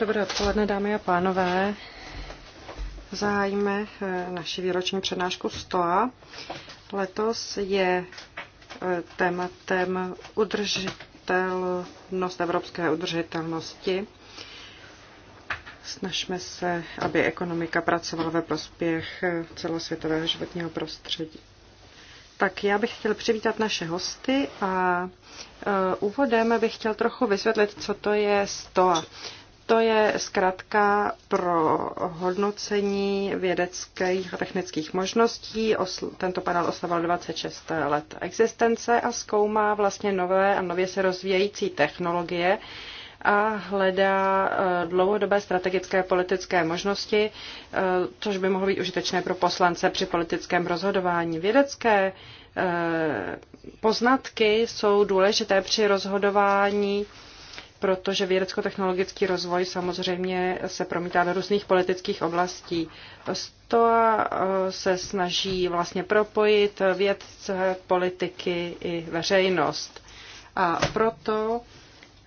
Dobré odpoledne, dámy a pánové. Zahájíme eh, naši výroční přednášku STOA. Letos je eh, tématem udržitelnost evropské udržitelnosti. Snažme se, aby ekonomika pracovala ve prospěch eh, celosvětového životního prostředí. Tak já bych chtěl přivítat naše hosty a eh, úvodem bych chtěl trochu vysvětlit, co to je STOA. To je zkrátka pro hodnocení vědeckých a technických možností. Tento panel oslavoval 26 let existence a zkoumá vlastně nové a nově se rozvíjející technologie, a hledá eh, dlouhodobé strategické politické možnosti, eh, což by mohlo být užitečné pro poslance při politickém rozhodování. Vědecké eh, poznatky jsou důležité při rozhodování protože vědecko-technologický rozvoj samozřejmě se promítá do různých politických oblastí. STOA se snaží vlastně propojit vědce, politiky i veřejnost. A proto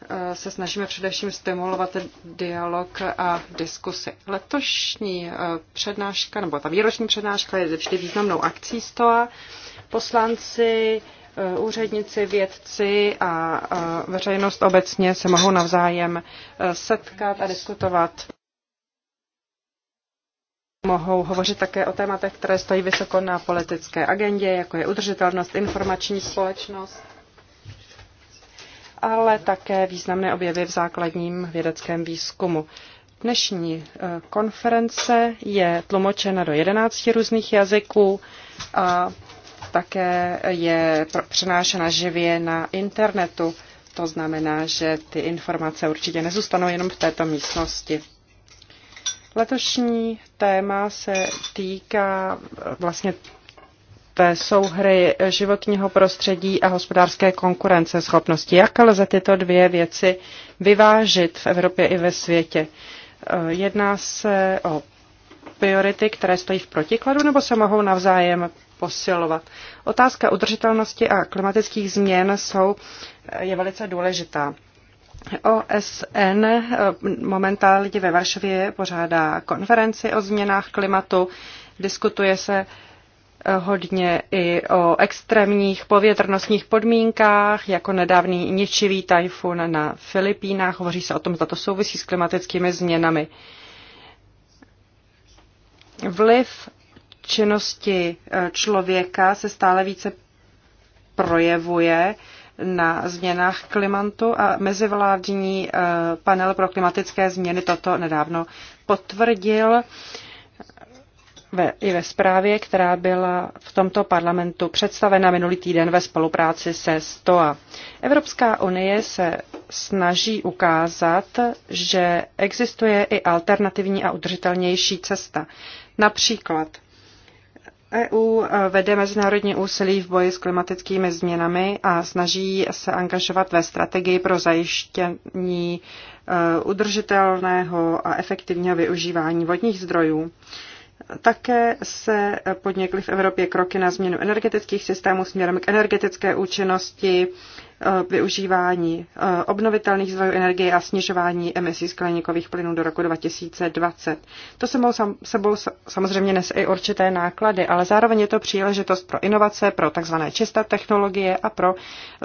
Eh, se snažíme především stimulovat dialog a diskusy. Letošní eh, přednáška, nebo ta výroční přednáška je vždy významnou akcí STOA. Poslanci, eh, úředníci, vědci a veřejnost obecně se mohou navzájem setkat a diskutovat. Mohou hovořit také o tématech, které stojí vysoko na politické agendě, jako je udržitelnost, informační společnost ale také významné objevy v základním vědeckém výzkumu. Dnešní eh, konference je tlumočena do 11 různých jazyků a také je přenášena živě na internetu. To znamená, že ty informace určitě nezůstanou jenom v této místnosti. Letošní téma se týká eh, vlastně té souhry životního prostředí a hospodářské konkurenceschopnosti. Jak lze tyto dvě věci vyvážit v Evropě i ve světě? E, jedná se o priority, které stojí v protikladu nebo se mohou navzájem posilovat. Otázka udržitelnosti a klimatických změn jsou, e, je velice důležitá. OSN e, momentálně ve Varšavě pořádá konferenci o změnách klimatu. Diskutuje se hodně i o extrémních povětrnostních podmínkách, jako nedávný ničivý tajfun na Filipínách. Hovoří se o tom, zda to souvisí s klimatickými změnami. Vliv činnosti e, člověka se stále více projevuje na změnách klimatu a mezivládní e, panel pro klimatické změny toto nedávno potvrdil ve, i ve zprávě, která byla v tomto parlamentu představena minulý týden ve spolupráci se STOA. Evropská unie se snaží ukázat, že existuje i alternativní a udržitelnější cesta. Například EU e, vede mezinárodní úsilí v boji s klimatickými změnami a snaží se angažovat ve strategii pro zajištění e, udržitelného a efektivního využívání vodních zdrojů. Také se podnikly v Evropě kroky na změnu energetických systémů směrem k energetické účinnosti, eh, využívání eh, obnovitelných zdrojů energie a snižování emisí skleníkových plynů do roku 2020. To sebou, sebou samozřejmě nese i určité náklady, ale zároveň je to příležitost pro inovace, pro tzv. čisté technologie a pro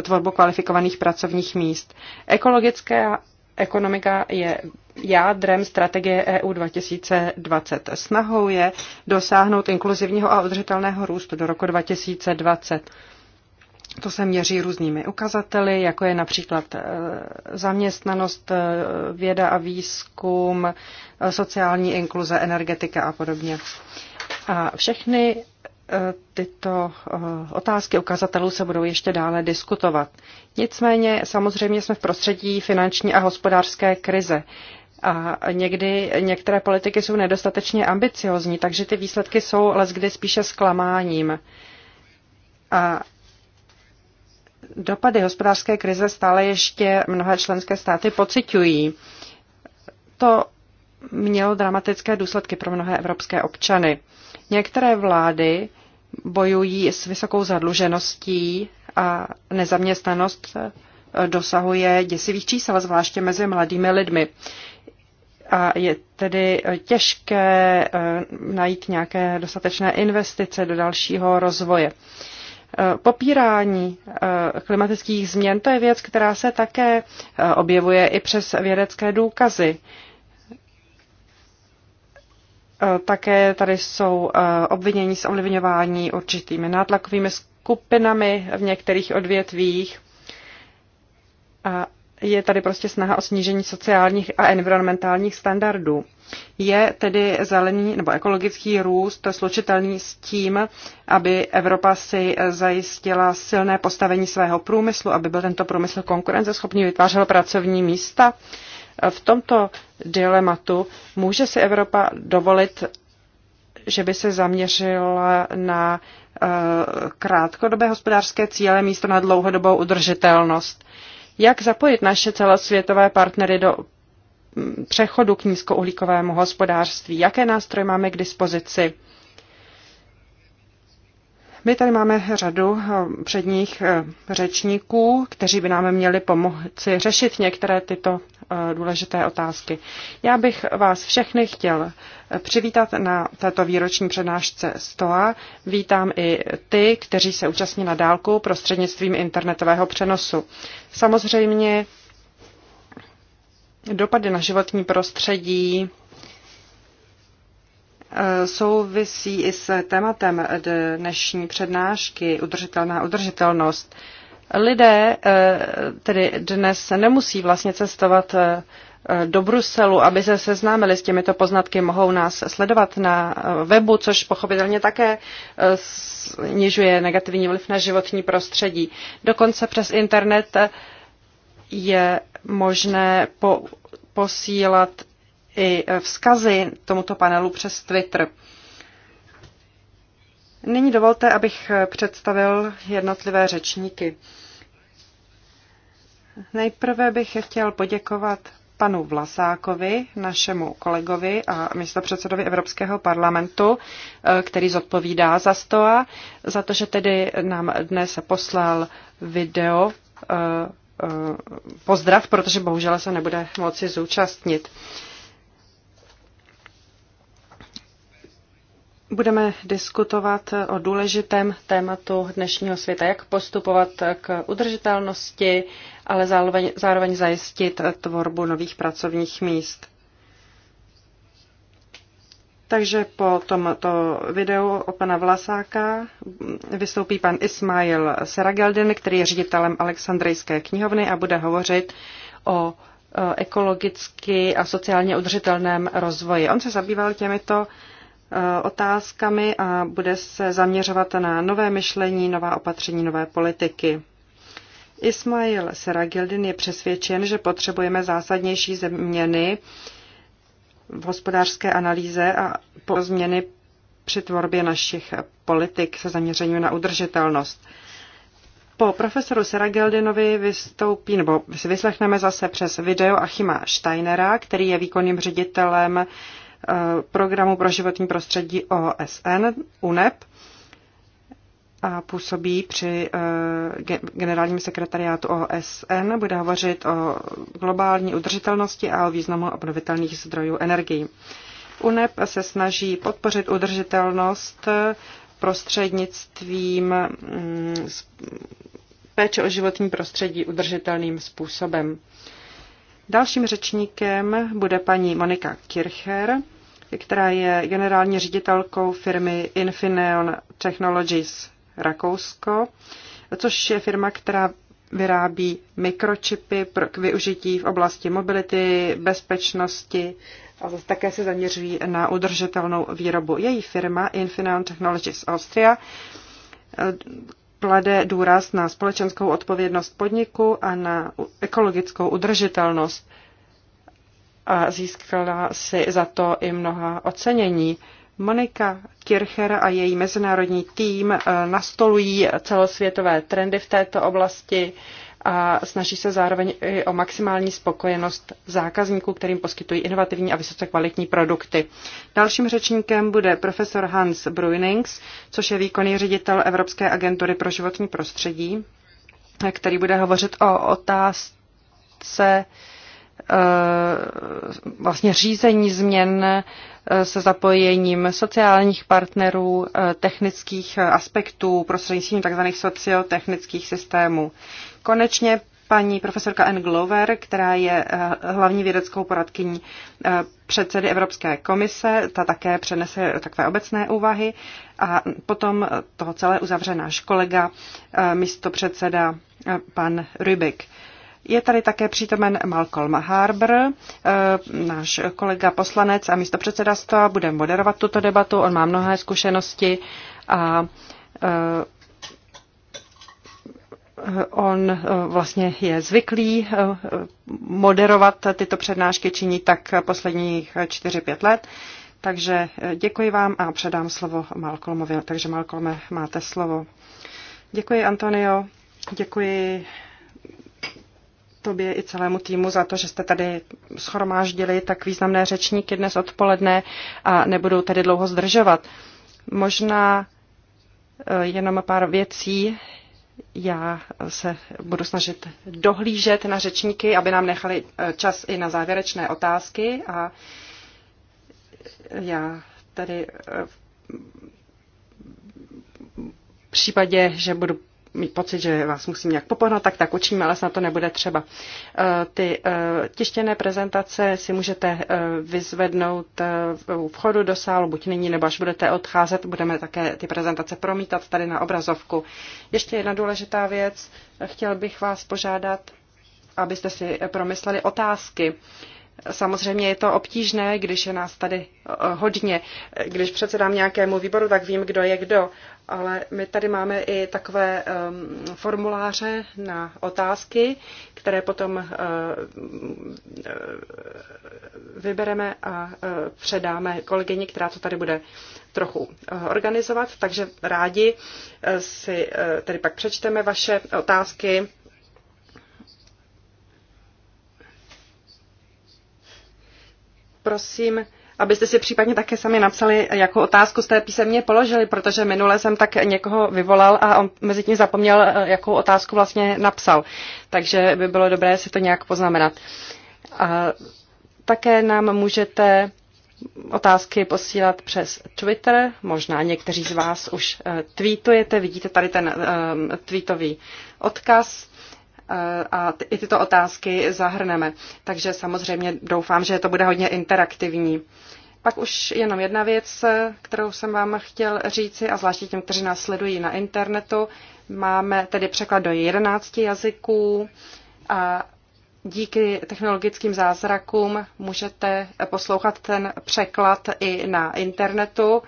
tvorbu kvalifikovaných pracovních míst. Ekologická ekonomika je jádrem strategie EU 2020. Snahou je dosáhnout inkluzivního a udržitelného růstu do roku 2020. To se měří různými ukazateli, jako je například eh, zaměstnanost, eh, věda a výzkum, eh, sociální inkluze, energetika a podobně. A všechny tyto otázky ukazatelů se budou ještě dále diskutovat. Nicméně samozřejmě jsme v prostředí finanční a hospodářské krize. A někdy některé politiky jsou nedostatečně ambiciozní, takže ty výsledky jsou leskdy spíše zklamáním. A dopady hospodářské krize stále ještě mnohé členské státy pociťují. To mělo dramatické důsledky pro mnohé evropské občany. Některé vlády bojují s vysokou zadlužeností a nezaměstnanost dosahuje děsivých čísel, zvláště mezi mladými lidmi a je tedy eh, těžké eh, najít nějaké dostatečné investice do dalšího rozvoje. Eh, popírání klimatických změn to je věc, která se také objevuje i přes vědecké důkazy. Také tady jsou obvinění z ovlivňování určitými nátlakovými skupinami v některých odvětvích je tady prostě snaha o snížení sociálních a environmentálních standardů. Je tedy zelený nebo ekologický růst slučitelný s tím, aby Evropa si zajistila silné postavení svého průmyslu, aby byl tento průmysl konkurenceschopný, vytvářel pracovní místa? V tomto dilematu může si Evropa dovolit, že by se zaměřila na eh, krátkodobé hospodářské cíle místo na dlouhodobou udržitelnost jak zapojit naše celosvětové partnery do mm, přechodu k nízkouhlíkovému hospodářství, jaké nástroje máme k dispozici. My tady máme řadu eh, předních eh, řečníků, kteří by nám měli pomoci řešit některé tyto eh, důležité otázky. Já bych vás všechny chtěl přivítat na této výroční přednášce STOA. Vítám i ty, kteří se účastní na dálku prostřednictvím internetového přenosu. Samozřejmě dopady na životní prostředí souvisí i s tématem dnešní přednášky udržitelná udržitelnost. Lidé eh, tedy dnes nemusí vlastně cestovat eh, do Bruselu, aby se seznámili s těmito poznatky, mohou nás sledovat na eh, webu, což pochopitelně také snižuje negativní vliv na životní prostředí. Dokonce přes internet je možné po, posílat i vzkazy tomuto panelu přes Twitter. Nyní dovolte, abych představil jednotlivé řečníky. Nejprve bych chtěl poděkovat panu Vlasákovi, našemu kolegovi a místopředsedovi Evropského parlamentu, který zodpovídá za STOA, za to, že tedy nám dnes poslal video eh, eh, pozdrav, protože bohužel se nebude moci zúčastnit. Budeme diskutovat o důležitém tématu dnešního světa, jak postupovat k udržitelnosti, ale zároveň, zároveň zajistit tvorbu nových pracovních míst. Takže po tomto videu o pana Vlasáka vystoupí pan Ismail Serageldin, který je ředitelem Alexandrijské knihovny a bude hovořit o ekologicky a sociálně udržitelném rozvoji. On se zabýval těmito Eh, otázkami a bude se zaměřovat na nové myšlení, nová opatření, nové politiky. Ismail Seragildin je přesvědčen, že potřebujeme zásadnější změny v hospodářské analýze a po změny při tvorbě našich politik se zaměřením na udržitelnost. Po profesoru Seragildinovi vystoupí, nebo si vyslechneme zase přes video Achima Steinera, který je výkonným ředitelem Eh, programu pro životní prostředí OSN, UNEP, a působí při eh, generálním sekretariátu OSN. Bude hovořit o globální udržitelnosti a o významu obnovitelných zdrojů energií. UNEP se snaží podpořit udržitelnost eh, prostřednictvím mm, péče o životní prostředí udržitelným způsobem. Dalším řečníkem bude paní Monika Kircher, která je generální ředitelkou firmy Infineon Technologies Rakousko, což je firma, která vyrábí mikročipy pro k využití v oblasti mobility, bezpečnosti a také se zaměřují na udržitelnou výrobu. Její firma Infineon Technologies Austria klade důraz na společenskou odpovědnost podniku a na ekologickou udržitelnost. A získala si za to i mnoha ocenění. Monika Kircher a její mezinárodní tým eh, nastolují celosvětové trendy v této oblasti a snaží se zároveň i o maximální spokojenost zákazníků, kterým poskytují inovativní a vysoce kvalitní produkty. Dalším řečníkem bude profesor Hans Bruinings, což je výkonný ředitel Evropské agentury pro životní prostředí, který bude hovořit o otázce eh, vlastně řízení změn eh, se zapojením sociálních partnerů, eh, technických aspektů prostřednictvím tzv. sociotechnických systémů. Konečně paní profesorka Anne Glover, která je eh, hlavní vědeckou poradkyní eh, předsedy Evropské komise, ta také přenese takové obecné úvahy a potom toho celé uzavře náš kolega, eh, místo předseda pan Rybik. Je tady také přítomen Malcolm Harbour, náš kolega poslanec a místo předseda bude moderovat tuto debatu, on má mnohé zkušenosti a On eh, vlastně je zvyklý eh, moderovat tyto přednášky, činí tak posledních 4-5 let. Takže eh, děkuji vám a předám slovo Malcolmovi. Takže Malcolme, máte slovo. Děkuji, Antonio. Děkuji tobě i celému týmu za to, že jste tady schromáždili tak významné řečníky dnes odpoledne a nebudou tady dlouho zdržovat. Možná jenom pár věcí, já se budu snažit dohlížet na řečníky, aby nám nechali eh, čas i na závěrečné otázky a já tady eh, v případě, že budu mít pocit, že vás musím nějak popohnat, tak tak učím, ale snad to nebude třeba. Eh, ty eh, tištěné prezentace si můžete eh, vyzvednout v vchodu do sálu, buď nyní, nebo až budete odcházet, budeme také ty prezentace promítat tady na obrazovku. Ještě jedna důležitá věc, chtěl bych vás požádat, abyste si promysleli otázky. Samozřejmě je to obtížné, když je nás tady eh, hodně. Když předsedám nějakému výboru, tak vím, kdo je kdo. Ale my tady máme i takové um, formuláře na otázky, které potom uh, vybereme a uh, předáme kolegyni, která to tady bude trochu uh, organizovat. Takže rádi uh, si uh, tady pak přečteme vaše otázky prosím, abyste si případně také sami napsali, jakou otázku jste písemně položili, protože minule jsem tak někoho vyvolal a on mezi tím zapomněl, eh, jakou otázku vlastně napsal. Takže by bylo dobré si to nějak poznamenat. A také nám můžete otázky posílat přes Twitter. Možná někteří z vás už eh, tweetujete, vidíte tady ten eh, tweetový odkaz. Eh, a i tyto otázky zahrneme. Takže samozřejmě doufám, že to bude hodně interaktivní. Pak už jenom jedna věc, kterou jsem vám chtěl říci, a zvláště těm, kteří nás sledují na internetu. Máme tedy překlad do 11 jazyků a díky technologickým zázrakům můžete poslouchat ten překlad i na internetu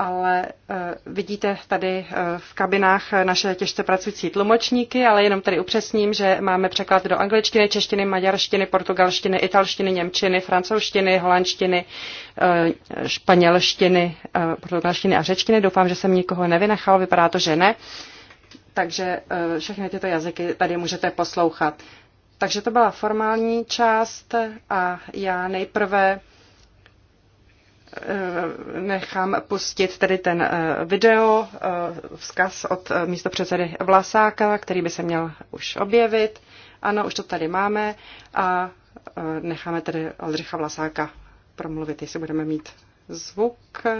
ale eh, vidíte tady eh, v kabinách naše těžce pracující tlumočníky, ale jenom tady upřesním, že máme překlad do angličtiny, češtiny, maďarštiny, portugalštiny, italštiny, němčiny, francouzštiny, holandštiny, eh, španělštiny, portugalštiny a řečtiny. Doufám, že jsem nikoho nevynechal, vypadá to, že ne. Takže všechny tyto jazyky tady můžete poslouchat. Takže to byla formální část a já nejprve nechám pustit tedy ten eh, video, eh, vzkaz od eh, místo předsedy Vlasáka, který by se měl už objevit. Ano, už to tady máme a necháme tedy Aldřicha Vlasáka promluvit, jestli budeme mít zvuk.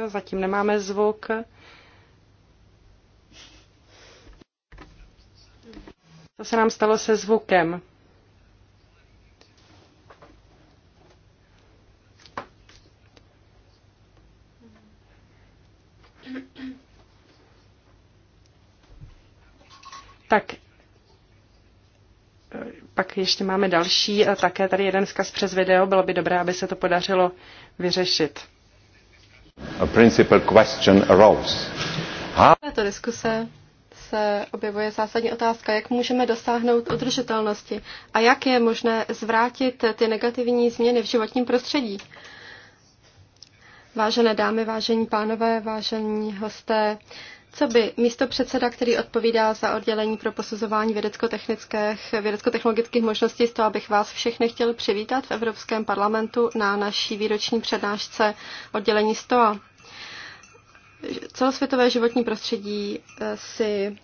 Zatím nemáme zvuk. To se nám stalo se zvukem. Tak eh, pak ještě máme další, a eh, také tady jeden zkaz přes video, bylo by dobré, aby se to podařilo vyřešit. A principal question arose. How... V této diskuse se objevuje zásadní otázka, jak můžeme dosáhnout udržitelnosti a jak je možné zvrátit ty negativní změny v životním prostředí. Vážené dámy, vážení pánové, vážení hosté, co by místo předseda, který odpovídá za oddělení pro posuzování vědecko-technických, vědecko-technologických možností, z toho abych vás všechny chtěl přivítat v Evropském parlamentu na naší výroční přednášce oddělení STOA. Celosvětové životní prostředí eh, si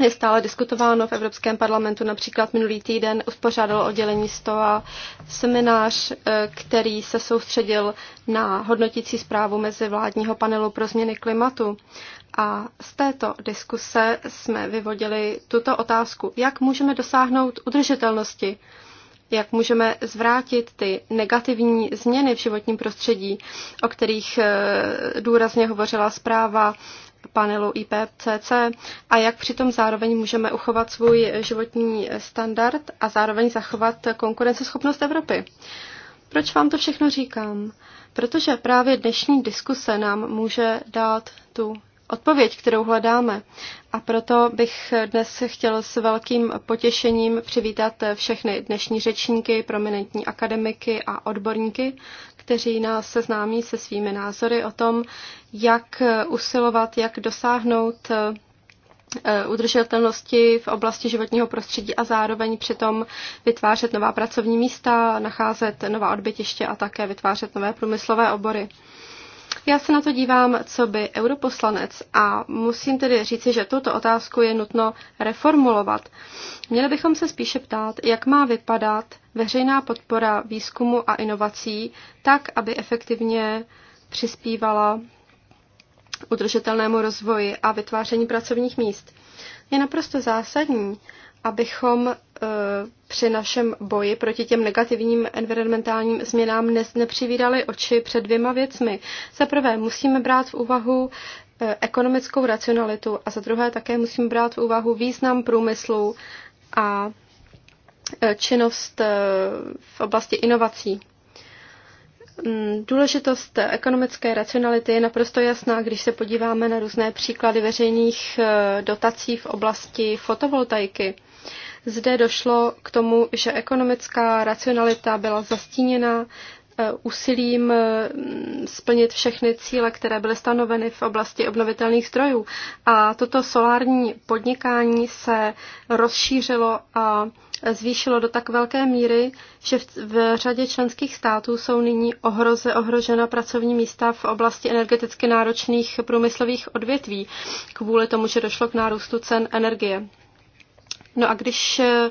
je stále diskutováno v Evropském parlamentu. Například minulý týden uspořádalo oddělení STOA seminář, eh, který se soustředil na hodnotící zprávu mezi vládního panelu pro změny klimatu. A z této diskuse jsme vyvodili tuto otázku, jak můžeme dosáhnout udržitelnosti, jak můžeme zvrátit ty negativní změny v životním prostředí, o kterých eh, důrazně hovořila zpráva panelu IPCC a jak přitom zároveň můžeme uchovat svůj životní standard a zároveň zachovat konkurenceschopnost Evropy. Proč vám to všechno říkám? Protože právě dnešní diskuse nám může dát tu odpověď, kterou hledáme. A proto bych dnes chtěl s velkým potěšením přivítat všechny dnešní řečníky, prominentní akademiky a odborníky, kteří nás seznámí se svými názory o tom, jak usilovat, jak dosáhnout eh, udržitelnosti v oblasti životního prostředí a zároveň přitom vytvářet nová pracovní místa, nacházet nová odbytiště a také vytvářet nové průmyslové obory. Já se na to dívám, co by europoslanec a musím tedy říci, že tuto otázku je nutno reformulovat. Měli bychom se spíše ptát, jak má vypadat veřejná podpora výzkumu a inovací tak, aby efektivně přispívala udržitelnému rozvoji a vytváření pracovních míst. Je naprosto zásadní, abychom eh, při našem boji proti těm negativním environmentálním změnám dnes nepřivírali oči před dvěma věcmi. Za prvé musíme brát v úvahu eh, ekonomickou racionalitu a za druhé také musíme brát v úvahu význam průmyslu a eh, činnost v oblasti inovací. Mm, důležitost ekonomické racionality je naprosto jasná, když se podíváme na různé příklady veřejných dotací v oblasti fotovoltaiky. Zde došlo k tomu, že ekonomická racionalita byla zastíněna eh, úsilím eh, splnit všechny cíle, které byly stanoveny v oblasti obnovitelných zdrojů. A toto solární podnikání se rozšířilo a zvýšilo do tak velké míry, že v, řadě členských států jsou nyní ohroze, ohrožena pracovní místa v oblasti energeticky náročných průmyslových odvětví kvůli tomu, že došlo k nárůstu cen energie. No a když eh,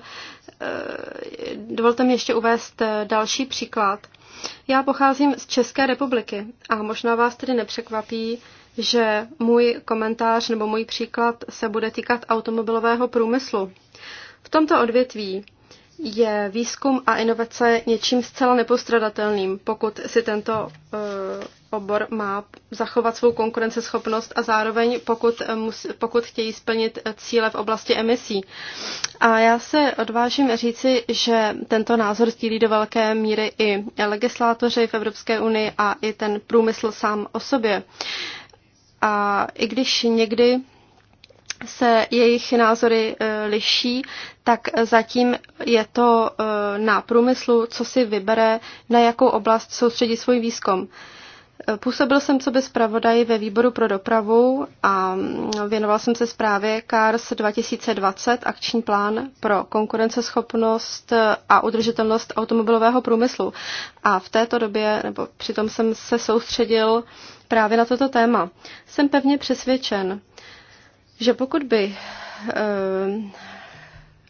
eh, dovolte mi ještě uvést eh, další příklad. Já pocházím z České republiky a možná vás tedy nepřekvapí, že můj komentář nebo můj příklad se bude týkat automobilového průmyslu. V tomto odvětví je výzkum a inovace něčím zcela nepostradatelným, pokud si tento eh, obor má zachovat svou konkurenceschopnost a zároveň pokud, eh, pokud chtějí splnit eh, cíle v oblasti emisí. A já se odvážím říci, že tento názor sdílí do velké míry i legislátoři v Evropské unii a i ten průmysl sám o sobě. A i když někdy se jejich názory eh, liší, tak zatím je to eh, na průmyslu, co si vybere, na jakou oblast soustředí svůj výzkum. Eh, působil jsem co by zpravodaj ve výboru pro dopravu a mm, věnoval jsem se zprávě CARS 2020, akční plán pro konkurenceschopnost a udržitelnost automobilového průmyslu. A v této době, nebo přitom jsem se soustředil právě na toto téma. Jsem pevně přesvědčen, že pokud by eh,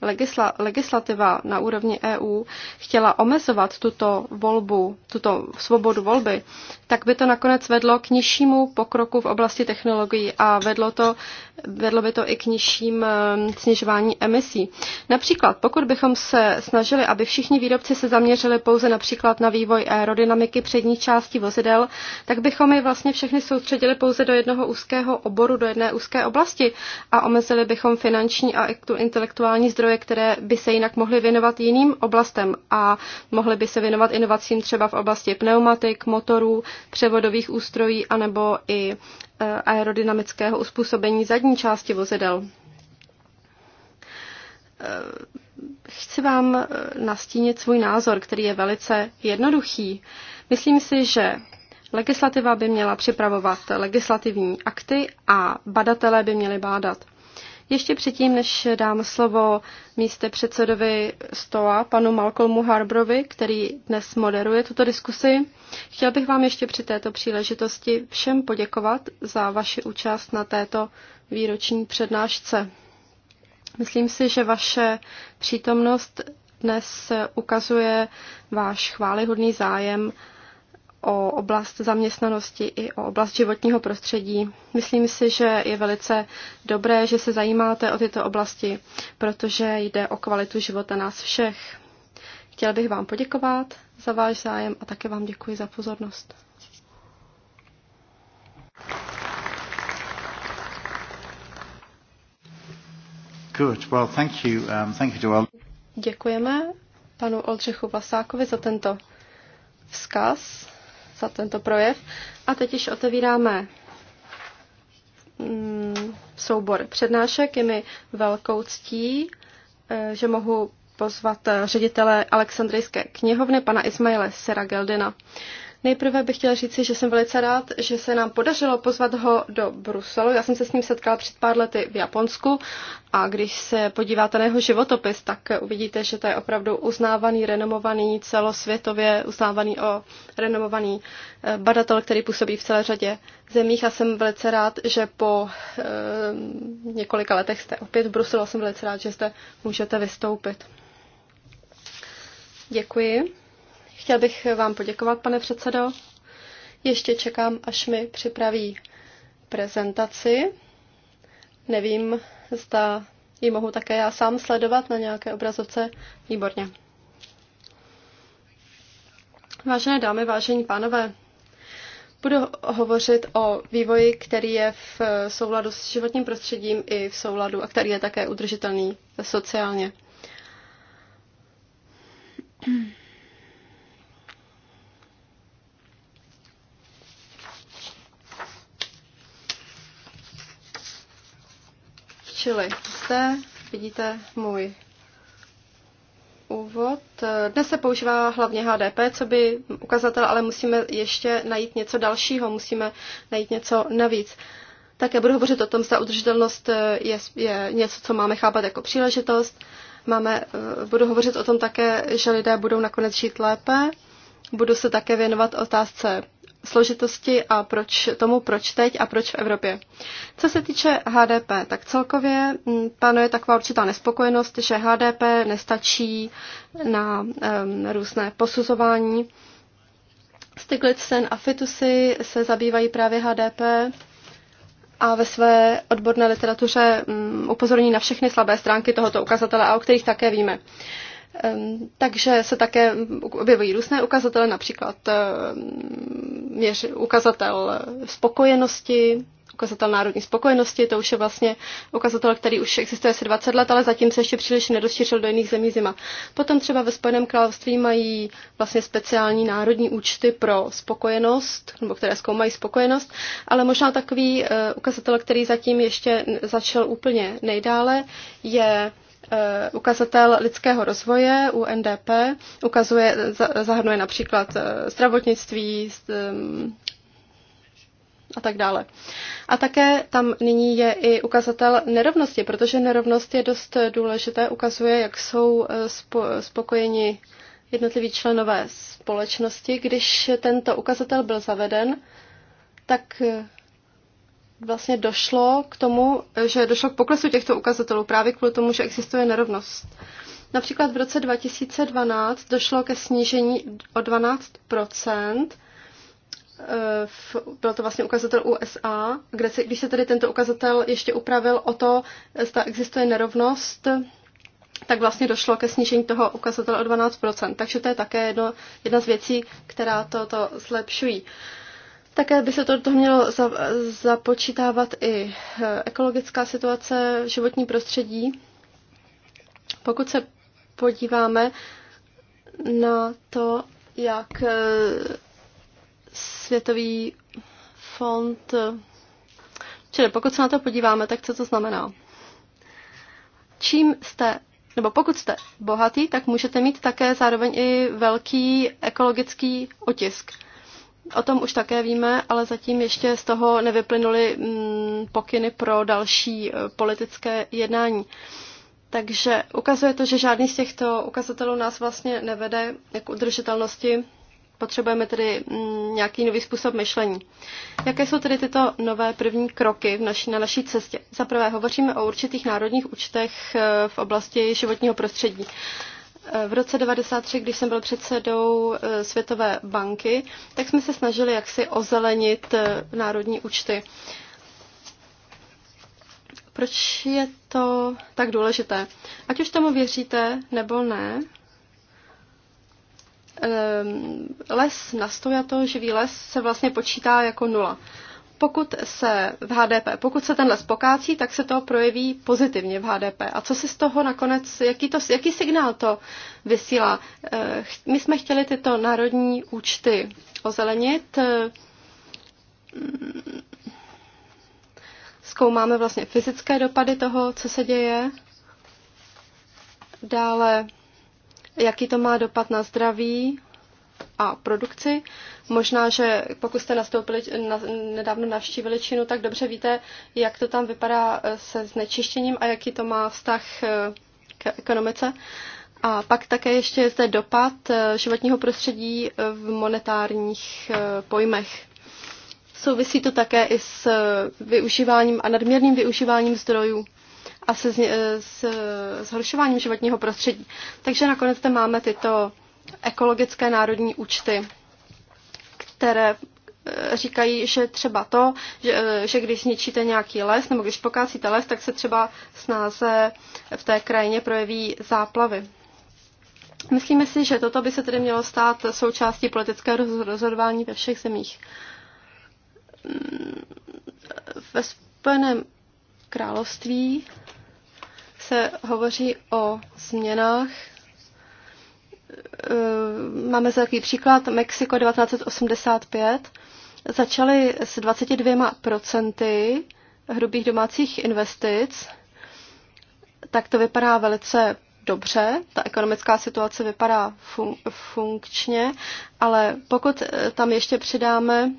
legisla, legislativa na úrovni EU chtěla omezovat tuto volbu, tuto svobodu volby, tak by to nakonec vedlo k nižšímu pokroku v oblasti technologií a vedlo, to, vedlo by to i k nižším eh, snižování emisí. Například, pokud bychom se snažili, aby všichni výrobci se zaměřili pouze například na vývoj aerodynamiky přední části vozidel, tak bychom je vlastně všechny soustředili pouze do jednoho úzkého oboru, do jedné úzké oblasti a omezili bychom finanční a intelektuální zdroje zdroje, které by se jinak mohly věnovat jiným oblastem a mohly by se věnovat inovacím třeba v oblasti pneumatik, motorů, převodových ústrojí anebo i e, aerodynamického uspůsobení zadní části vozidel. E, chci vám e, nastínit svůj názor, který je velice jednoduchý. Myslím si, že legislativa by měla připravovat legislativní akty a badatelé by měli bádat. Ještě předtím, než dám slovo místě předsedovi STOA, panu Malcolmu Harbrovi, který dnes moderuje tuto diskusi, chtěl bych vám ještě při této příležitosti všem poděkovat za vaši účast na této výroční přednášce. Myslím si, že vaše přítomnost dnes ukazuje váš chválihodný zájem o oblast zaměstnanosti i o oblast životního prostředí. Myslím si, že je velice dobré, že se zajímáte o tyto oblasti, protože jde o kvalitu života nás všech. Chtěl bych vám poděkovat za váš zájem a také vám děkuji za pozornost. Good. Well, thank you. Um, thank you to all. Děkujeme panu Oldřichu Vlasákovi za tento vzkaz za tento projev. A teď již otevíráme mm, soubor přednášek. Je mi velkou ctí, eh, že mohu pozvat eh, ředitele Alexandrijské knihovny, pana Ismaile Sera Geldina. Nejprve bych chtěla říci, že jsem velice rád, že se nám podařilo pozvat ho do Bruselu. Já jsem se s ním setkala před pár lety v Japonsku a když se podíváte na jeho životopis, tak uvidíte, že to je opravdu uznávaný, renomovaný, celosvětově uznávaný o renomovaný eh, badatel, který působí v celé řadě zemích a jsem velice rád, že po e, několika letech jste opět v Bruselu a jsem velice rád, že jste můžete vystoupit. Děkuji. Chtěl bych vám poděkovat, pane předsedo. Ještě čekám, až mi připraví prezentaci. Nevím, zda ji mohu také já sám sledovat na nějaké obrazovce. Výborně. Vážené dámy, vážení pánové, budu hovořit o vývoji, který je v souladu s životním prostředím i v souladu a který je také udržitelný sociálně. Čili zde vidíte můj úvod. Dnes se používá hlavně HDP, co by ukazatel, ale musíme ještě najít něco dalšího, musíme najít něco navíc. Tak já budu hovořit o tom, ta udržitelnost je, je něco, co máme chápat jako příležitost. Máme, eh, budu hovořit o tom také, že lidé budou nakonec žít lépe. Budu se také věnovat otázce složitosti a proč tomu, proč teď a proč v Evropě. Co se týče HDP, tak celkově mm, panuje taková určitá nespokojenost, že HDP nestačí na um, různé posuzování. Stiglitzen a Fitusy se zabývají právě HDP a ve své odborné literatuře um, upozorní na všechny slabé stránky tohoto ukazatele, a o kterých také víme. Uh, takže se také objevují různé ukazatele, například měř, ukazatel spokojenosti, ukazatel národní spokojenosti, to už je vlastně ukazatel, který už existuje asi 20 let, ale zatím se ještě příliš nerozšířil do jiných zemí zima. Potom třeba ve Spojeném království mají vlastně speciální národní účty pro spokojenost, nebo které zkoumají spokojenost, ale možná takový eh, ukazatel, který zatím ještě začal úplně nejdále, je Eh, ukazatel lidského rozvoje UNDP ukazuje, zahrnuje například eh, zdravotnictví a tak dále. A také tam nyní je i ukazatel nerovnosti, protože nerovnost je dost důležité, ukazuje, jak jsou eh, spokojeni jednotliví členové společnosti. Když tento ukazatel byl zaveden, tak vlastně došlo k tomu, že došlo k poklesu těchto ukazatelů právě kvůli tomu, že existuje nerovnost. Například v roce 2012 došlo ke snížení o 12 eh, byl to vlastně ukazatel USA, kde se, když se tedy tento ukazatel ještě upravil o to, zda existuje nerovnost, tak vlastně došlo ke snížení toho ukazatele o 12%. Takže to je také jedno, jedna z věcí, která to, to zlepšují. Uh, také by se to do toho mělo za, započítávat i eh, ekologická situace, životní prostředí. Pokud se podíváme na to, jak eh, Světový fond. Eh, čili pokud se na to podíváme, tak co to znamená? Čím jste, nebo pokud jste bohatý, tak můžete mít také zároveň i velký ekologický otisk. O tom už také víme, ale zatím ještě z toho nevyplynuly mm, pokyny pro další e, politické jednání. Takže ukazuje to, že žádný z těchto ukazatelů nás vlastně nevede k udržitelnosti. Potřebujeme tedy mm, nějaký nový způsob myšlení. Jaké jsou tedy tyto nové první kroky v naší, na naší cestě? Za prvé hovoříme o určitých národních účtech e, v oblasti životního prostředí. V roce 1993, když jsem byl předsedou eh, Světové banky, tak jsme se snažili jaksi ozelenit eh, národní účty. Proč je to tak důležité? Ať už tomu věříte nebo ne, ehm, les na stojato, živý les se vlastně počítá jako nula pokud se v HDP, pokud se ten les pokácí, tak se to projeví pozitivně v HDP. A co si z toho nakonec, jaký, to, jaký signál to vysílá? Eh, my jsme chtěli tyto národní účty ozelenit. Eh, zkoumáme vlastně fyzické dopady toho, co se děje. Dále, jaký to má dopad na zdraví a produkci. Možná, že pokud jste nastoupili, na, nedávno navštívili Čínu, tak dobře víte, jak to tam vypadá eh, se znečištěním a jaký to má vztah eh, k ekonomice. A pak také ještě je zde dopad eh, životního prostředí v monetárních pojmech. Souvisí to také i s využíváním a nadměrným využíváním zdrojů a se, s, zhoršováním životního prostředí. Takže nakonec tam máme tyto ekologické národní účty, které eh, říkají, že třeba to, že, eh, že když zničíte nějaký les nebo když pokácíte les, tak se třeba snáze v té krajině projeví záplavy. Myslíme si, že toto by se tedy mělo stát součástí politického rozhodování ve všech zemích. Mm, ve Spojeném království se hovoří o změnách Eh, máme za takový příklad Mexiko 1985, začaly s 22% procenty hrubých domácích investic, tak to vypadá velice dobře, ta ekonomická situace vypadá fun- funkčně, ale pokud eh, tam ještě přidáme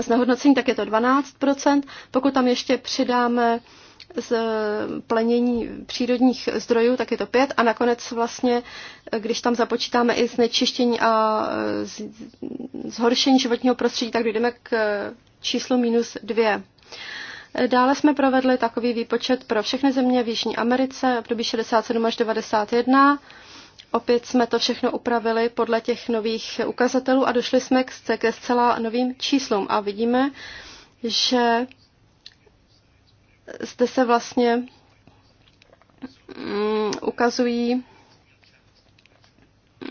znehodnocení, tak je to 12%, pokud tam ještě přidáme z eh, plenění přírodních zdrojů, tak je to pět. A nakonec vlastně, eh, když tam započítáme i znečištění a eh, zhoršení životního prostředí, tak dojdeme k číslu minus dvě. Dále jsme provedli takový výpočet pro všechny země v Jižní Americe, období 67 až 91. Opět jsme to všechno upravili podle těch nových ukazatelů a došli jsme ke zcela novým číslům. A vidíme, že zde se vlastně mm, ukazují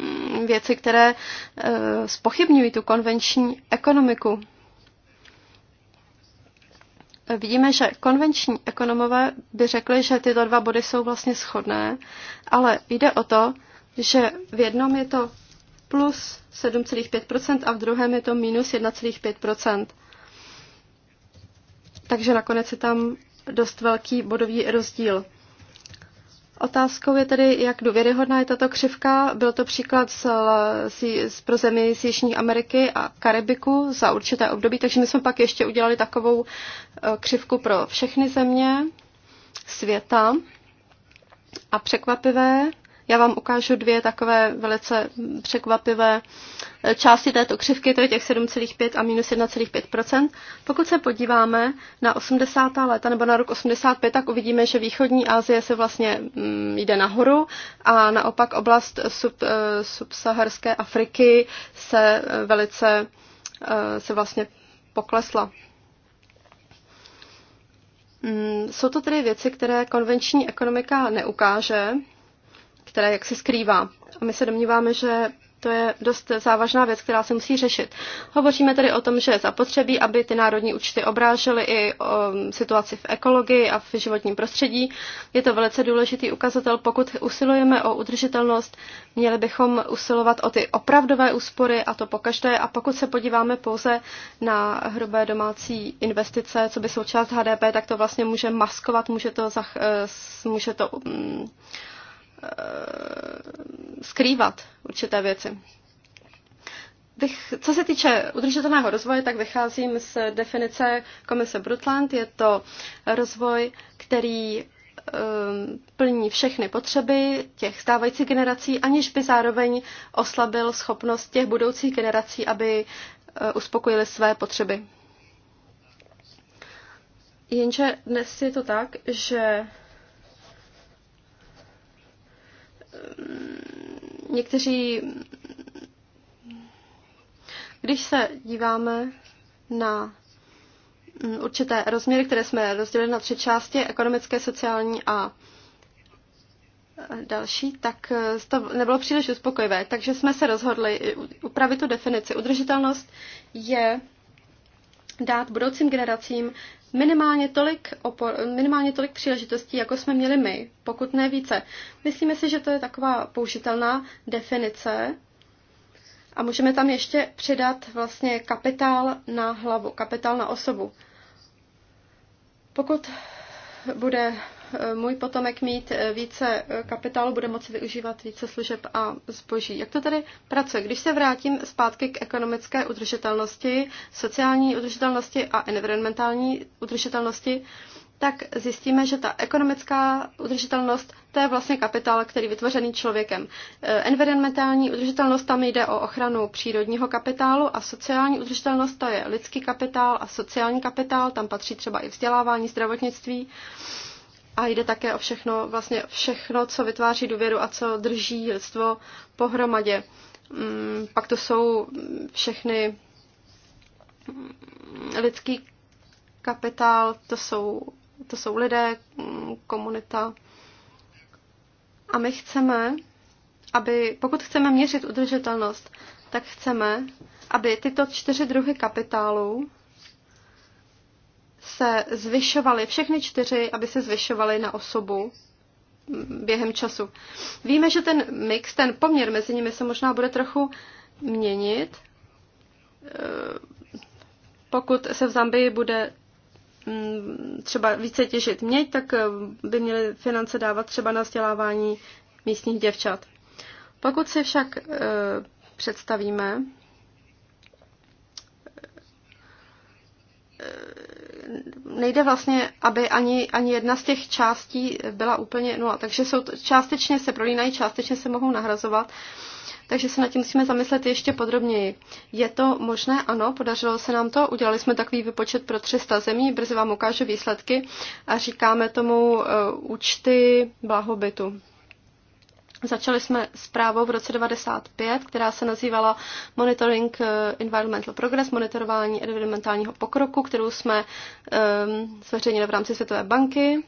mm, věci, které eh, spochybňují tu konvenční ekonomiku. Vidíme, že konvenční ekonomové by řekli, že tyto dva body jsou vlastně shodné, ale jde o to, že v jednom je to plus 7,5% a v druhém je to minus 1,5%. Takže nakonec je tam dost velký bodový rozdíl. Otázkou je tedy, jak důvěryhodná je tato křivka. Byl to příklad z, z, pro zemi z Jižní Ameriky a Karibiku za určité období, takže my jsme pak ještě udělali takovou e, křivku pro všechny země světa. A překvapivé já vám ukážu dvě takové velice překvapivé části této křivky, to je těch 7,5 a minus 1,5 Pokud se podíváme na 80. léta nebo na rok 85, tak uvidíme, že východní Asie se vlastně mm, jde nahoru a naopak oblast sub, eh, subsaharské Afriky se eh, velice eh, se vlastně poklesla. Mm, jsou to tedy věci, které konvenční ekonomika neukáže, které jak se skrývá. A my se domníváme, že to je dost závažná věc, která se musí řešit. Hovoříme tedy o tom, že je zapotřebí, aby ty národní účty obrážely i o um, situaci v ekologii a v životním prostředí. Je to velice důležitý ukazatel. Pokud usilujeme o udržitelnost, měli bychom usilovat o ty opravdové úspory a to pokaždé. A pokud se podíváme pouze na hrubé domácí investice, co by součást HDP, tak to vlastně může maskovat, může to, zach, eh, může to um, Eh, skrývat určité věci. co se týče udržitelného rozvoje, tak vycházím z definice komise Brutland. Je to rozvoj, který eh, plní všechny potřeby těch stávajících generací, aniž by zároveň oslabil schopnost těch budoucích generací, aby eh, uspokojili své potřeby. Jenže dnes je to tak, že někteří, když se díváme na mm, určité rozměry, které jsme rozdělili na tři části, ekonomické, sociální a další, tak eh, to nebylo příliš uspokojivé. Takže jsme se rozhodli eh, upravit tu definici. Udržitelnost je dát budoucím generacím minimálně tolik, opor, minimálně tolik příležitostí, jako jsme měli my, pokud ne více. Myslíme si, že to je taková použitelná definice a můžeme tam ještě přidat vlastně kapitál na hlavu, kapitál na osobu. Pokud bude můj potomek mít eh, více eh, kapitálu, bude moci využívat více služeb a zboží. Jak to tady pracuje? Když se vrátím zpátky k ekonomické udržitelnosti, sociální udržitelnosti a environmentální udržitelnosti, tak zjistíme, že ta ekonomická udržitelnost to je vlastně kapitál, který je vytvořený člověkem. Eh, environmentální udržitelnost tam jde o ochranu přírodního kapitálu a sociální udržitelnost to je lidský kapitál a sociální kapitál, tam patří třeba i vzdělávání, zdravotnictví. A jde také o všechno, vlastně všechno, co vytváří důvěru a co drží lidstvo pohromadě. Mm, pak to jsou všechny mm, lidský kapitál, to jsou, to jsou lidé, mm, komunita. A my chceme, aby, pokud chceme měřit udržitelnost, tak chceme, aby tyto čtyři druhy kapitálu se zvyšovaly, všechny čtyři, aby se zvyšovaly na osobu během času. Víme, že ten mix, ten poměr mezi nimi se možná bude trochu měnit, eh, pokud se v Zambii bude mm, třeba více těžit měď, tak eh, by měly finance dávat třeba na vzdělávání místních děvčat. Pokud si však eh, představíme, nejde vlastně, aby ani, ani jedna z těch částí byla úplně nula. Takže jsou, částečně se prolínají, částečně se mohou nahrazovat. Takže se nad tím musíme zamyslet ještě podrobněji. Je to možné? Ano, podařilo se nám to. Udělali jsme takový vypočet pro 300 zemí, brzy vám ukážu výsledky a říkáme tomu uh, účty blahobytu. Začali jsme s právou v roce 95, která se nazývala Monitoring eh, Environmental Progress, monitorování environmentálního pokroku, kterou jsme um, zveřejnili v rámci Světové banky.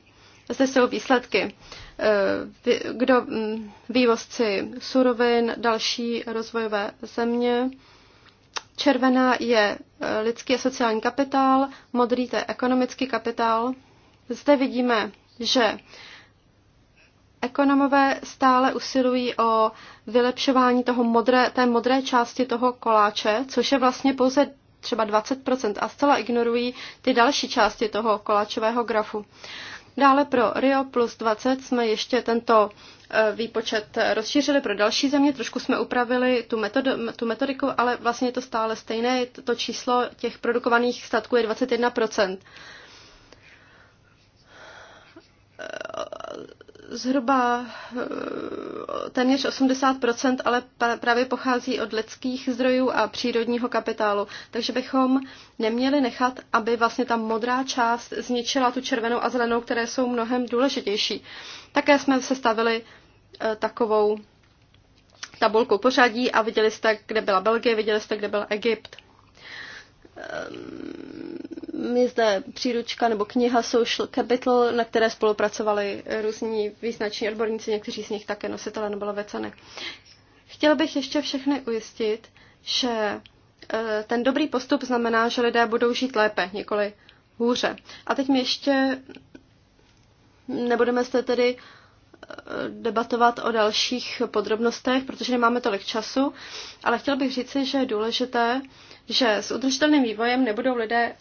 Zde jsou výsledky. Eh, kdo, mm, vývozci surovin, další rozvojové země. Červená je lidský a sociální kapitál, modrý to je ekonomický kapitál. Zde vidíme, že Ekonomové stále usilují o vylepšování toho modré, té modré části toho koláče, což je vlastně pouze třeba 20% a zcela ignorují ty další části toho koláčového grafu. Dále pro Rio plus 20 jsme ještě tento e, výpočet rozšířili pro další země, trošku jsme upravili tu, metod, tu metodiku, ale vlastně je to stále stejné, to číslo těch produkovaných statků je 21% zhruba eh, téměř 80%, ale právě pochází od lidských zdrojů a přírodního kapitálu. Takže bychom neměli nechat, aby vlastně ta modrá část zničila tu červenou a zelenou, které jsou mnohem důležitější. Také jsme stavili eh, takovou tabulku pořadí a viděli jste, kde byla Belgie, viděli jste, kde byl Egypt. Ehm, je zde příručka nebo kniha Social Capital, na které spolupracovali různí význační odborníci, někteří z nich také nositelé nebo vecany. Chtěl bych ještě všechny ujistit, že eh, ten dobrý postup znamená, že lidé budou žít lépe, nikoli hůře. A teď mi ještě nebudeme se tedy eh, debatovat o dalších podrobnostech, protože nemáme tolik času, ale chtěl bych říci, že je důležité, že s udržitelným vývojem nebudou lidé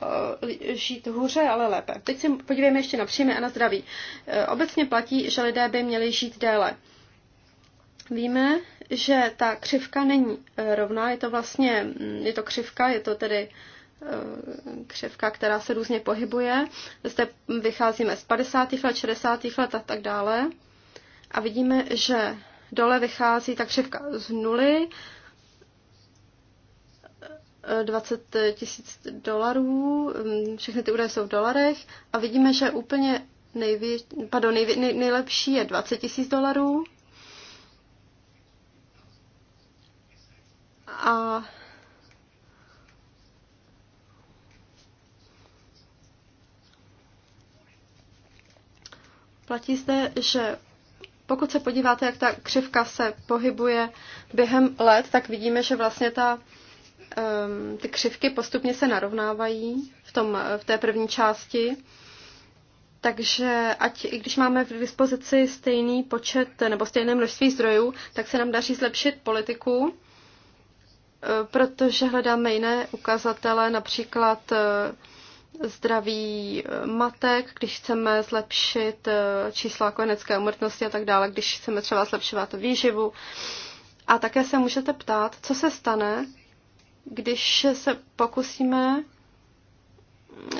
eh, žít hůře, ale lépe. Teď se podívejme ještě na příjmy a na zdraví. Eh, obecně platí, že lidé by měli žít déle. Víme, že ta křivka není eh, rovná, je to vlastně, mm, je to křivka, je to tedy křivka, která se různě pohybuje. Zde vycházíme z 50. let, 60. let a tak dále. A vidíme, že dole vychází ta křivka z nuly, 20 tisíc dolarů, mm, všechny ty údaje jsou v dolarech a vidíme, že úplně nejvě, pardon, nejvě, nej, nejlepší je 20 tisíc dolarů. A platí zde, že pokud se podíváte, jak ta křivka se pohybuje během let, tak vidíme, že vlastně ta um, ty křivky postupně se narovnávají v, tom, v té první části. Takže ať i když máme v dispozici stejný počet nebo stejné množství zdrojů, tak se nám daří zlepšit politiku, eh, protože hledáme jiné ukazatele, například eh, zdraví eh, matek, když chceme zlepšit čísla kojenecké umrtnosti a tak dále, když chceme třeba zlepšovat výživu. A také se můžete ptát, co se stane, když se pokusíme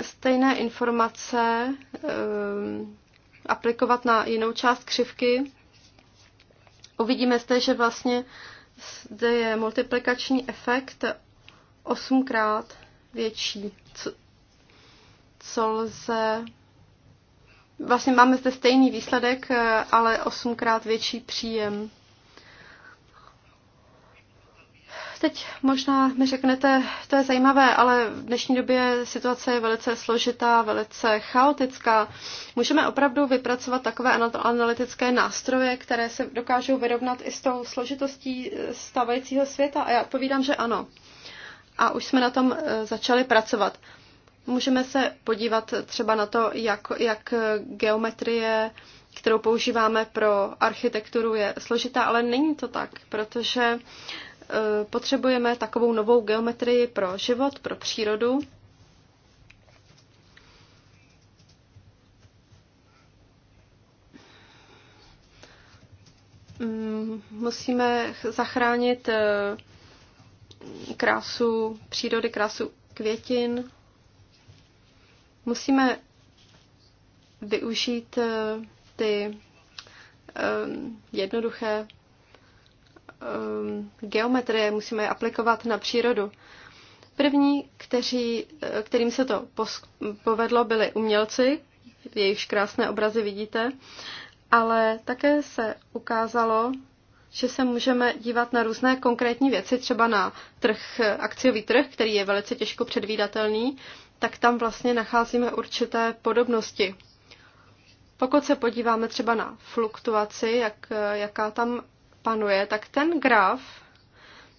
stejné informace ehm, aplikovat na jinou část křivky, uvidíme zde, že vlastně zde je multiplikační efekt osmkrát větší, co, co lze. Vlastně máme zde stejný výsledek, eh, ale osmkrát větší příjem. Teď možná mi řeknete, to je zajímavé, ale v dnešní době situace je velice složitá, velice chaotická. Můžeme opravdu vypracovat takové analytické nástroje, které se dokážou vyrovnat i s tou složitostí eh, stávajícího světa? A já odpovídám, že ano. A už jsme na tom eh, začali pracovat. Můžeme se podívat třeba na to, jak, jak eh, geometrie, kterou používáme pro architekturu, je složitá, ale není to tak, protože Eh, potřebujeme takovou novou geometrii pro život, pro přírodu. Mm, musíme zachránit eh, krásu přírody, krásu květin. Musíme využít eh, ty jednoduché Ehm, geometrie musíme je aplikovat na přírodu. První, kteří, eh, kterým se to povedlo, byli umělci, jejichž krásné obrazy vidíte, ale také se ukázalo, že se můžeme dívat na různé konkrétní věci, třeba na trh, akciový trh, který je velice těžko předvídatelný, tak tam vlastně nacházíme určité podobnosti. Pokud se podíváme třeba na fluktuaci, jak, jaká tam panuje, tak ten graf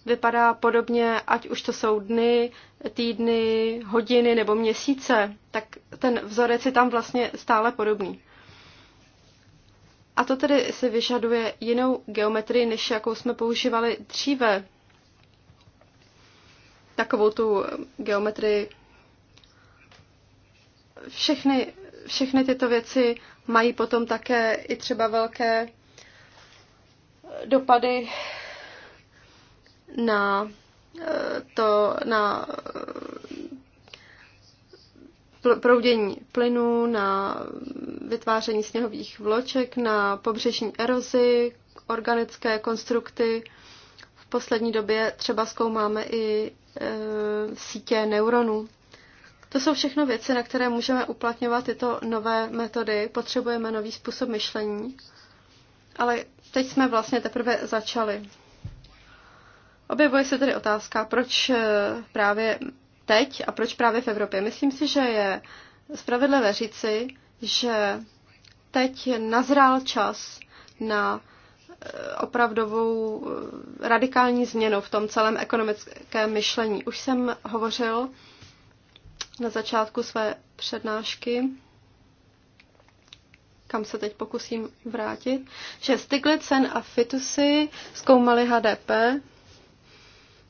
vypadá podobně, ať už to jsou dny, týdny, hodiny nebo měsíce, tak ten vzorec je tam vlastně stále podobný. A to tedy se vyžaduje jinou geometrii, než jakou jsme používali dříve. Takovou tu geometrii. Všechny, všechny tyto věci mají potom také i třeba velké dopady na eh, to, na eh, proudění plynu, na vytváření sněhových vloček, na pobřežní erozi, organické konstrukty. V poslední době třeba zkoumáme i e, sítě neuronů. To jsou všechno věci, na které můžeme uplatňovat tyto nové metody. Potřebujeme nový způsob myšlení ale teď jsme vlastně teprve začali. Objevuje se tedy otázka, proč eh, právě teď a proč právě v Evropě. Myslím si, že je spravedlivé říci, že teď nazrál čas na eh, opravdovou eh, radikální změnu v tom celém ekonomickém myšlení. Už jsem hovořil na začátku své přednášky kam se teď pokusím vrátit, že Stiglitzen a Fitusy zkoumali HDP.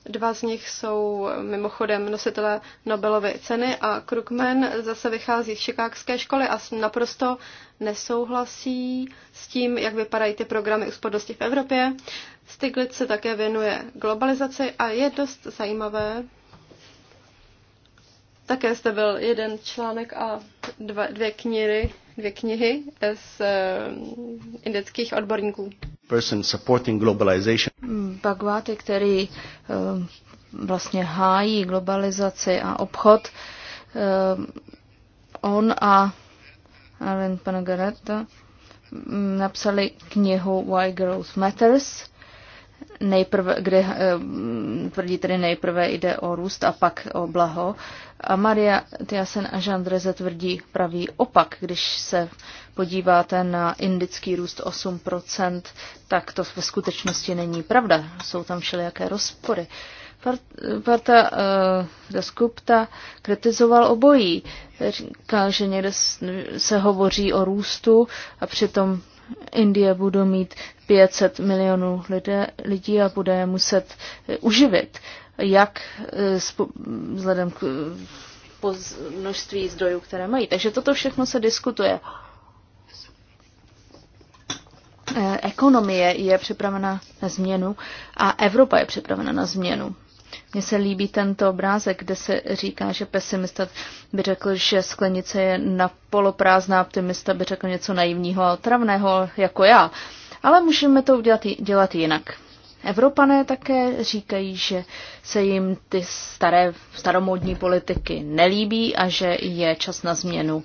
Dva z nich jsou mimochodem nositelé Nobelovy ceny a Krugman zase vychází z šikákské školy a naprosto nesouhlasí s tím, jak vypadají ty programy úspodnosti v Evropě. Stiglitz se také věnuje globalizaci a je dost zajímavé, také zde byl jeden článek a dva, dvě kníry dvě knihy z eh, indických odborníků. Person supporting globalization. Bagváty, který eh, vlastně hájí globalizaci a obchod, eh, on a Alan Panagaretta mm, napsali knihu Why Growth Matters – nejprve, kde eh, tvrdí tedy nejprve jde o růst a pak o blaho. A Maria Tiasen a Jean Dreze tvrdí pravý opak. Když se podíváte na indický růst 8%, tak to ve skutečnosti není pravda. Jsou tam všelijaké rozpory. Parta eh, Daskupta uh, kritizoval obojí. Říkal, že někde se hovoří o růstu a přitom Indie budou mít 500 milionů lidé, lidí a bude muset eh, uživit, jak eh, vzhledem k eh, množství zdrojů, které mají. Takže toto všechno se diskutuje. Ekonomie je připravena na změnu a Evropa je připravena na změnu. Mně se líbí tento obrázek, kde se říká, že pesimista by řekl, že sklenice je na poloprázdná, optimista by řekl něco naivního a otravného, jako já. Ale můžeme to udělat, dělat jinak. Evropané také říkají, že se jim ty staré, staromódní politiky nelíbí a že je čas na změnu.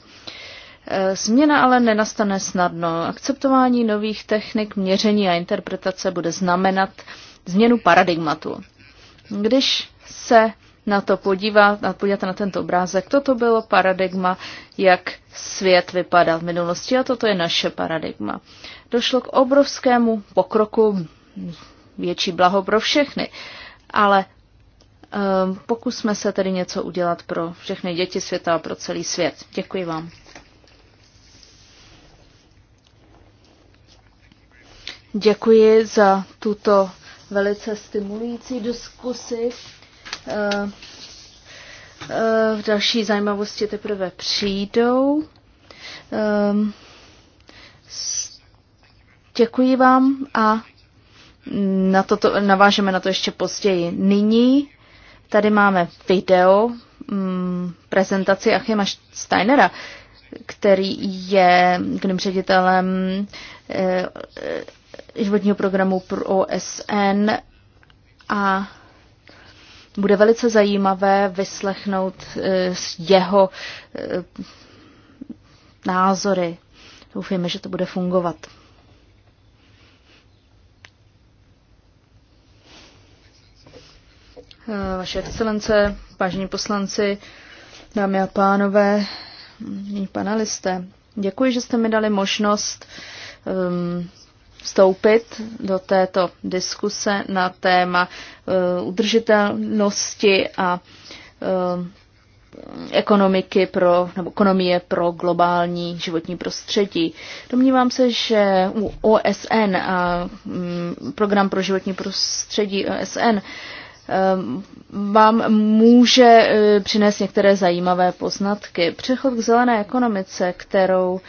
E, změna ale nenastane snadno. Akceptování nových technik měření a interpretace bude znamenat změnu paradigmatu. Když se na to podívat, podíváte na tento obrázek, toto bylo paradigma, jak svět vypadal v minulosti a toto je naše paradigma. Došlo k obrovskému pokroku, větší blaho pro všechny, ale um, pokusme se tedy něco udělat pro všechny děti světa a pro celý svět. Děkuji vám. Děkuji za tuto velice stimulující diskusy. Eh, eh, v další zajímavosti teprve přijdou. Ehm, děkuji vám a na to, to, navážeme na to ještě později. Nyní tady máme video mm, prezentaci Achima Steinera, který je ředitelem eh, životního programu pro OSN a bude velice zajímavé vyslechnout eh, jeho eh, názory. Doufejme, že to bude fungovat. Eh, vaše excelence, vážení poslanci, dámy a pánové, mm, panelisté, děkuji, že jste mi dali možnost um, vstoupit do této diskuse na téma eh, udržitelnosti a eh, ekonomiky pro, nebo ekonomie pro globální životní prostředí. Domnívám se, že u OSN a mm, program pro životní prostředí OSN eh, vám může přinést některé zajímavé poznatky. Přechod k zelené ekonomice, kterou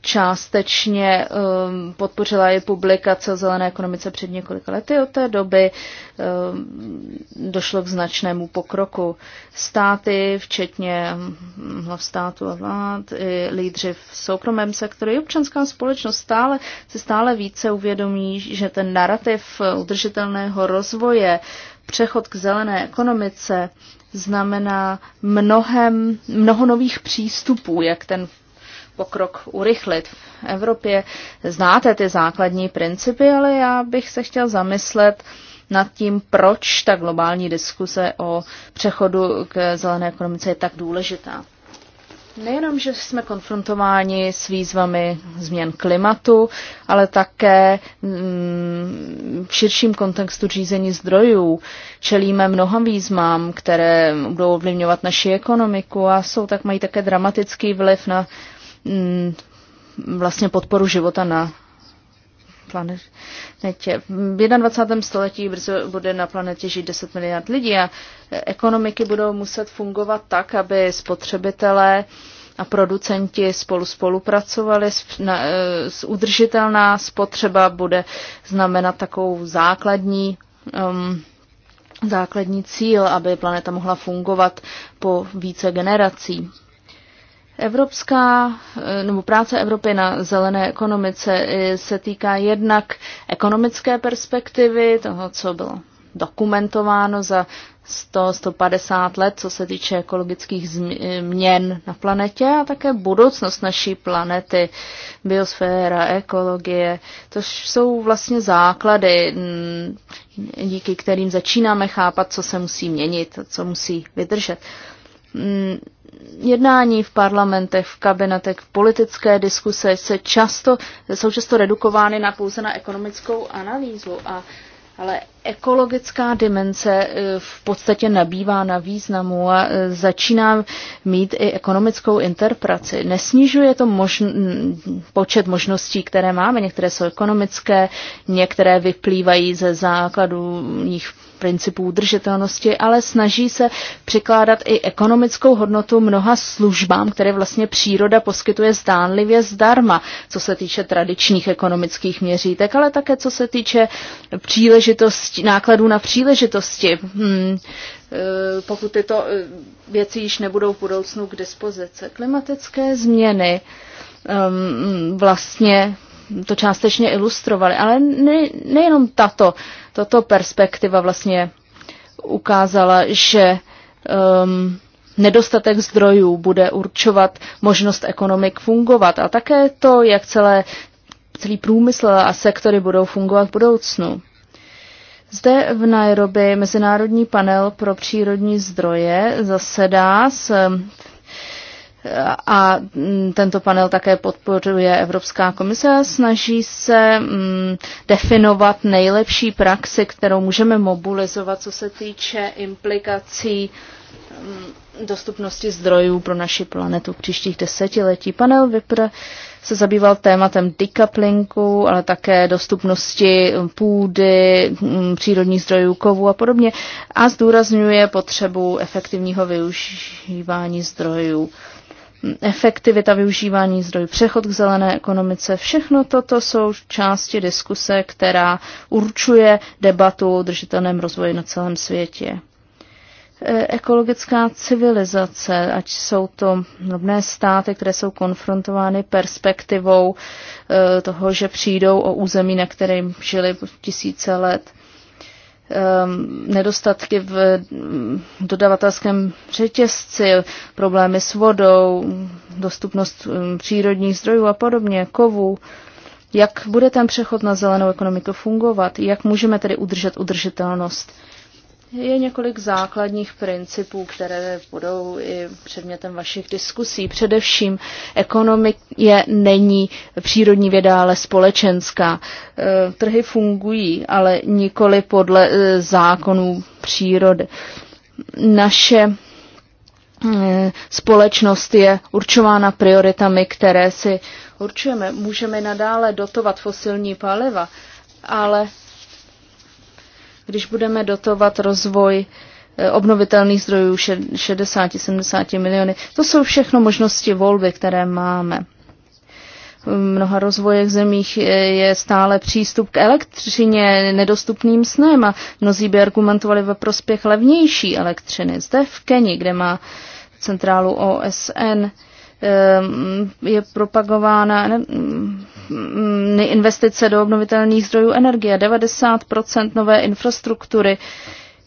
částečně um, podpořila i publikace o zelené ekonomice před několika lety. Od té doby um, došlo k značnému pokroku. Státy, včetně hm, hlav státu a vlád, i lídři v soukromém sektoru i občanská společnost stále, se stále více uvědomí, že ten narrativ udržitelného rozvoje, přechod k zelené ekonomice znamená mnohem, mnoho nových přístupů, jak ten pokrok urychlit. V Evropě znáte ty základní principy, ale já bych se chtěl zamyslet nad tím, proč ta globální diskuse o přechodu k zelené ekonomice je tak důležitá. Nejenom, že jsme konfrontováni s výzvami změn klimatu, ale také mm, v širším kontextu řízení zdrojů čelíme mnoha výzvám, které budou ovlivňovat naši ekonomiku a jsou tak mají také dramatický vliv na Mm, vlastně podporu života na planetě. V 21. století bude na planetě žít 10 miliard lidí a ekonomiky budou muset fungovat tak, aby spotřebitelé a producenti spolu spolupracovali. E, udržitelná spotřeba bude znamenat takovou základní um, základní cíl, aby planeta mohla fungovat po více generací. Evropská eh, nebo práce Evropy na zelené ekonomice eh, se týká jednak ekonomické perspektivy, toho, co bylo dokumentováno za 100-150 let, co se týče ekologických změn eh, na planetě a také budoucnost naší planety, biosféra, ekologie. To jsou vlastně základy, mm, díky kterým začínáme chápat, co se musí měnit, co musí vydržet mm, jednání v parlamentech, v kabinetech, v politické diskuse se často, jsou často redukovány na pouze na ekonomickou analýzu. A, ale ekologická dimenze eh, v podstatě nabývá na významu a eh, začíná mít i ekonomickou interpretaci. Nesnižuje to možn- počet možností, které máme. Některé jsou ekonomické, některé vyplývají ze základů jejich principů udržitelnosti, ale snaží se přikládat i ekonomickou hodnotu mnoha službám, které vlastně příroda poskytuje zdánlivě zdarma, co se týče tradičních ekonomických měřítek, ale také co se týče příležitostí nákladů na příležitosti, hmm, e, pokud tyto e, věci již nebudou v budoucnu k dispozici. Klimatické změny um, vlastně to částečně ilustrovaly, ale ne, nejenom tato, tato perspektiva vlastně ukázala, že um, nedostatek zdrojů bude určovat možnost ekonomik fungovat a také to, jak celé, celý průmysl a sektory budou fungovat v budoucnu. Zde v Nairobi Mezinárodní panel pro přírodní zdroje zasedá s a tento panel také podporuje Evropská komise a snaží se mm, definovat nejlepší praxi, kterou můžeme mobilizovat, co se týče implikací mm, dostupnosti zdrojů pro naši planetu v příštích desetiletí. Panel vypr- se zabýval tématem decouplingu, ale také dostupnosti půdy, mm, přírodních zdrojů, kovů a podobně a zdůrazňuje potřebu efektivního využívání zdrojů. Mm, efektivita využívání zdrojů, přechod k zelené ekonomice, všechno toto jsou části diskuse, která určuje debatu o držitelném rozvoji na celém světě. Eh, ekologická civilizace, ať jsou to drobné státy, které jsou konfrontovány perspektivou eh, toho, že přijdou o území, na kterém žili tisíce let, ehm, nedostatky v mm, dodavatelském řetězci, problémy s vodou, dostupnost mm, přírodních zdrojů a podobně, kovů. Jak bude ten přechod na zelenou ekonomiku fungovat? Jak můžeme tedy udržet udržitelnost? je několik základních principů, které budou i předmětem vašich diskusí. Především ekonomie není přírodní věda, ale společenská. E, trhy fungují, ale nikoli podle e, zákonů přírody. Naše e, společnost je určována prioritami, které si určujeme. Můžeme nadále dotovat fosilní paliva, ale když budeme dotovat rozvoj eh, obnovitelných zdrojů 60-70 miliony, to jsou všechno možnosti volby, které máme. V mnoha rozvojech zemích eh, je stále přístup k elektřině nedostupným snem a mnozí by argumentovali ve prospěch levnější elektřiny. Zde v Keni, kde má centrálu OSN, eh, je propagována Mm, investice do obnovitelných zdrojů energie. 90% nové infrastruktury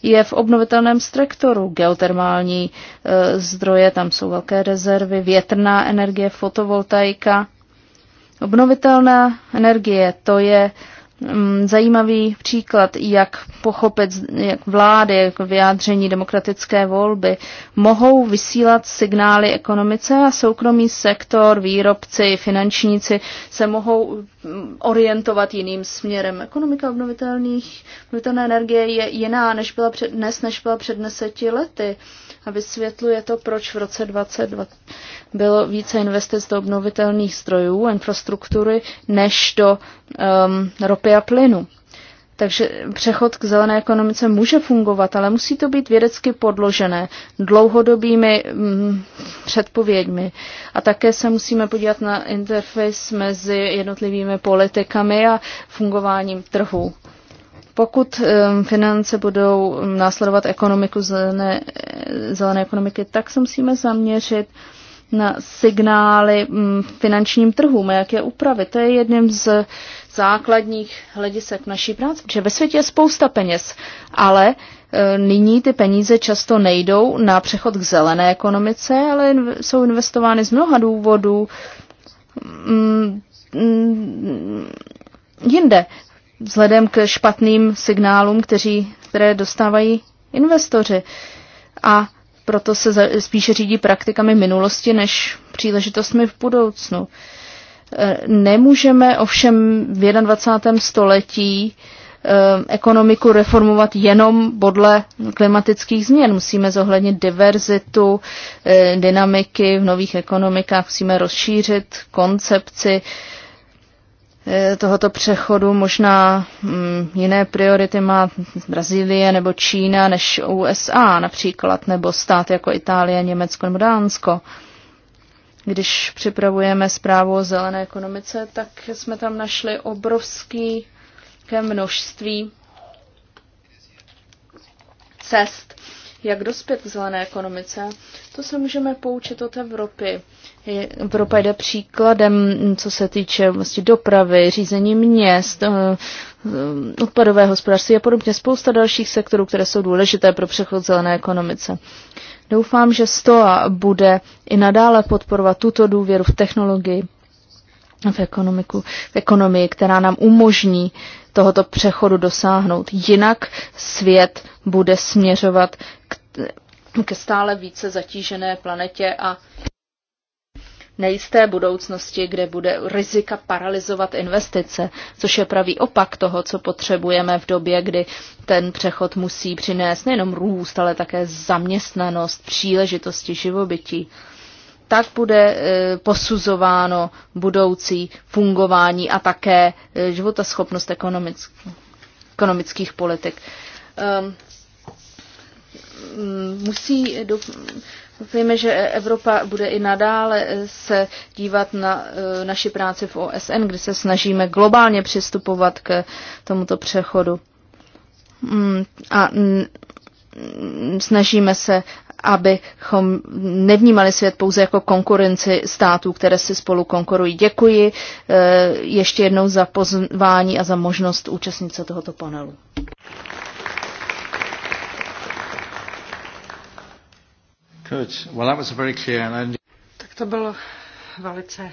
je v obnovitelném sektoru. Geotermální e, zdroje, tam jsou velké rezervy, větrná energie, fotovoltaika. Obnovitelná energie, to je e, Mm, zajímavý příklad, jak pochopit, jak vlády, jak vyjádření demokratické volby mohou vysílat signály ekonomice a soukromý sektor, výrobci, finančníci se mohou mm, orientovat jiným směrem. Ekonomika obnovitelných, obnovitelné energie je jiná, než byla před, dnes, než byla před deseti lety. Uh, a vysvětluje to, proč v roce 2020 bylo více investic do obnovitelných zdrojů, infrastruktury, než do um, ropy a plynu. Takže přechod k zelené ekonomice může fungovat, ale musí to být vědecky podložené dlouhodobými mm, předpověďmi. A také se musíme podívat na interface mezi jednotlivými politikami a fungováním trhu. Pokud finance budou následovat ekonomiku zelené, zelené ekonomiky, tak se musíme zaměřit na signály finančním trhům, jak je upravit. To je jedním z základních hledisek naší práce, protože ve světě je spousta peněz, ale e, nyní ty peníze často nejdou na přechod k zelené ekonomice, ale jsou investovány z mnoha důvodů jinde vzhledem k špatným signálům, kteří, které dostávají investoři. A proto se spíše řídí praktikami minulosti než příležitostmi v budoucnu. E, nemůžeme ovšem v 21. století e, ekonomiku reformovat jenom podle klimatických změn. Musíme zohlednit diverzitu, e, dynamiky v nových ekonomikách, musíme rozšířit koncepci Eh, tohoto přechodu možná mm, jiné priority má Brazílie nebo Čína než USA například, nebo stát jako Itálie, Německo nebo Dánsko. Když připravujeme zprávu o zelené ekonomice, tak jsme tam našli obrovské množství cest, jak dospět k zelené ekonomice. To se můžeme poučit od Evropy. Evropa jde příkladem, co se týče vlastně dopravy, řízení měst, eh, eh, odpadové hospodářství a podobně. Spousta dalších sektorů, které jsou důležité pro přechod zelené ekonomice. Doufám, že STOA bude i nadále podporovat tuto důvěru v technologii, v, ekonomiku, v ekonomii, která nám umožní tohoto přechodu dosáhnout. Jinak svět bude směřovat k, ke stále více zatížené planetě a nejisté budoucnosti, kde bude rizika paralizovat investice, což je pravý opak toho, co potřebujeme v době, kdy ten přechod musí přinést nejenom růst, ale také zaměstnanost, příležitosti, živobytí. Tak bude e, posuzováno budoucí fungování a také e, životaschopnost ekonomických politik ehm, musí do, Doufejme, že Evropa bude i nadále eh, se dívat na eh, naši práci v OSN, kdy se snažíme globálně přistupovat k tomuto přechodu. Hmm, a snažíme se, abychom nevnímali svět pouze jako konkurenci států, které si spolu konkurují. Děkuji eh, ještě jednou za pozvání a za možnost účastnit se tohoto panelu. Good. Well, that was very clear and I... Tak to bylo velice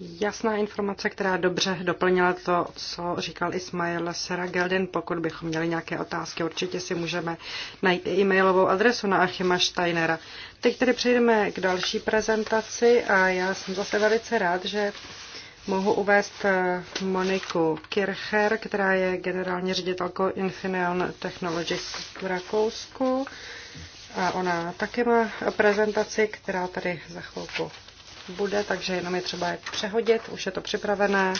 jasná informace, která dobře doplnila to, co říkal Ismail Seragelden. Pokud bychom měli nějaké otázky, určitě si můžeme najít e-mailovou adresu na Achima Steinera. Teď tedy přejdeme k další prezentaci a já jsem zase velice rád, že mohu uvést eh, Moniku Kircher, která je generální ředitelkou Infineon Technologies v Rakousku. A ona také má prezentaci, která tady za chvilku bude, takže jenom je třeba je přehodit, už je to připravené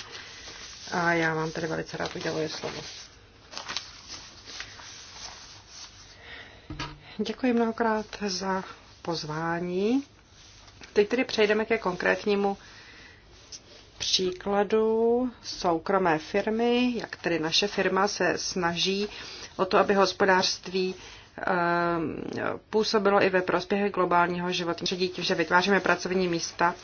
a já vám tady velice rád uděluji slovo. Děkuji mnohokrát za pozvání. Teď tedy přejdeme ke konkrétnímu příkladu soukromé firmy, jak tedy naše firma se snaží o to, aby hospodářství Eh, působilo i ve prospěch globálního životního prostředí, tím, že vytváříme pracovní místa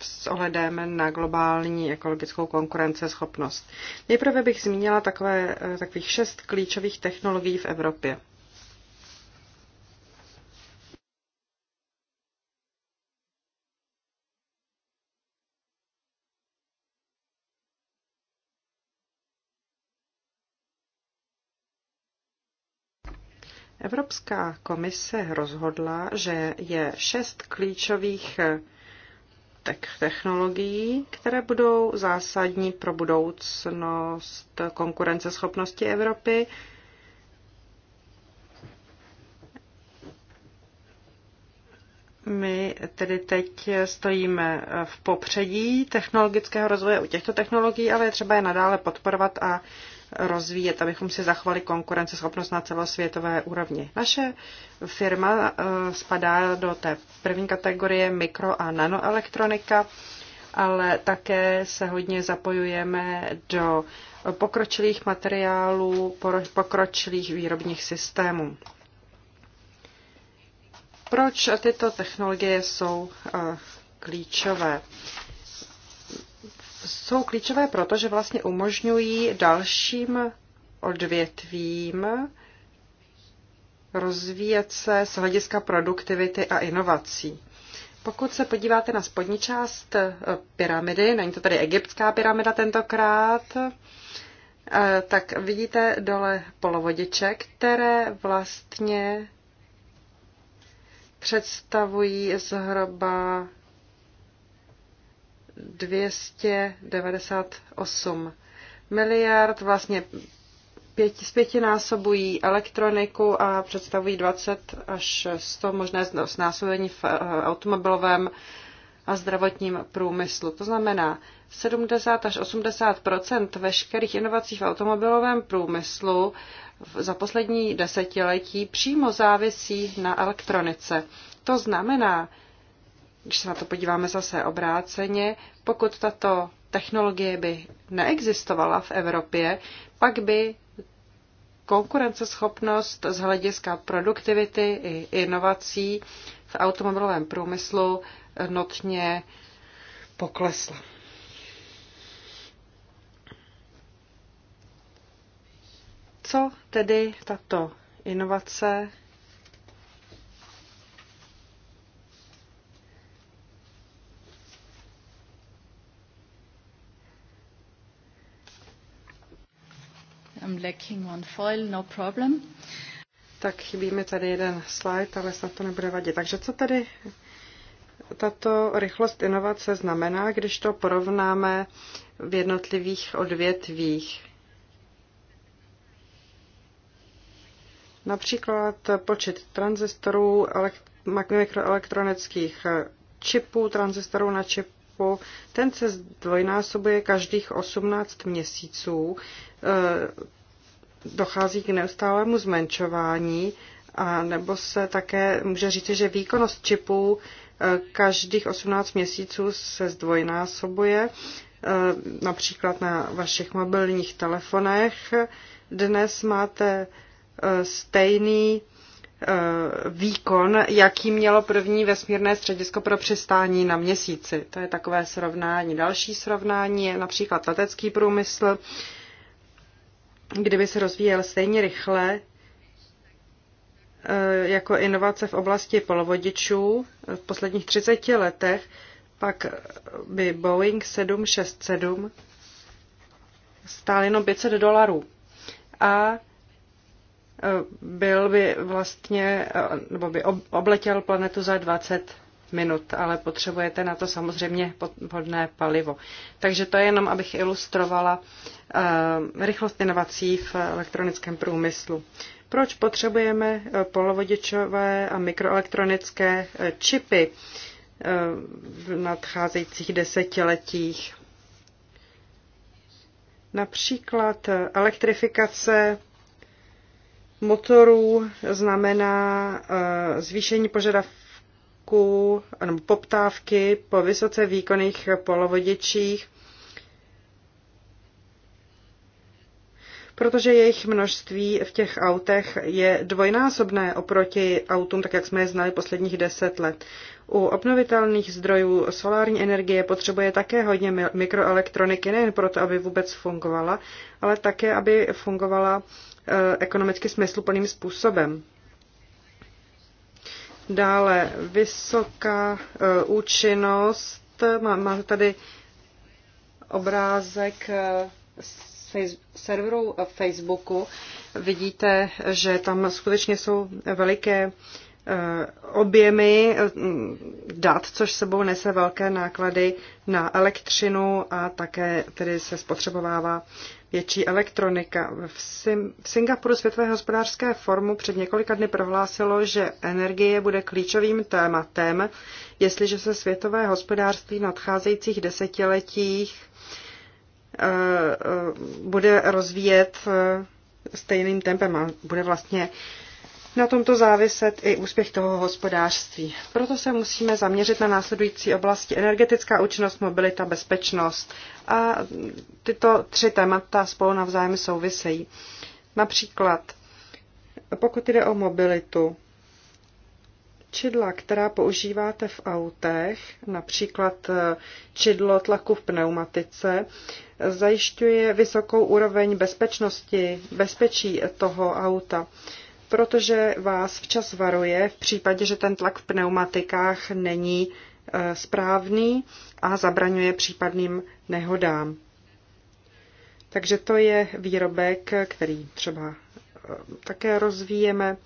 s ohledem na globální ekologickou konkurenceschopnost. Nejprve bych zmínila takové, eh, takových šest klíčových technologií v Evropě. Evropská komise rozhodla, že je šest klíčových technologií, které budou zásadní pro budoucnost konkurenceschopnosti Evropy. My tedy teď stojíme v popředí technologického rozvoje u těchto technologií, ale je třeba je nadále podporovat a rozvíjet, abychom si zachovali konkurenceschopnost na celosvětové úrovni. Naše firma eh, spadá do té první kategorie mikro a nanoelektronika, ale také se hodně zapojujeme do pokročilých materiálů, pokročilých výrobních systémů. Proč tyto technologie jsou eh, klíčové? jsou klíčové proto, že vlastně umožňují dalším odvětvím rozvíjet se z hlediska produktivity a inovací. Pokud se podíváte na spodní část eh, pyramidy, není to tady egyptská pyramida tentokrát, eh, tak vidíte dole polovodiče, které vlastně představují zhruba 298 miliard, vlastně pěti, násobují elektroniku a představují 20 až 100 možné znásobení v eh, automobilovém a zdravotním průmyslu. To znamená, 70 až 80 veškerých inovací v automobilovém průmyslu za poslední desetiletí přímo závisí na elektronice. To znamená, když se na to podíváme zase obráceně, pokud tato technologie by neexistovala v Evropě, pak by konkurenceschopnost z hlediska produktivity i inovací v automobilovém průmyslu notně poklesla. Co tedy tato inovace lacking one foil, no problem. Tak chybí mi tady jeden slide, ale snad to nebude vadit. Takže co tady tato rychlost inovace znamená, když to porovnáme v jednotlivých odvětvích? Například počet tranzistorů, mikroelektronických čipů, tranzistorů na čipu, ten se zdvojnásobuje každých 18 měsíců. Eh, dochází k neustálému zmenšování, a nebo se také může říct, že výkonnost čipů eh, každých 18 měsíců se zdvojnásobuje, eh, například na vašich mobilních telefonech. Dnes máte eh, stejný výkon, jaký mělo první vesmírné středisko pro přistání na měsíci. To je takové srovnání. Další srovnání je například letecký průmysl kdyby se rozvíjel stejně rychle e, jako inovace v oblasti polovodičů v posledních 30 letech, pak by Boeing 767 stál jenom 500 dolarů. A e, byl by vlastně, e, nebo by obletěl planetu za 20 minut, ale potřebujete na to samozřejmě vhodné palivo. Takže to je jenom, abych ilustrovala eh, rychlost inovací v elektronickém průmyslu. Proč potřebujeme eh, polovodičové a mikroelektronické eh, čipy v nadcházejících desetiletích? Například elektrifikace motorů znamená zvýšení požadavků nabídku nebo poptávky po vysoce výkonných polovodičích, protože jejich množství v těch autech je dvojnásobné oproti autům, tak jak jsme je znali posledních deset let. U obnovitelných zdrojů solární energie potřebuje také hodně mikroelektroniky, nejen proto, aby vůbec fungovala, ale také, aby fungovala eh, ekonomicky smysluplným způsobem. Dále vysoká eh, účinnost. má má tady obrázek eh, serverů eh, Facebooku. Vidíte, že tam skutečně jsou veliké objemy dat, což sebou nese velké náklady na elektřinu a také tedy se spotřebovává větší elektronika. V, Singapuru Světové hospodářské formu před několika dny prohlásilo, že energie bude klíčovým tématem, jestliže se světové hospodářství v nadcházejících desetiletích eh, eh, bude rozvíjet eh, stejným tempem a bude vlastně na tomto záviset i úspěch toho hospodářství. Proto se musíme zaměřit na následující oblasti energetická účinnost, mobilita, bezpečnost. A tyto tři témata spolu navzájem souvisejí. Například, pokud jde o mobilitu, čidla, která používáte v autech, například eh, čidlo tlaku v pneumatice, zajišťuje vysokou úroveň bezpečnosti, bezpečí toho auta protože vás včas varuje v případě, že ten tlak v pneumatikách není e, správný a zabraňuje případným nehodám. Takže to je výrobek, který třeba e, také rozvíjeme.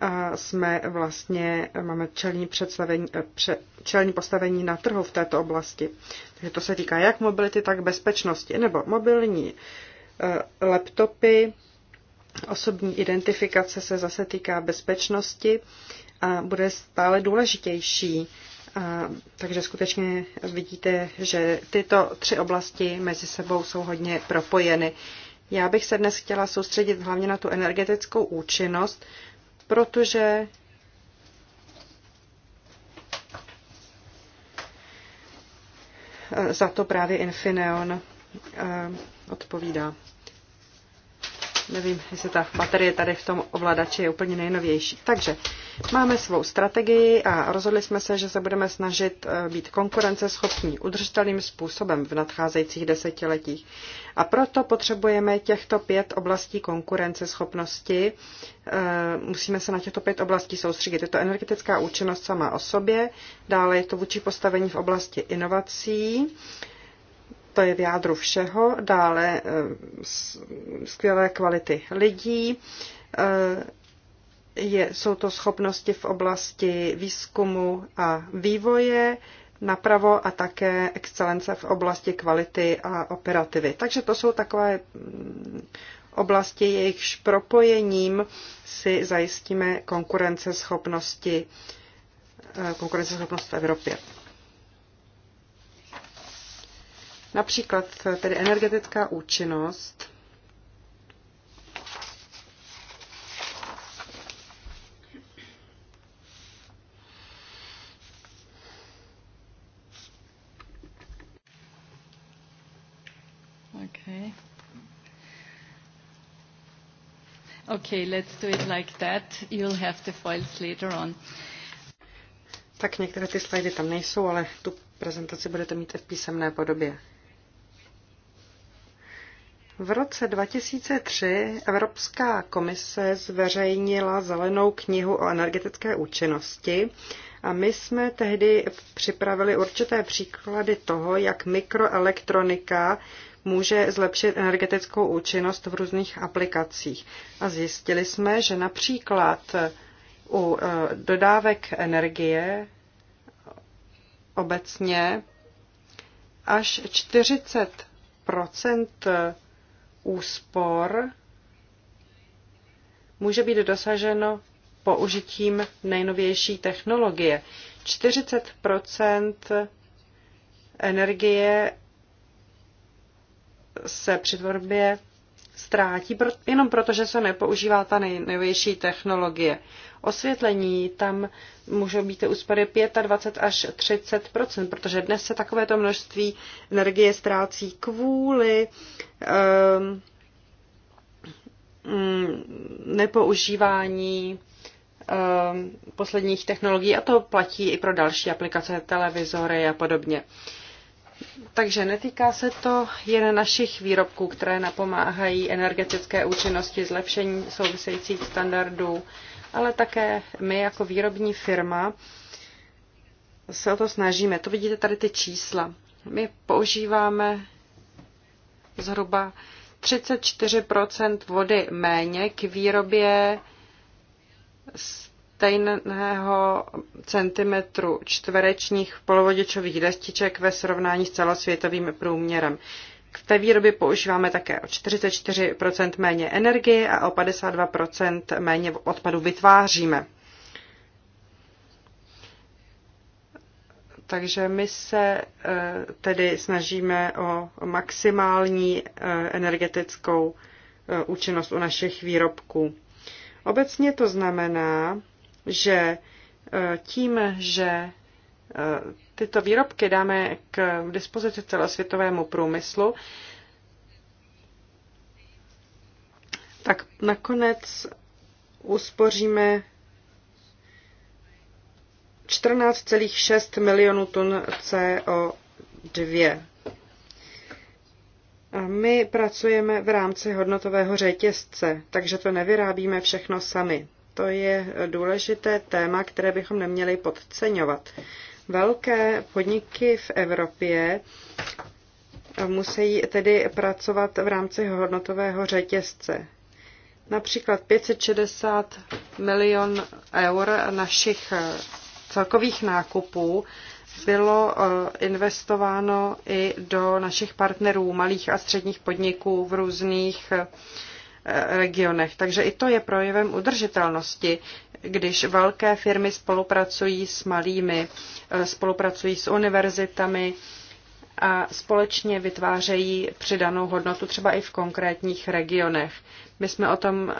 A jsme vlastně, máme čelní, představení, e, čelní postavení na trhu v této oblasti. Takže to se týká jak mobility, tak bezpečnosti. Nebo mobilní laptopy, Osobní identifikace se zase týká bezpečnosti a bude stále důležitější. A, takže skutečně vidíte, že tyto tři oblasti mezi sebou jsou hodně propojeny. Já bych se dnes chtěla soustředit hlavně na tu energetickou účinnost, protože za to právě Infineon eh, odpovídá. Nevím, jestli ta baterie tady v tom ovladači je úplně nejnovější. Takže máme svou strategii a rozhodli jsme se, že se budeme snažit eh, být konkurenceschopní udržitelným způsobem v nadcházejících desetiletích. A proto potřebujeme těchto pět oblastí konkurenceschopnosti. Eh, musíme se na těchto pět oblastí soustředit. Je to energetická účinnost sama o sobě, dále je to vůči postavení v oblasti inovací, to je v jádru všeho, dále eh, skvělé kvality lidí, eh, je, jsou to schopnosti v oblasti výzkumu a vývoje, napravo a také excelence v oblasti kvality a operativy. Takže to jsou takové mm, oblasti, jejichž propojením si zajistíme konkurenceschopnosti, eh, konkurenceschopnost v Evropě. Například tedy energetická účinnost. Okay. Okay, let's do it like that. You'll have the files later on. Tak některé ty slajdy tam nejsou, ale tu prezentaci budete mít v písemné podobě. V roce 2003 Evropská komise zveřejnila zelenou knihu o energetické účinnosti a my jsme tehdy připravili určité příklady toho, jak mikroelektronika může zlepšit energetickou účinnost v různých aplikacích. A zjistili jsme, že například u eh, dodávek energie obecně až 40 úspor může být dosaženo použitím nejnovější technologie. 40 energie se při tvorbě ztrátí jenom proto, že se nepoužívá ta nejnovější technologie. Osvětlení tam můžou být úspory 25 až 30 protože dnes se takovéto množství energie ztrácí kvůli um, nepoužívání um, posledních technologií a to platí i pro další aplikace, televizory a podobně. Takže netýká se to jen našich výrobků, které napomáhají energetické účinnosti, zlepšení souvisejících standardů, ale také my jako výrobní firma se o to snažíme. To vidíte tady ty čísla. My používáme zhruba 34 vody méně k výrobě stejného centimetru čtverečních polovodičových destiček ve srovnání s celosvětovým průměrem. V té výrobě používáme také o 44% méně energie a o 52% méně odpadu vytváříme. Takže my se eh, tedy snažíme o maximální eh, energetickou eh, účinnost u našich výrobků. Obecně to znamená, že eh, tím, že eh, tyto výrobky dáme k dispozici celosvětovému průmyslu, tak nakonec uspoříme 14,6 milionů tun CO2. A my pracujeme v rámci hodnotového řetězce, takže to nevyrábíme všechno sami to je důležité téma, které bychom neměli podceňovat. Velké podniky v Evropě musí tedy pracovat v rámci hodnotového řetězce. Například 560 milion eur našich eh, celkových nákupů bylo eh, investováno i do našich partnerů, malých a středních podniků v různých eh, Eh, regionech. Takže i to je projevem udržitelnosti, když velké firmy spolupracují s malými, eh, spolupracují s univerzitami a společně vytvářejí přidanou hodnotu třeba i v konkrétních regionech. My jsme o tom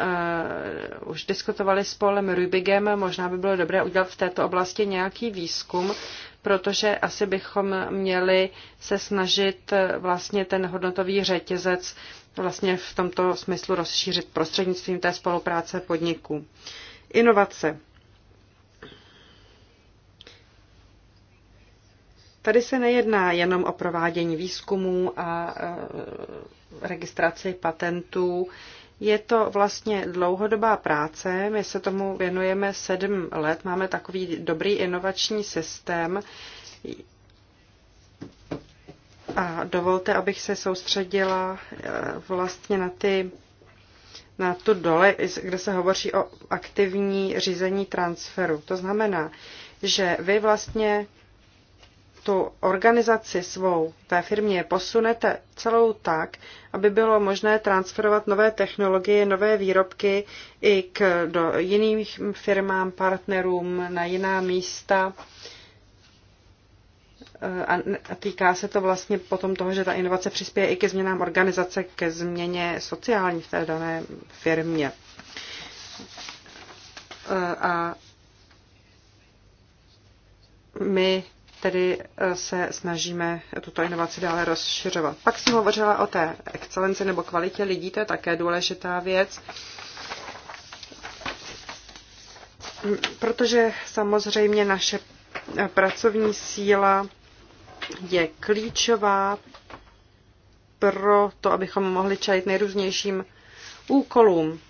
uh, už diskutovali s Polem Rubigem, možná by bylo dobré udělat v této oblasti nějaký výzkum, protože asi bychom měli se snažit vlastně ten hodnotový řetězec uh, vlastně v tomto smyslu rozšířit prostřednictvím té spolupráce podniků. Inovace. Tady se nejedná jenom o provádění výzkumů a e, registraci patentů. Je to vlastně dlouhodobá práce, my se tomu věnujeme sedm let, máme takový dobrý inovační systém, a dovolte, abych se soustředila eh, vlastně na ty na tu dole, kde se hovoří o aktivní řízení transferu. To znamená, že vy vlastně tu organizaci svou ve firmě posunete celou tak, aby bylo možné transferovat nové technologie, nové výrobky i k, do jiných firmám, partnerům, na jiná místa. Uh, a týká se to vlastně potom toho, že ta inovace přispěje i ke změnám organizace, ke změně sociální v té dané firmě. E, a my tedy e, se snažíme tuto inovaci dále rozšiřovat. Pak jsem hovořila o té excelenci nebo kvalitě lidí, to je také důležitá věc, protože samozřejmě naše pracovní síla je klíčová pro to, abychom mohli čelit nejrůznějším úkolům.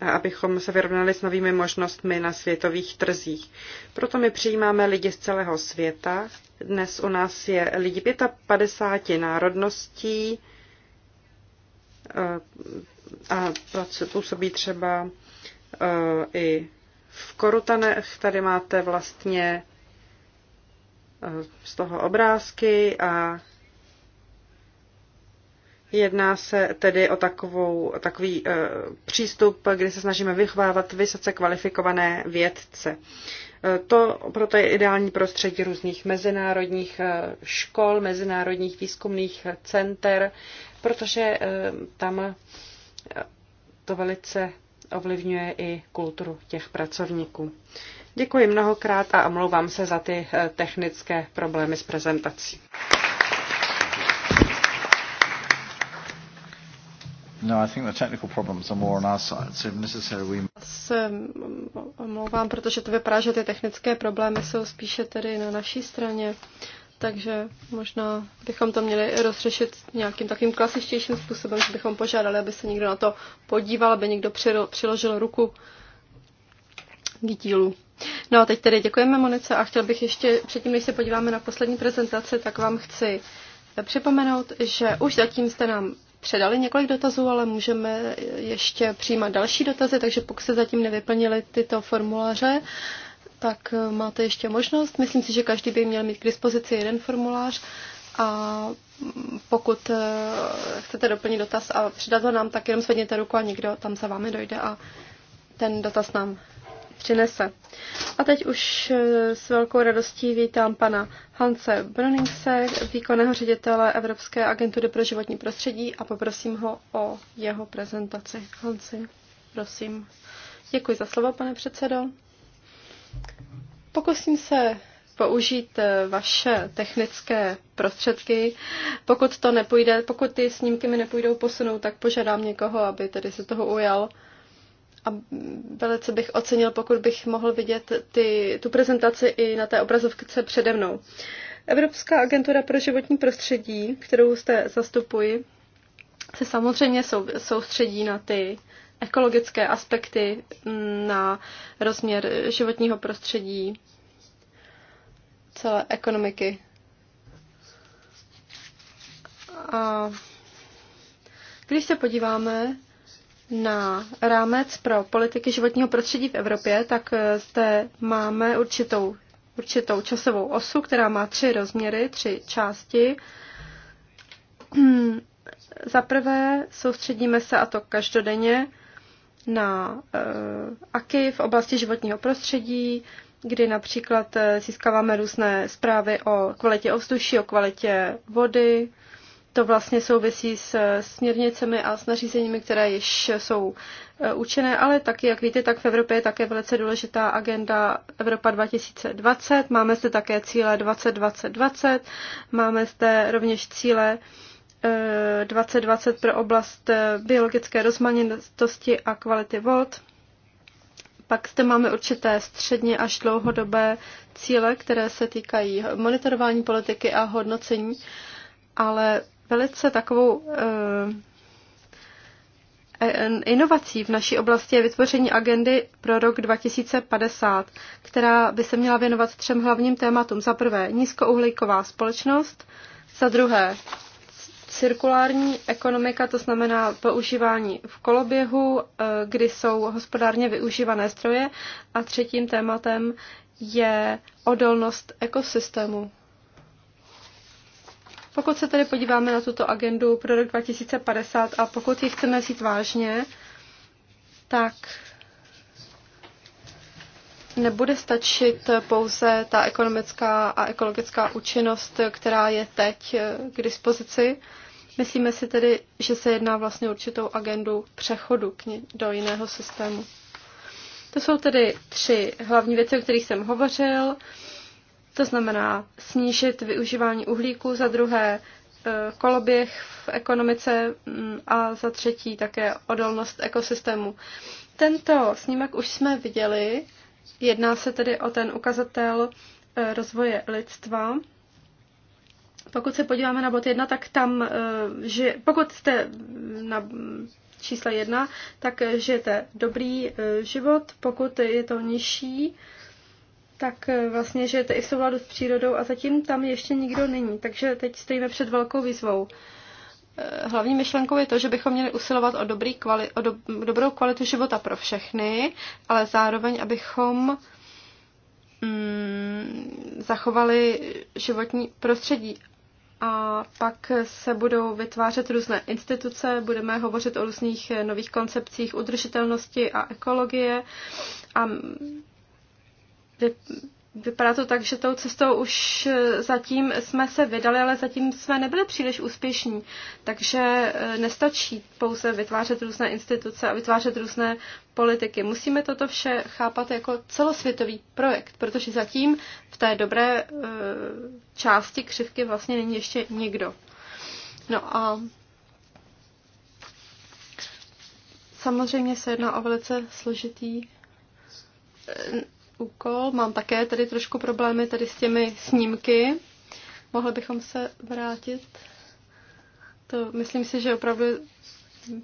a abychom se vyrovnali s novými možnostmi na světových trzích. Proto my přijímáme lidi z celého světa. Dnes u nás je lidi 55 národností eh, a působí třeba eh, i v Korutanech tady máte vlastně eh, z toho obrázky a jedná se tedy o takovou, takový uh, přístup, kdy se snažíme vychovávat vysoce kvalifikované vědce. Eh, to proto je ideální prostředí různých mezinárodních škol, mezinárodních výzkumných center, protože tam to velice ovlivňuje i kulturu těch pracovníků. Děkuji mnohokrát a omlouvám se za ty eh, technické problémy s prezentací. No, I think the technical problems are more on our side. So if necessary, we... Se omlouvám, protože to vypadá, že ty technické problémy jsou spíše tedy na naší straně. Uh, takže možná bychom to měli rozřešit nějakým takým klasičtějším způsobem, že bychom požádali, aby se někdo na to podíval, aby někdo přiložil ruku k dílu. No a teď tedy děkujeme Monice a chtěl bych ještě, předtím než se podíváme na poslední prezentaci, tak vám chci připomenout, že už zatím jste nám předali několik dotazů, ale můžeme ještě přijímat další dotazy, takže pokud se zatím nevyplnili tyto formuláře, tak eh, máte ještě možnost. Myslím si, že každý by měl mít k dispozici jeden formulář a mm, pokud eh, chcete doplnit dotaz a přidat ho nám, tak jenom svedněte ruku a někdo tam za vámi dojde a ten dotaz nám přinese. A teď už eh, s velkou radostí vítám pana Hance Broningse, výkonného ředitele Evropské agentury pro životní prostředí a poprosím ho o jeho prezentaci. Hanci, prosím. Děkuji za slovo, pane předsedo. Pokusím se použít eh, vaše technické prostředky. Pokud to nepůjde, pokud ty snímky mi nepůjdou posunout, tak požádám někoho, aby tedy se toho ujal. A velice bych ocenil, pokud bych mohl vidět ty, tu prezentaci i na té obrazovce přede mnou. Evropská agentura pro životní prostředí, kterou jste zastupuji, se samozřejmě soustředí na ty ekologické aspekty, na rozměr životního prostředí, celé ekonomiky. A když se podíváme na rámec pro politiky životního prostředí v Evropě, tak zde máme určitou, určitou časovou osu, která má tři rozměry, tři části. Hm, za prvé soustředíme se, a to každodenně, na eh, AKI v oblasti životního prostředí, kdy například eh, získáváme různé zprávy o kvalitě ovzduší, o kvalitě vody. To vlastně souvisí s eh, směrnicemi a s nařízeními, které již jsou účinné, ale taky, jak víte, tak v Evropě je také velice důležitá agenda Evropa 2020. Máme zde také cíle 2020-2020, máme zde rovněž cíle 2020 eh, pro oblast eh, biologické rozmanitosti a kvality vod. Pak zde máme určité středně až dlouhodobé cíle, které se týkají monitorování politiky a hodnocení, ale velice takovou eh, Inovací v naší oblasti je vytvoření agendy pro rok 2050, která by se měla věnovat třem hlavním tématům. Za prvé nízkouhlíková společnost, za druhé cirkulární ekonomika, to znamená používání v koloběhu, eh, kdy jsou hospodárně využívané stroje. A třetím tématem je odolnost ekosystému. Pokud se tedy podíváme na tuto agendu pro rok 2050 a pokud ji chceme vzít vážně, tak nebude stačit pouze ta ekonomická a ekologická účinnost, která je teď eh, k dispozici. Myslíme si tedy, že se jedná vlastně určitou agendu přechodu k ní, do jiného systému. To jsou tedy tři hlavní věci, o kterých jsem hovořil. To znamená snížit využívání uhlíku, za druhé eh, koloběh v ekonomice mm, a za třetí také odolnost ekosystému. Tento snímek už jsme viděli Jedná se tedy o ten ukazatel eh, rozvoje lidstva. Pokud se podíváme na bod 1, tak tam, eh, že pokud jste mm, na mm, čísle 1, tak eh, žijete dobrý život. Pokud je to nižší, tak vlastně žijete i v souladu s přírodou a zatím tam ještě nikdo není. Takže teď stojíme před velkou výzvou. Eh, hlavní myšlenkou je to, že bychom měli usilovat o, dobrý kvali, o do, dobrou kvalitu života pro všechny, ale zároveň, abychom mm, zachovali životní prostředí. A pak se budou vytvářet různé instituce, budeme hovořit o různých nových koncepcích udržitelnosti a ekologie a Vypadá to tak, že tou cestou už eh, zatím jsme se vydali, ale zatím jsme nebyli příliš úspěšní. Takže eh, nestačí pouze vytvářet různé instituce a vytvářet různé politiky. Musíme toto vše chápat jako celosvětový projekt, protože zatím v té dobré eh, části křivky vlastně není ještě nikdo. No a samozřejmě se jedná o velice složitý úkol. Mám také tady trošku problémy tady s těmi snímky. Mohli bychom se vrátit. To myslím si, že opravdu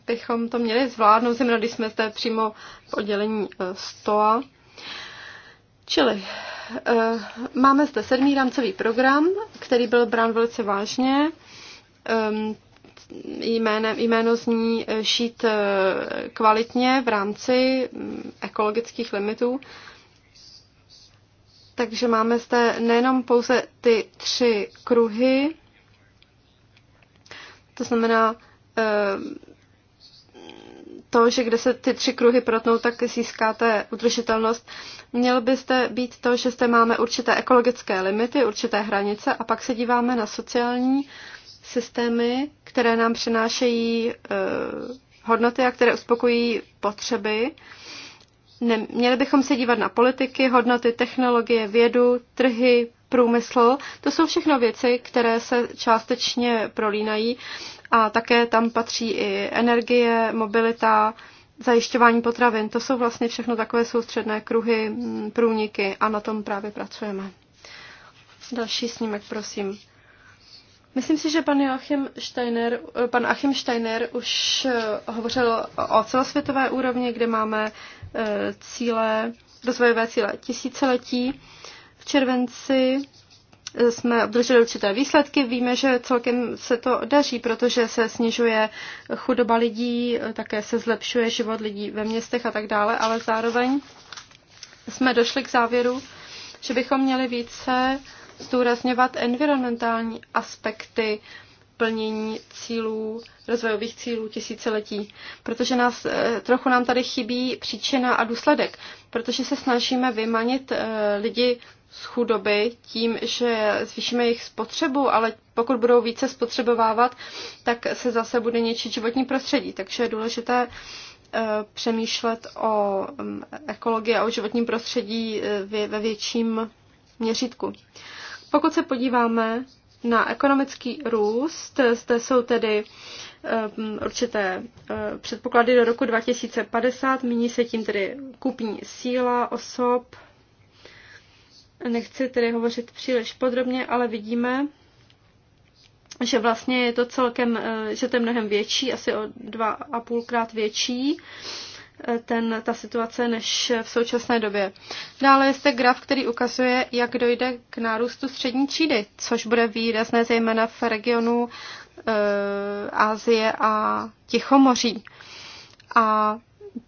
bychom to měli zvládnout, zejména když jsme zde přímo v oddělení eh, STOA. Čili eh, máme zde sedmý rámcový program, který byl brán velice vážně. Ehm, jméne, jméno zní eh, šít kvalitně v rámci hm, ekologických limitů. Takže máme zde nejenom pouze ty tři kruhy, to znamená eh, to, že kde se ty tři kruhy protnou, tak získáte udržitelnost. Měl byste být to, že zde máme určité ekologické limity, určité hranice a pak se díváme na sociální systémy, které nám přinášejí eh, hodnoty a které uspokojí potřeby. Ne, měli bychom se dívat na politiky, hodnoty, technologie, vědu, trhy, průmysl. To jsou všechno věci, které se částečně prolínají a také tam patří i energie, mobilita, zajišťování potravin. To jsou vlastně všechno takové soustředné kruhy, mm, průniky a na tom právě pracujeme. Další snímek, prosím. Myslím si, že pan Achim Steiner, pan Achim Steiner už eh, hovořil o celosvětové úrovni, kde máme cíle, rozvojové cíle tisíciletí. V červenci eh, jsme obdrželi určité výsledky. Víme, že celkem se to daří, protože se snižuje chudoba lidí, eh, také se zlepšuje život lidí ve městech a tak dále, ale zároveň jsme došli k závěru, že bychom měli více zdůrazňovat environmentální aspekty plnění cílů, rozvojových cílů tisíciletí, protože nás, eh, trochu nám tady chybí příčina a důsledek, protože se snažíme vymanit eh, lidi z chudoby tím, že zvýšíme jejich spotřebu, ale pokud budou více spotřebovávat, tak se zase bude něčit životní prostředí. Takže je důležité eh, přemýšlet o mm, ekologii a o životním prostředí ve větším měřítku. Pokud se podíváme na ekonomický růst. Zde jsou tedy ehm, určité eh, předpoklady do roku 2050. Mění se tím tedy kupní síla osob. Nechci tedy hovořit příliš podrobně, ale vidíme, že vlastně je to celkem, eh, že to je mnohem větší, asi o dva a půlkrát větší ten, ta situace než v současné době. Dále je zde graf, který ukazuje, jak dojde k nárůstu střední třídy, což bude výrazné zejména v regionu e, Asie a Tichomoří. A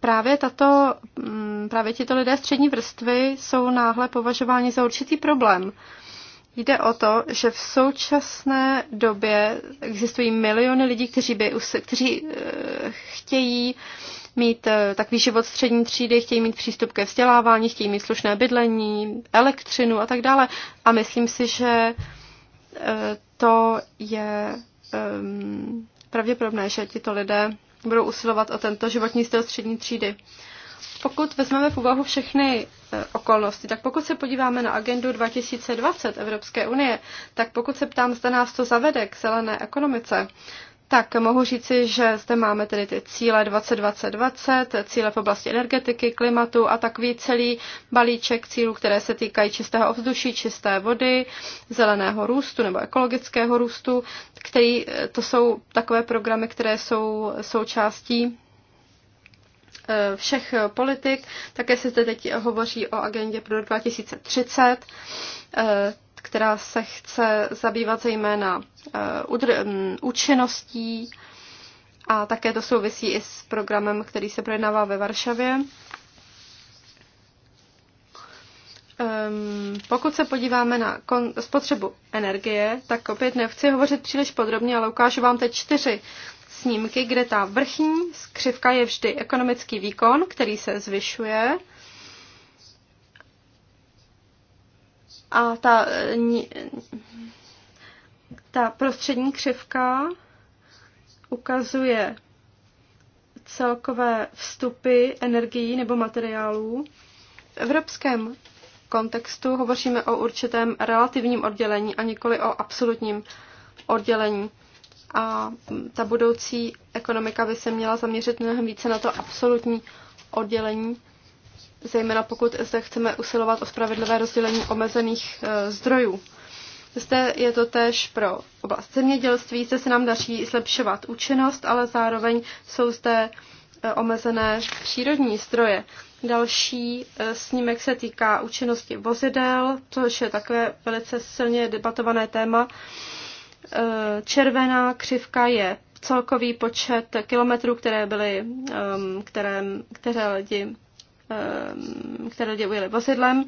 právě, tato, mm, právě tito lidé střední vrstvy jsou náhle považováni za určitý problém. Jde o to, že v současné době existují miliony lidí, kteří, by, kteří e, chtějí mít eh, takový život střední třídy, chtějí mít přístup ke vzdělávání, chtějí mít slušné bydlení, elektřinu a tak dále. A myslím si, že eh, to je ehm, pravděpodobné, že tito lidé budou usilovat o tento životní styl střední třídy. Pokud vezmeme v úvahu všechny eh, okolnosti, tak pokud se podíváme na agendu 2020 Evropské unie, tak pokud se ptám, zda nás to zavede k zelené ekonomice, tak mohu říci, že zde máme tedy ty cíle 2020, cíle v oblasti energetiky, klimatu a takový celý balíček cílů, které se týkají čistého ovzduší, čisté vody, zeleného růstu nebo ekologického růstu, který, eh, to jsou takové programy, které jsou součástí eh, všech politik. Také se zde teď hovoří o agendě pro 2030 která se chce zabývat zejména eh, mm, účinností a také to souvisí i s programem, který se projednává ve Varšavě. Ehm, pokud se podíváme na spotřebu energie, tak opět nechci hovořit příliš podrobně, ale ukážu vám teď čtyři snímky, kde ta vrchní skřivka je vždy ekonomický výkon, který se zvyšuje. A ta, ta prostřední křivka ukazuje celkové vstupy energií nebo materiálů. V evropském kontextu hovoříme o určitém relativním oddělení a nikoli o absolutním oddělení. A ta budoucí ekonomika by se měla zaměřit mnohem více na to absolutní oddělení, zejména pokud se chceme usilovat o spravedlivé rozdělení omezených e, zdrojů. Zde je to též pro oblast zemědělství, zde se nám daří zlepšovat účinnost, ale zároveň jsou zde e, omezené přírodní zdroje. Další e, snímek se týká účinnosti vozidel, což je takové velice silně debatované téma. Červená křivka je celkový počet kilometrů, které byly, které, které lidi Eh, které lidé ujeli vozidlem.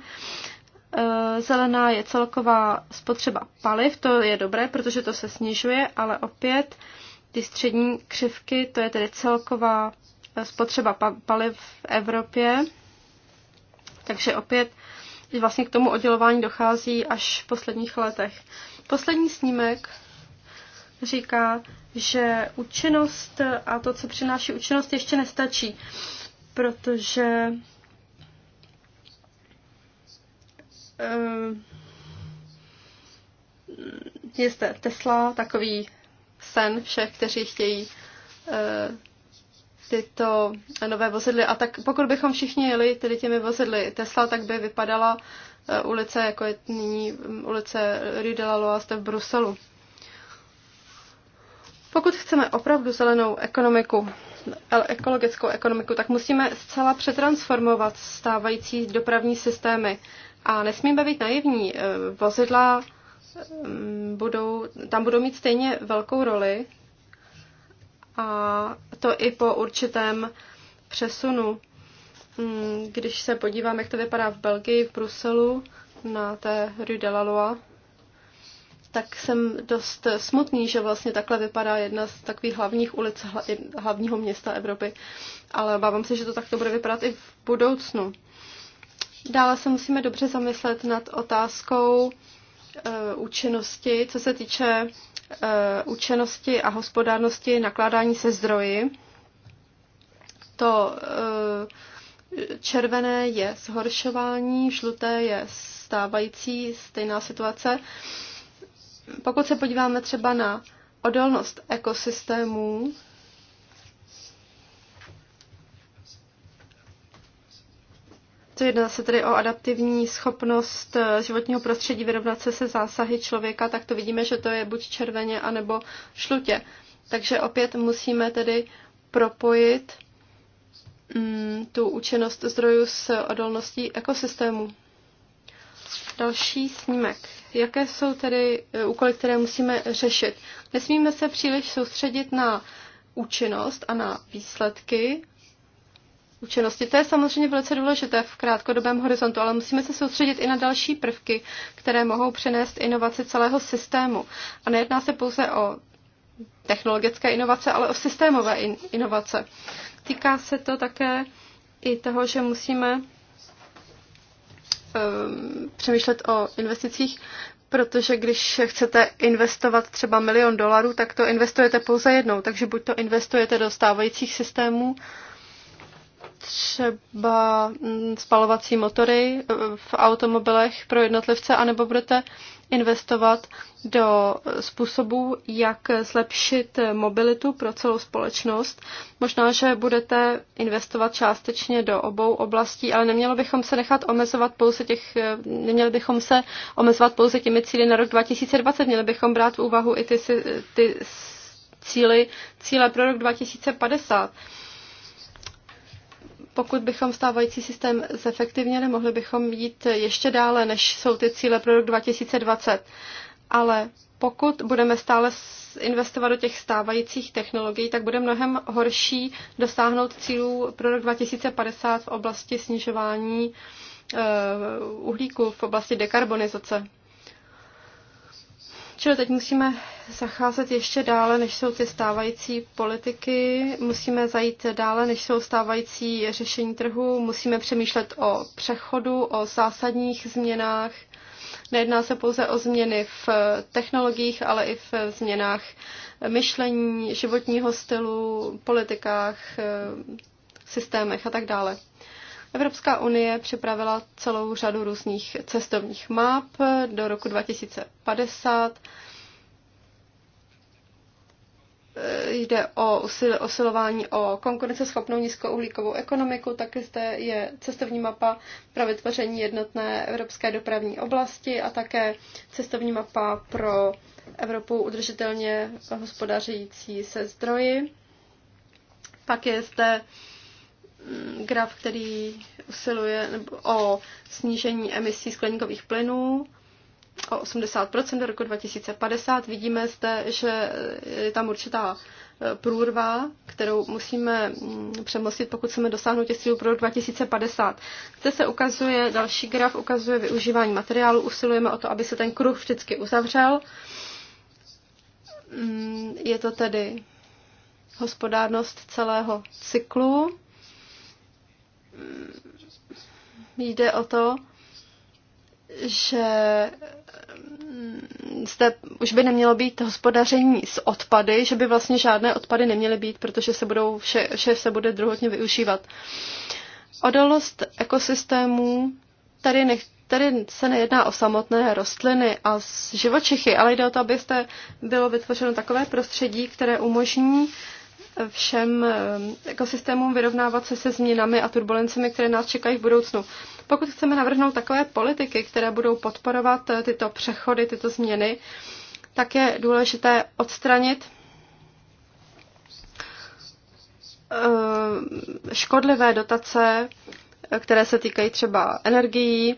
Eh, zelená je celková spotřeba paliv, to je dobré, protože to se snižuje, ale opět ty střední křivky, to je tedy celková eh, spotřeba paliv v Evropě. Takže opět vlastně k tomu oddělování dochází až v posledních letech. Poslední snímek říká, že účinnost a to, co přináší účinnost, ještě nestačí protože eh, je zde Tesla, takový sen všech, kteří chtějí eh, tyto nové vozidly. A tak pokud bychom všichni jeli tedy těmi vozidly Tesla, tak by vypadala eh, ulice, jako je nyní mm, ulice Rue de la Loaste v Bruselu. Pokud chceme opravdu zelenou ekonomiku, ekologickou ekonomiku, tak musíme zcela přetransformovat stávající dopravní systémy. A nesmíme být naivní. E, vozidla mm, budou, tam budou mít stejně velkou roli a to i po určitém přesunu. Mm, když se podívám, jak to vypadá v Belgii, v Bruselu, na té Rue de la Loire, tak jsem dost smutný, že vlastně takhle vypadá jedna z takových hlavních ulic hlavního města Evropy. Ale obávám se, že to takto bude vypadat i v budoucnu. Dále se musíme dobře zamyslet nad otázkou e, účinnosti, co se týče e, účinnosti a hospodárnosti nakládání se zdroji. To e, červené je zhoršování, žluté je stávající stejná situace. E, pokud se podíváme třeba na odolnost ekosystémů, To jedná se tedy o adaptivní schopnost eh, životního prostředí vyrovnat se se zásahy člověka, tak to vidíme, že to je buď červeně, anebo šlutě. Takže opět musíme tedy propojit mm, tu účinnost zdrojů s odolností ekosystému. Další snímek jaké jsou tedy eh, úkoly, které musíme řešit. Nesmíme se příliš soustředit na účinnost a na výsledky účinnosti. To je samozřejmě velice důležité v krátkodobém horizontu, ale musíme se soustředit i na další prvky, které mohou přinést inovaci celého systému. A nejedná se pouze o technologické inovace, ale o systémové in- inovace. Týká se to také i toho, že musíme Eh, přemýšlet o investicích, protože když chcete investovat třeba milion dolarů, tak to investujete pouze jednou, takže buď to investujete do stávajících systémů, třeba mm, spalovací motory eh, v automobilech pro jednotlivce, anebo budete investovat do způsobů, jak zlepšit mobilitu pro celou společnost. Možná, že budete investovat částečně do obou oblastí, ale nemělo bychom se nechat omezovat pouze těch, neměli bychom se omezovat pouze těmi cíly na rok 2020, měli bychom brát v úvahu i ty, ty cíly, cíle pro rok 2050 pokud bychom stávající systém zefektivněli, mohli bychom jít ještě dále, než jsou ty cíle pro rok 2020. Ale pokud budeme stále investovat do těch stávajících technologií, tak bude mnohem horší dosáhnout cílů pro rok 2050 v oblasti snižování eh, uhlíku, v oblasti dekarbonizace. Čili teď musíme zacházet ještě dále, než jsou ty stávající politiky, musíme zajít dále, než jsou stávající řešení trhu, musíme přemýšlet o přechodu, o zásadních změnách. Nejedná se pouze o změny v technologiích, ale i v změnách myšlení, životního stylu, politikách, systémech a tak dále. Evropská unie připravila celou řadu různých cestovních map do roku 2050. Jde o usil, usilování o konkurenceschopnou nízkouhlíkovou ekonomiku, taky zde je cestovní mapa pro vytvoření jednotné evropské dopravní oblasti a také cestovní mapa pro Evropu udržitelně hospodařící se zdroji. Pak je zde graf, který usiluje o snížení emisí skleníkových plynů o 80% do roku 2050. Vidíme zde, že je tam určitá e, průrva, kterou musíme mm, přemostit, pokud chceme dosáhnout těch cílů pro 2050. Zde se ukazuje, další graf ukazuje využívání materiálu. Usilujeme o to, aby se ten kruh vždycky uzavřel. Mm, je to tedy hospodárnost celého cyklu jde o to, že mm, zde už by nemělo být hospodaření s odpady, že by vlastně žádné odpady neměly být, protože se budou vše, vše se bude druhotně využívat. Odolnost ekosystémů, tady, nech, tady se nejedná o samotné rostliny a živočichy, ale jde o to, abyste bylo vytvořeno takové prostředí, které umožní všem eh, ekosystémům vyrovnávat se se změnami a turbulencemi, které nás čekají v budoucnu. Pokud chceme navrhnout takové politiky, které budou podporovat eh, tyto přechody, tyto změny, tak je důležité odstranit eh, škodlivé dotace, které se týkají třeba energií.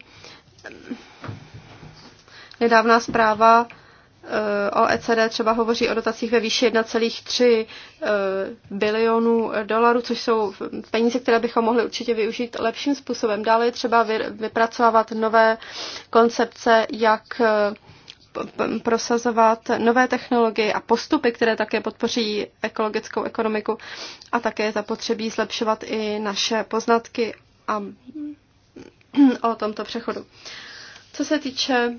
Nedávná zpráva Eh, OECD třeba hovoří o dotacích ve výši 1,3 eh, bilionů dolarů, což jsou peníze, které bychom mohli určitě využít lepším způsobem. Dále je třeba vypracovávat nové koncepce, jak eh, prosazovat nové technologie a postupy, které také podpoří ekologickou ekonomiku a také zapotřebí zlepšovat i naše poznatky a o tomto přechodu. Co se týče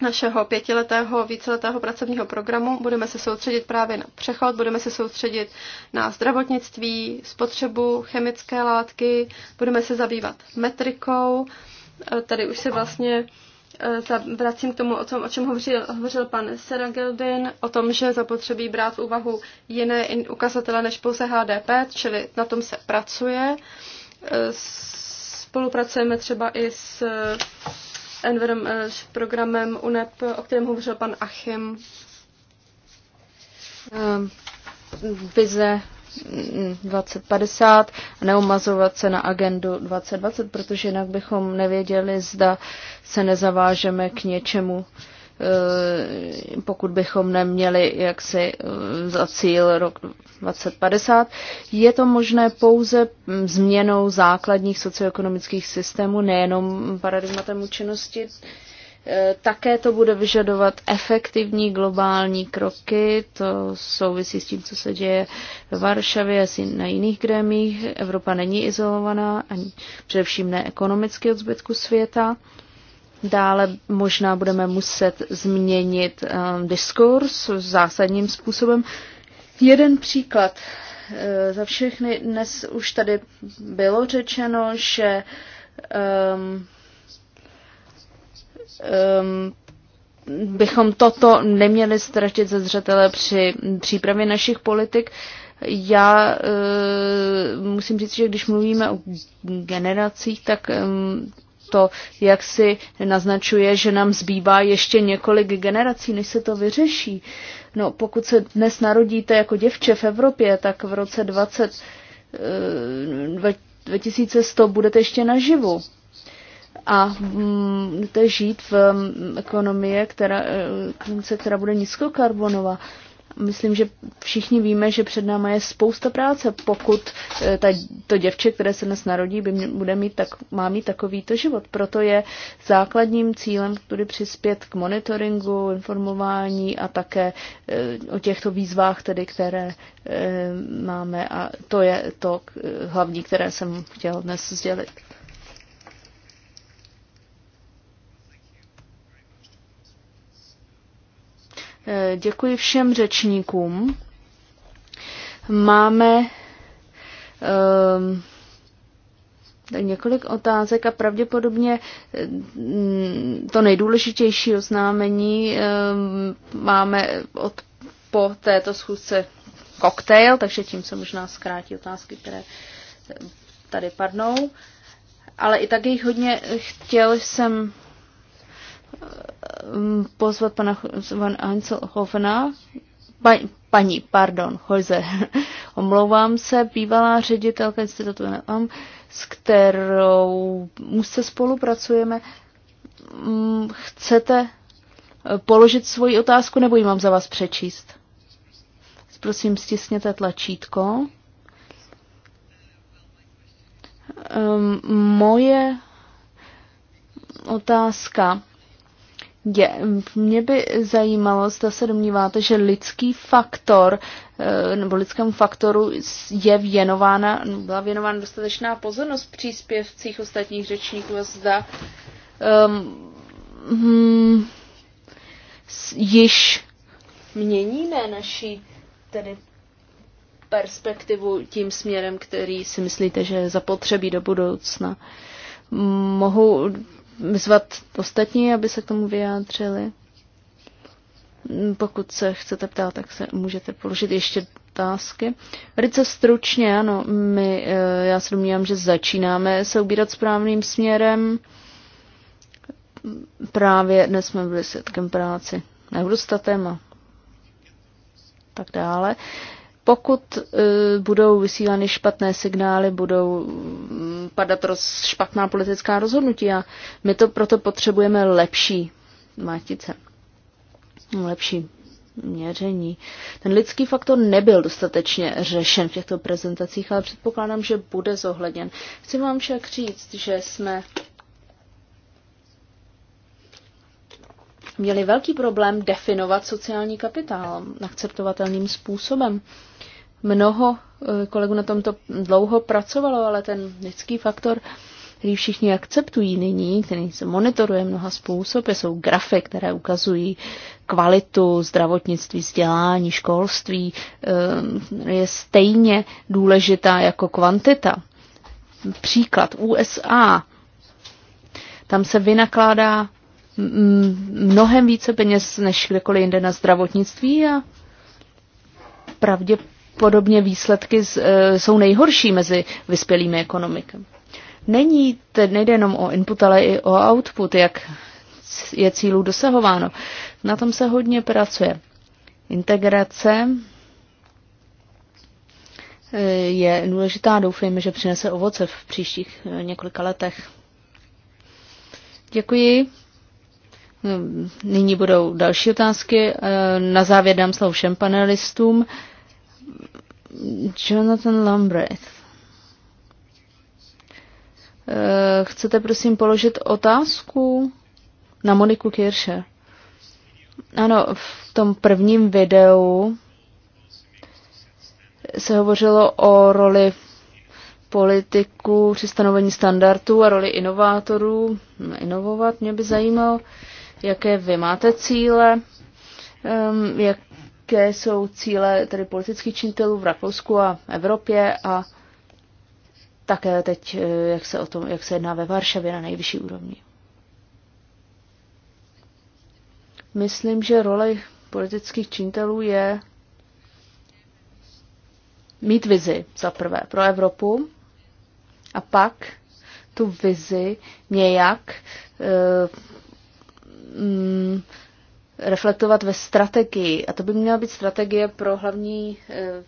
našeho pětiletého, víceletého pracovního programu. Budeme se soustředit právě na přechod, budeme se soustředit na zdravotnictví, spotřebu chemické látky, budeme se zabývat metrikou. Eh, tady už se vlastně eh, vracím k tomu, o, tom, o čem hovořil, hovořil pan Seragildin, o tom, že zapotřebí brát v úvahu jiné ukazatele než pouze HDP, čili na tom se pracuje. Eh, spolupracujeme třeba i s Enverem eh, s programem UNEP, o kterém hovořil pan Achim. Eh, vize 2050 mm, a neumazovat se na agendu 2020, protože jinak bychom nevěděli, zda se nezavážeme k něčemu, Eh, pokud bychom neměli jaksi eh, za cíl rok 2050. Je to možné pouze mm, změnou základních socioekonomických systémů, nejenom paradigmatem účinnosti. Eh, také to bude vyžadovat efektivní globální kroky, to souvisí s tím, co se děje v Varšavě a na jiných grémích. Evropa není izolovaná, ani především ne ekonomicky od zbytku světa. Dále možná budeme muset změnit um, diskurs zásadním způsobem. Jeden příklad eh, za všechny. Dnes už tady bylo řečeno, že um, um, bychom toto neměli ztratit ze zřetele při přípravě našich politik. Já e, musím říct, že když mluvíme o generacích, tak ehm, to jak si naznačuje, že nám zbývá ještě několik generací, než se to vyřeší. No, pokud se dnes narodíte jako děvče v Evropě, tak v roce 20, 2100 eh, budete ještě naživu. A mm, budete žít v mm, ekonomii, která, eh, která bude nízkokarbonová. Myslím, že všichni víme, že před náma je spousta práce. Pokud eh, ta, to děvče, které se dnes narodí, by mě, bude mít tak, má mít takovýto život. Proto je základním cílem tudy přispět k monitoringu, informování a také eh, o těchto výzvách, tedy, které eh, máme. A to je to hlavní, které jsem chtěl dnes sdělit. Eh, děkuji všem řečníkům. Máme um, několik otázek a pravděpodobně eh, to nejdůležitější oznámení um, máme od, po této schůzce koktejl, takže tím se možná zkrátí otázky, které tady padnou. Ale i tak jich hodně chtěl jsem Ehm, pozvat pana Van Einzelhofena, pa, paní, pardon, Hojze, omlouvám se, bývalá ředitelka institutu NLM, s kterou se spolupracujeme. Mm, chcete eh, položit svoji otázku, nebo ji mám za vás přečíst? Prosím, stisněte tlačítko. Ehm, moje otázka je, mě by zajímalo, zda se domníváte, že lidský faktor eh, nebo lidskému faktoru je věnována, byla věnována dostatečná pozornost v příspěvcích ostatních řečníků a zda um, hmm, již měníme naši tedy perspektivu tím směrem, který si myslíte, že zapotřebí do budoucna. Mohu vyzvat ostatní, aby se k tomu vyjádřili. Pokud se chcete ptát, tak se můžete položit ještě otázky. Velice stručně, ano, my, eh, já se domnívám, že začínáme se ubírat správným směrem. Právě dnes jsme byli svědkem práci Nebudu Eurostata, tak dále. Pokud e, budou vysílány špatné signály, budou padat roz, špatná politická rozhodnutí a my to proto potřebujeme lepší mátice, lepší měření. Ten lidský faktor nebyl dostatečně řešen v těchto prezentacích, ale předpokládám, že bude zohledněn. Chci vám však říct, že jsme měli velký problém definovat sociální kapitál akceptovatelným způsobem. Mnoho eh, kolegů na tomto dlouho pracovalo, ale ten lidský faktor, který všichni akceptují nyní, který se monitoruje mnoha způsoby, jsou grafy, které ukazují kvalitu zdravotnictví, vzdělání, školství, eh, je stejně důležitá jako kvantita. Příklad USA. Tam se vynakládá mnohem více peněz než kdekoliv jinde na zdravotnictví a pravděpodobně výsledky z, e, jsou nejhorší mezi vyspělými ekonomikami. Není, nejde jenom o input, ale i o output, jak je cílů dosahováno. Na tom se hodně pracuje. Integrace e, je důležitá, doufejme, že přinese ovoce v příštích e, několika letech. Děkuji. Nyní budou další otázky. Eh, na závěr dám slovo všem panelistům. Jonathan Lambreth. Eh, chcete prosím položit otázku na Moniku Kirše? Ano, v tom prvním videu se hovořilo o roli politiků při stanovení standardů a roli inovátorů. Inovovat mě by zajímalo, jaké vy máte cíle, um, jaké jsou cíle tedy politických činitelů v Rakousku a Evropě a také teď, eh, jak se, o tom, jak se jedná ve Varšavě na nejvyšší úrovni. Myslím, že roli politických činitelů je mít vizi za prvé pro Evropu a pak tu vizi nějak eh, mm, reflektovat ve strategii. A to by měla být strategie pro hlavní eh,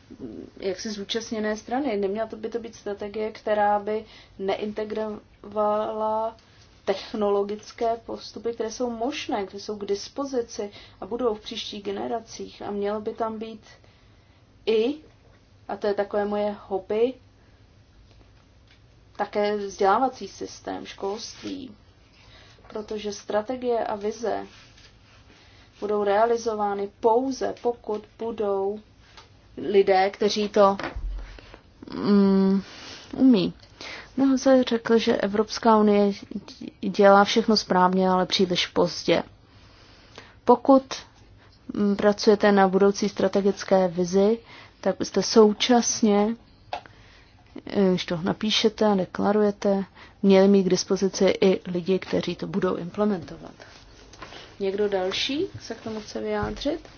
jaksi zúčastněné strany. Neměla to by to být strategie, která by neintegrovala technologické postupy, které jsou možné, které jsou k dispozici a budou v příštích generacích. A mělo by tam být i, a to je takové moje hobby, také vzdělávací systém, školství, protože strategie a vize budou realizovány pouze, pokud budou lidé, kteří to mm, umí. No, se řekl, že Evropská unie dělá všechno správně, ale příliš pozdě. Pokud mm, pracujete na budoucí strategické vizi, tak byste současně Eh, když to napíšete a deklarujete, měli mít k dispozici i lidi, kteří to budou implementovat. Někdo další se k tomu chce vyjádřit?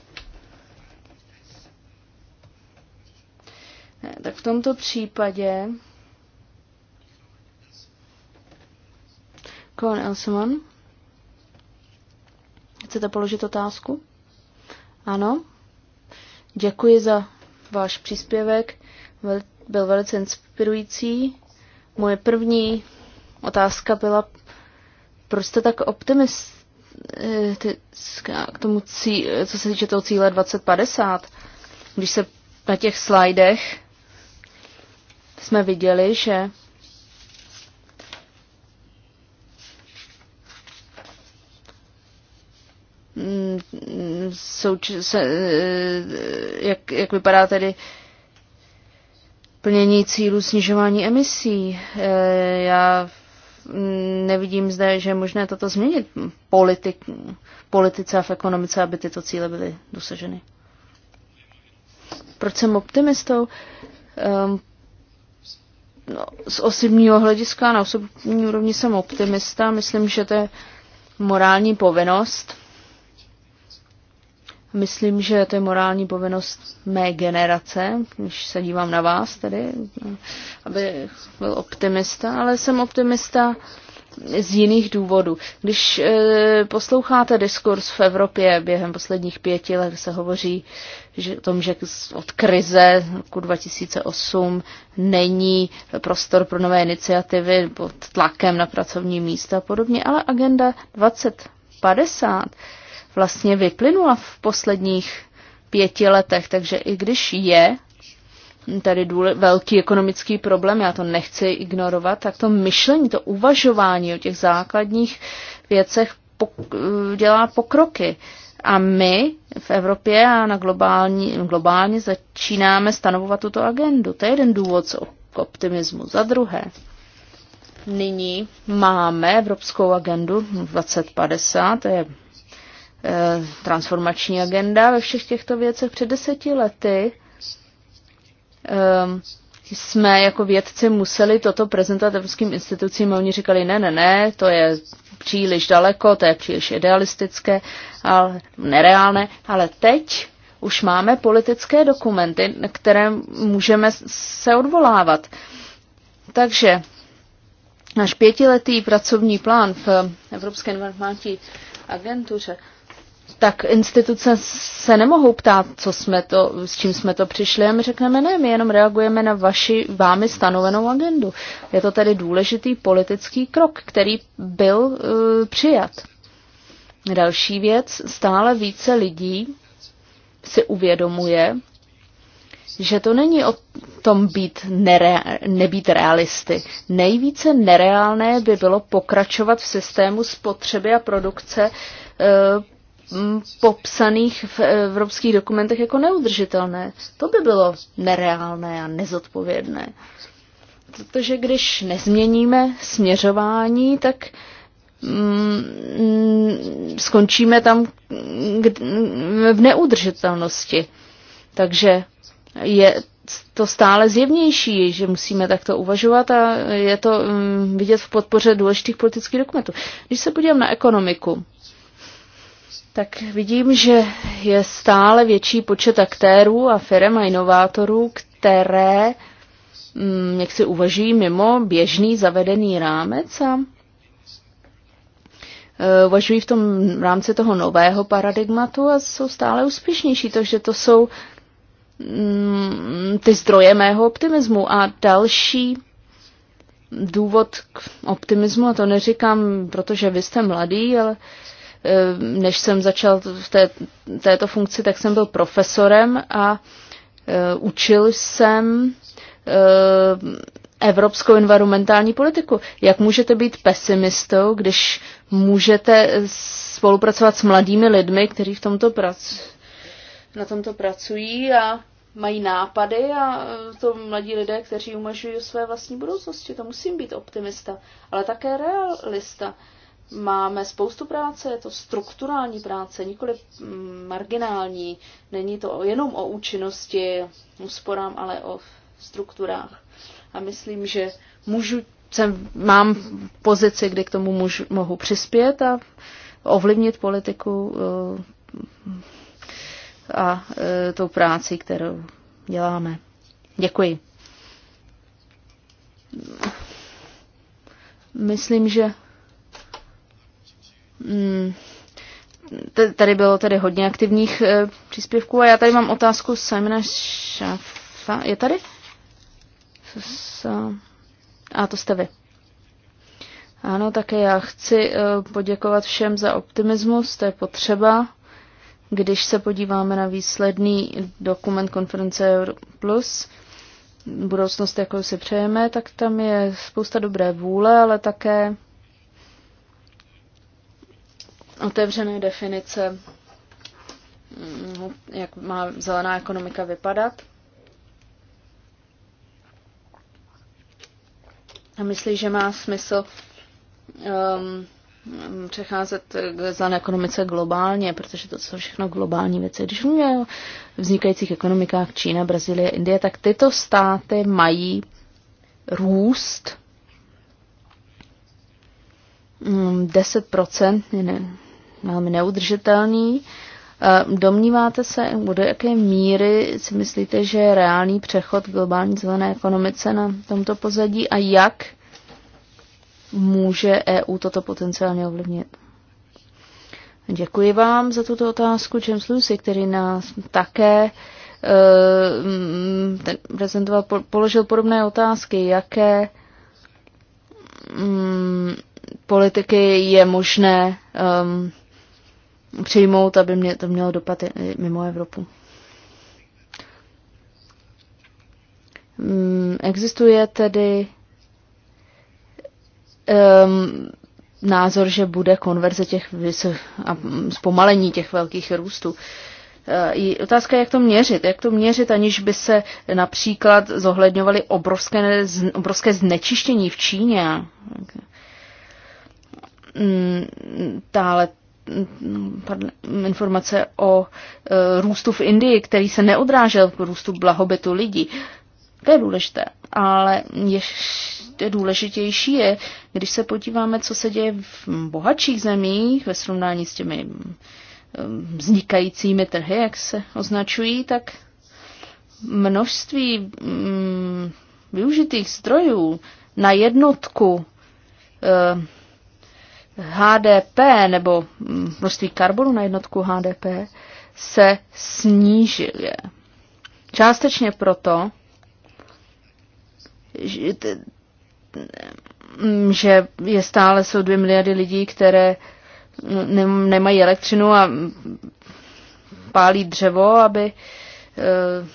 Ne, eh, tak v tomto případě Kon Elseman, chcete položit otázku? Ano. Děkuji za váš příspěvek byl velice inspirující. Moje první otázka byla, proč jste tak optimistická eh, k tomu, co se týče toho cíle 2050, když se na těch slajdech jsme viděli, že mm, souč- se, eh, jak, jak vypadá tedy plnění cílů snižování emisí. E, já nevidím zde, že je možné toto změnit politik, politice a v ekonomice, aby tyto cíle byly dosaženy. Proč jsem optimistou? Um, no, z osobního hlediska na osobní úrovni jsem optimista. Myslím, že to je morální povinnost Myslím, že to je morální povinnost mé generace, když se dívám na vás tedy, aby byl optimista, ale jsem optimista z jiných důvodů. Když e, posloucháte diskurs v Evropě během posledních pěti let, se hovoří že, o tom, že od krize roku 2008 není prostor pro nové iniciativy pod tlakem na pracovní místa a podobně, ale agenda 2050 vlastně vyplynula v posledních pěti letech. Takže i když je tady důle, velký ekonomický problém, já to nechci ignorovat, tak to myšlení, to uvažování o těch základních věcech dělá pokroky. A my v Evropě a na globální, globálně začínáme stanovovat tuto agendu. To je jeden důvod k optimismu. Za druhé, nyní máme Evropskou agendu 2050, to je Eh, transformační agenda ve všech těchto věcech. Před deseti lety ehm, jsme jako vědci museli toto prezentovat evropským institucím a oni říkali, ne, ne, ne, to je příliš daleko, to je příliš idealistické, ale nereálné, ale teď už máme politické dokumenty, na které můžeme se odvolávat. Takže náš pětiletý pracovní plán v Evropské environmentální agentuře tak instituce se nemohou ptát, co jsme to, s čím jsme to přišli a my řekneme ne, my jenom reagujeme na vaši vámi stanovenou agendu. Je to tedy důležitý politický krok, který byl uh, přijat. Další věc, stále více lidí si uvědomuje, že to není o tom být nere, nebýt realisty. Nejvíce nereálné by bylo pokračovat v systému spotřeby a produkce e, Mm, popsaných eh, v evropských dokumentech jako neudržitelné. To by bylo nereálné a nezodpovědné. Protože když nezměníme směřování, tak mm, skončíme tam v neudržitelnosti. Takže je to stále zjevnější, že musíme takto uvažovat a je to mm, vidět v podpoře důležitých politických dokumentů. Když se podívám na ekonomiku, tak vidím, že je stále větší počet aktérů a firm a inovátorů, které mm, jak si uvažují mimo běžný zavedený rámec a e, uvažují v tom v rámci toho nového paradigmatu a jsou stále úspěšnější, takže to jsou mm, ty zdroje mého optimismu. A další důvod k optimismu, a to neříkám, protože vy jste mladý, ale Eh, než jsem začal v té, této funkci, tak jsem byl profesorem a eh, učil jsem eh, evropskou environmentální politiku. Jak můžete být pesimistou, když můžete spolupracovat s mladými lidmi, kteří v tomto prac, na tomto pracují a mají nápady a to mladí lidé, kteří umažují své vlastní budoucnosti. To musím být optimista, ale také realista. Uh, máme spoustu práce, je to strukturální práce, nikoli mm, marginální. Není to jenom o účinnosti, úsporám, ale o strukturách. A myslím, že můžu, jsem, mám pozici, kde k tomu můžu, mohu přispět a ovlivnit politiku eh, a eh, tou práci, kterou děláme. Děkuji. Myslím, že Mm. tady bylo tady hodně aktivních e, příspěvků a já tady mám otázku Simona Šafa. Je tady? A to jste vy. Ano, také já chci e, poděkovat všem za optimismus, to je potřeba. Když se podíváme na výsledný dokument konference Euro Plus, budoucnost, jakou si přejeme, tak tam je spousta dobré vůle, ale také otevřené definice, mm, jak má zelená ekonomika vypadat. A myslí, že má smysl um, mm, přecházet k zelené ekonomice globálně, protože to jsou všechno globální věci. Když mluvíme o vznikajících ekonomikách Čína, Brazílie, Indie, tak tyto státy mají růst 10% mm, velmi neudržitelný. Ehm, domníváte se, do jaké míry si myslíte, že je reálný přechod globální zelené ekonomice na tomto pozadí a jak může EU toto potenciálně ovlivnit? Děkuji vám za tuto otázku James Lucy, který nás také ehm, ten prezentoval, položil podobné otázky, jaké mm, politiky je možné um, přijmout, aby mě to mělo dopad mimo Evropu. Mm, existuje tedy um, názor, že bude konverze těch a zpomalení těch velkých růstů. E, I otázka je, jak to měřit. Jak to měřit, aniž by se například zohledňovaly obrovské, obrovské znečištění v Číně. Tále mm, informace o e, růstu v Indii, který se neodrážel v růstu blahobytu lidí. To je důležité, ale ještě důležitější je, když se podíváme, co se děje v bohatších zemích ve srovnání s těmi e, vznikajícími trhy, jak se označují, tak množství mm, využitých zdrojů na jednotku e, HDP nebo mm, množství karbonu na jednotku HDP se snížily. Částečně proto, mm, že je stále jsou dvě miliardy lidí, které mm, nemají elektřinu a pálí dřevo, aby eh,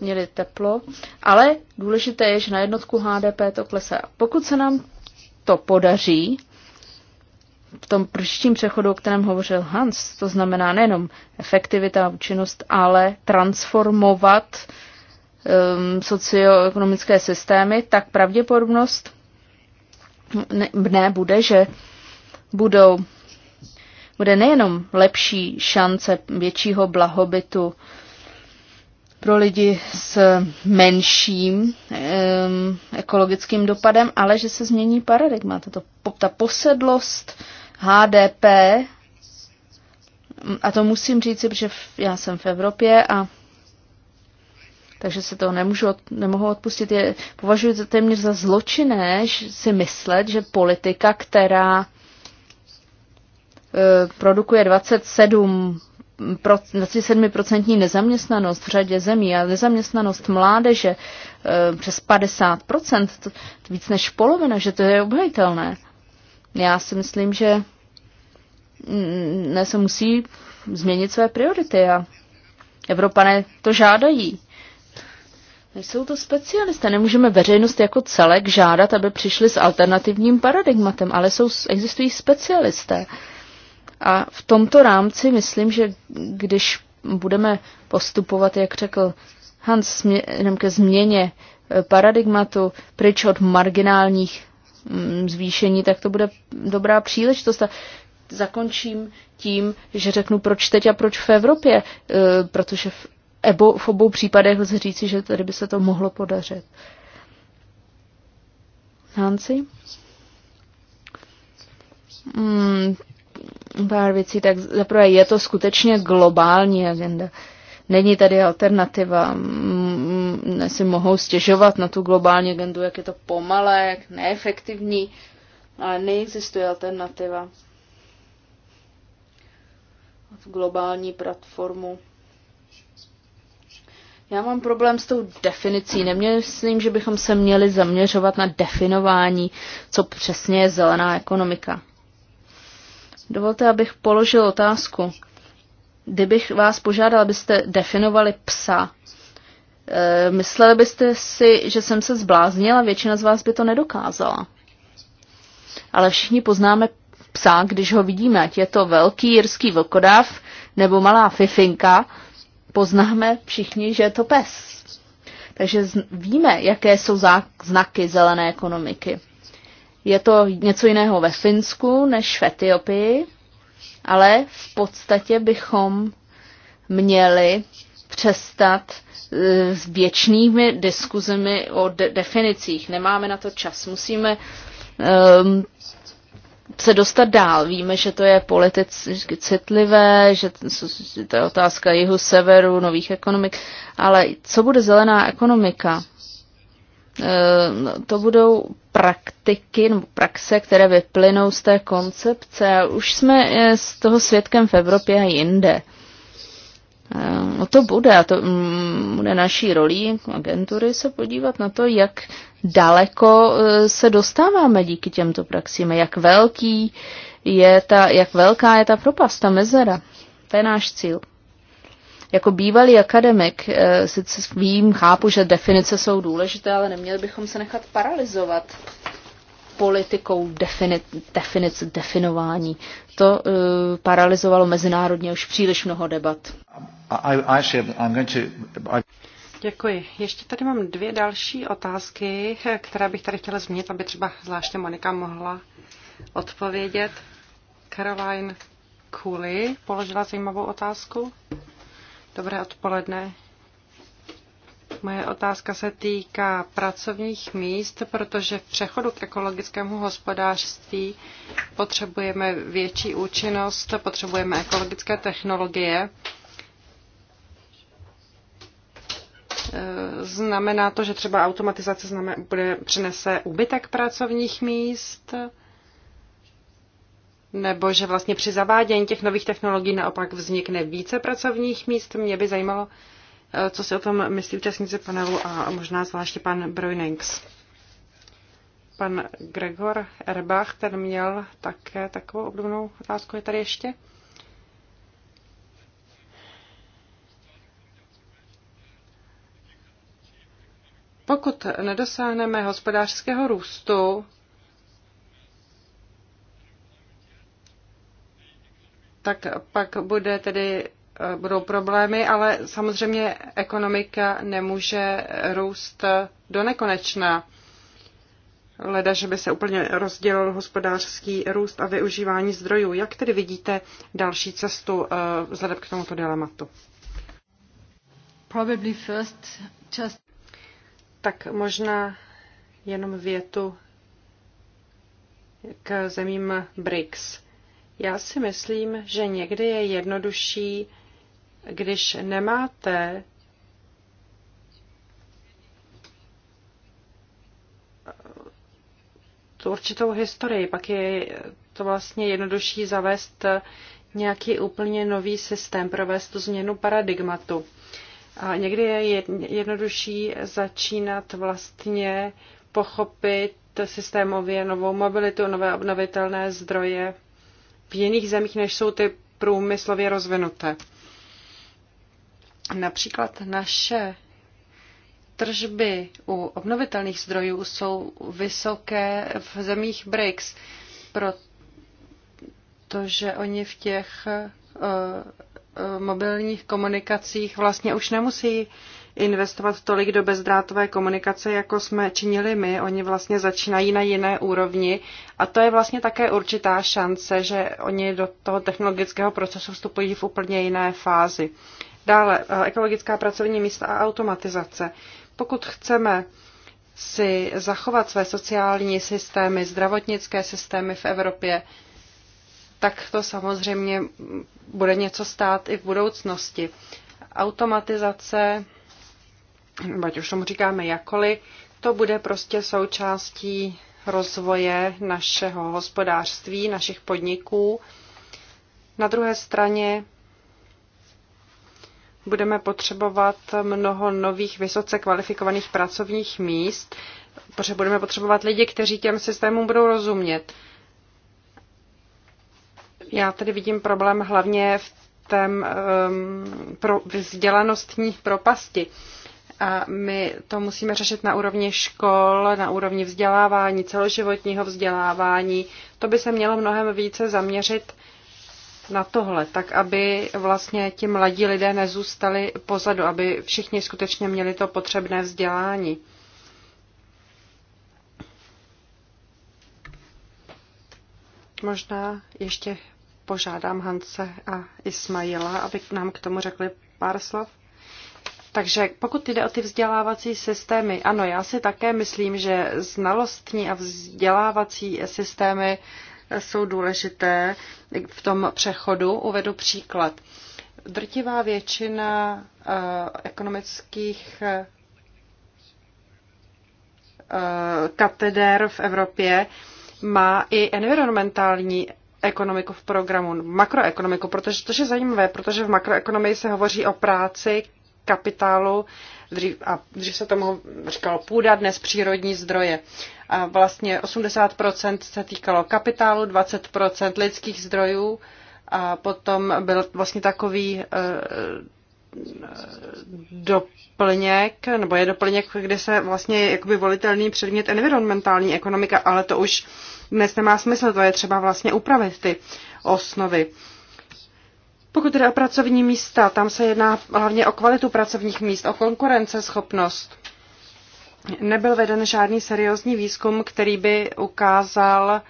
měli teplo. Ale důležité je, že na jednotku HDP to klesá. Pokud se nám to podaří, v tom příštím přechodu, o kterém hovořil Hans, to znamená nejenom efektivita a účinnost, ale transformovat um, socioekonomické systémy, tak pravděpodobnost ne, ne bude, že budou, bude nejenom lepší šance většího blahobytu pro lidi s menším um, ekologickým dopadem, ale že se změní paradigma, tato, ta posedlost HDP, a to musím říct, protože já jsem v Evropě a takže se to nemůžu, nemohu odpustit. Je, považuji to téměř za zločinné si myslet, že politika, která e, produkuje 27 27% nezaměstnanost v řadě zemí a nezaměstnanost mládeže e, přes 50%, to víc než polovina, že to je obhajitelné. Já si myslím, že ne, se musí změnit své priority a Evropané to žádají. Nejsou to specialisté, nemůžeme veřejnost jako celek žádat, aby přišli s alternativním paradigmatem, ale jsou, existují specialisté. A v tomto rámci myslím, že když budeme postupovat, jak řekl Hans, směrem ke změně eh, paradigmatu pryč od marginálních Mm, zvýšení, tak to bude dobrá příležitost. A zakončím tím, že řeknu proč teď a proč v Evropě, e, protože v, ebo, v obou případech lze říci, že tady by se to mohlo podařit. Hanci? Hmm, pár věcí, tak zaprvé je to skutečně globální agenda. Uh, Není tady alternativa, mm, mm, si mohou stěžovat na tu globální agendu, jak je to pomalé, jak neefektivní, ale neexistuje alternativa. V globální platformu. Já mám problém s tou definicí. Nemyslím, že bychom se měli zaměřovat na definování, co přesně je zelená ekonomika. Dovolte, abych položil otázku kdybych vás požádal, abyste definovali psa, eh, mysleli byste si, že jsem se zbláznila, většina z vás by to nedokázala. Ale všichni poznáme psa, když ho vidíme, ať je to velký jirský vlkodav nebo malá fifinka, poznáme všichni, že je to pes. Takže víme, jaké jsou znaky zelené ekonomiky. Je to něco jiného ve Finsku než v Etiopii, ale v podstatě bychom měli přestat eh, s věčnými diskuzemi o de- definicích. Nemáme na to čas. Musíme um, se dostat dál. Víme, že to je politicky citlivé, že to je otázka jihu, severu, nových ekonomik, ale co bude zelená ekonomika? Eh, to budou praktiky nebo praxe, které vyplynou z té koncepce. Už jsme eh, z toho svědkem v Evropě a jinde. No to bude a to mm, bude naší rolí agentury se podívat na to, jak daleko se dostáváme díky těmto praxím, jak velký je ta, jak velká je ta propast, ta mezera. To je náš cíl. Jako bývalý akademik eh, sice vím, chápu, že definice jsou důležité, ale neměli bychom se nechat paralizovat politikou defini- definic definování. To uh, paralizovalo mezinárodně už příliš mnoho debat. Děkuji. Ještě tady mám dvě další otázky, které bych tady chtěla zmínit, aby třeba zvláště Monika mohla odpovědět. Caroline Cooley položila zajímavou otázku. Dobré odpoledne. Moje otázka se týká pracovních míst, protože v přechodu k ekologickému hospodářství potřebujeme větší účinnost, potřebujeme ekologické technologie. E, znamená to, že třeba automatizace znamená, bude, přinese úbytek pracovních míst nebo že vlastně při zavádění těch nových technologií naopak vznikne více pracovních míst. Mě by zajímalo, eh, co si o tom myslí účastníci panelu a možná zvláště pan Brojnings. Pan Gregor Erbach, ten měl také takovou obdobnou otázku, je tady ještě? Pokud nedosáhneme hospodářského růstu, tak pak bude tedy eh, budou problémy, ale samozřejmě ekonomika nemůže růst do nekonečna. Leda, že by se úplně rozdělil hospodářský růst a využívání zdrojů. Jak tedy vidíte další cestu eh, vzhledem k tomuto dilematu? Probably first just... Tak možná jenom větu k zemím BRICS já si myslím, že někdy je jednodušší, když nemáte tu určitou historii, pak je to vlastně jednodušší zavést nějaký úplně nový systém, provést tu změnu paradigmatu. A někdy je jednodušší začínat vlastně pochopit systémově novou mobilitu, nové obnovitelné zdroje, v jiných zemích, než jsou ty průmyslově rozvinuté. Například naše tržby u obnovitelných zdrojů jsou vysoké v zemích BRICS, protože oni v těch eh, eh, mobilních komunikacích vlastně už nemusí investovat tolik do bezdrátové komunikace, jako jsme činili my. Oni vlastně začínají na jiné úrovni a to je vlastně také určitá šance, že oni do toho technologického procesu vstupují v úplně jiné fázi. Dále eh, ekologická pracovní místa a automatizace. Pokud chceme si zachovat své sociální systémy, zdravotnické systémy v Evropě, tak to samozřejmě bude něco stát i v budoucnosti. Automatizace ať už tomu říkáme jakoli, to bude prostě součástí rozvoje našeho hospodářství, našich podniků. Na druhé straně budeme potřebovat mnoho nových vysoce kvalifikovaných pracovních míst, protože budeme potřebovat lidi, kteří těm systémům budou rozumět. Já tedy vidím problém hlavně v tém um, pro vzdělanostní propasti. A my to musíme řešit na úrovni škol, na úrovni vzdělávání, celoživotního vzdělávání. To by se mělo mnohem více zaměřit na tohle, tak aby vlastně ti mladí lidé nezůstali pozadu, aby všichni skutečně měli to potřebné vzdělání. Možná ještě požádám Hance a Ismaila, aby nám k tomu řekli pár slov. Takže pokud jde o ty vzdělávací systémy, ano, já si také myslím, že znalostní a vzdělávací systémy jsou důležité v tom přechodu. Uvedu příklad. Drtivá většina eh, ekonomických eh, katedér v Evropě má i environmentální ekonomiku v programu, makroekonomiku, protože to je zajímavé, protože v makroekonomii se hovoří o práci, kapitálu. Dřív, a dřív se tomu říkalo půda, dnes přírodní zdroje. A vlastně 80% se týkalo kapitálu, 20% lidských zdrojů a potom byl vlastně takový eh, eh, doplněk, nebo je doplněk, kde se vlastně jakoby volitelný předmět environmentální ekonomika, ale to už dnes nemá smysl, to je třeba vlastně upravit ty osnovy. Pokud jde o pracovní místa, tam se jedná hlavně o kvalitu pracovních míst, o konkurenceschopnost. Nebyl veden žádný seriózní výzkum, který by ukázal,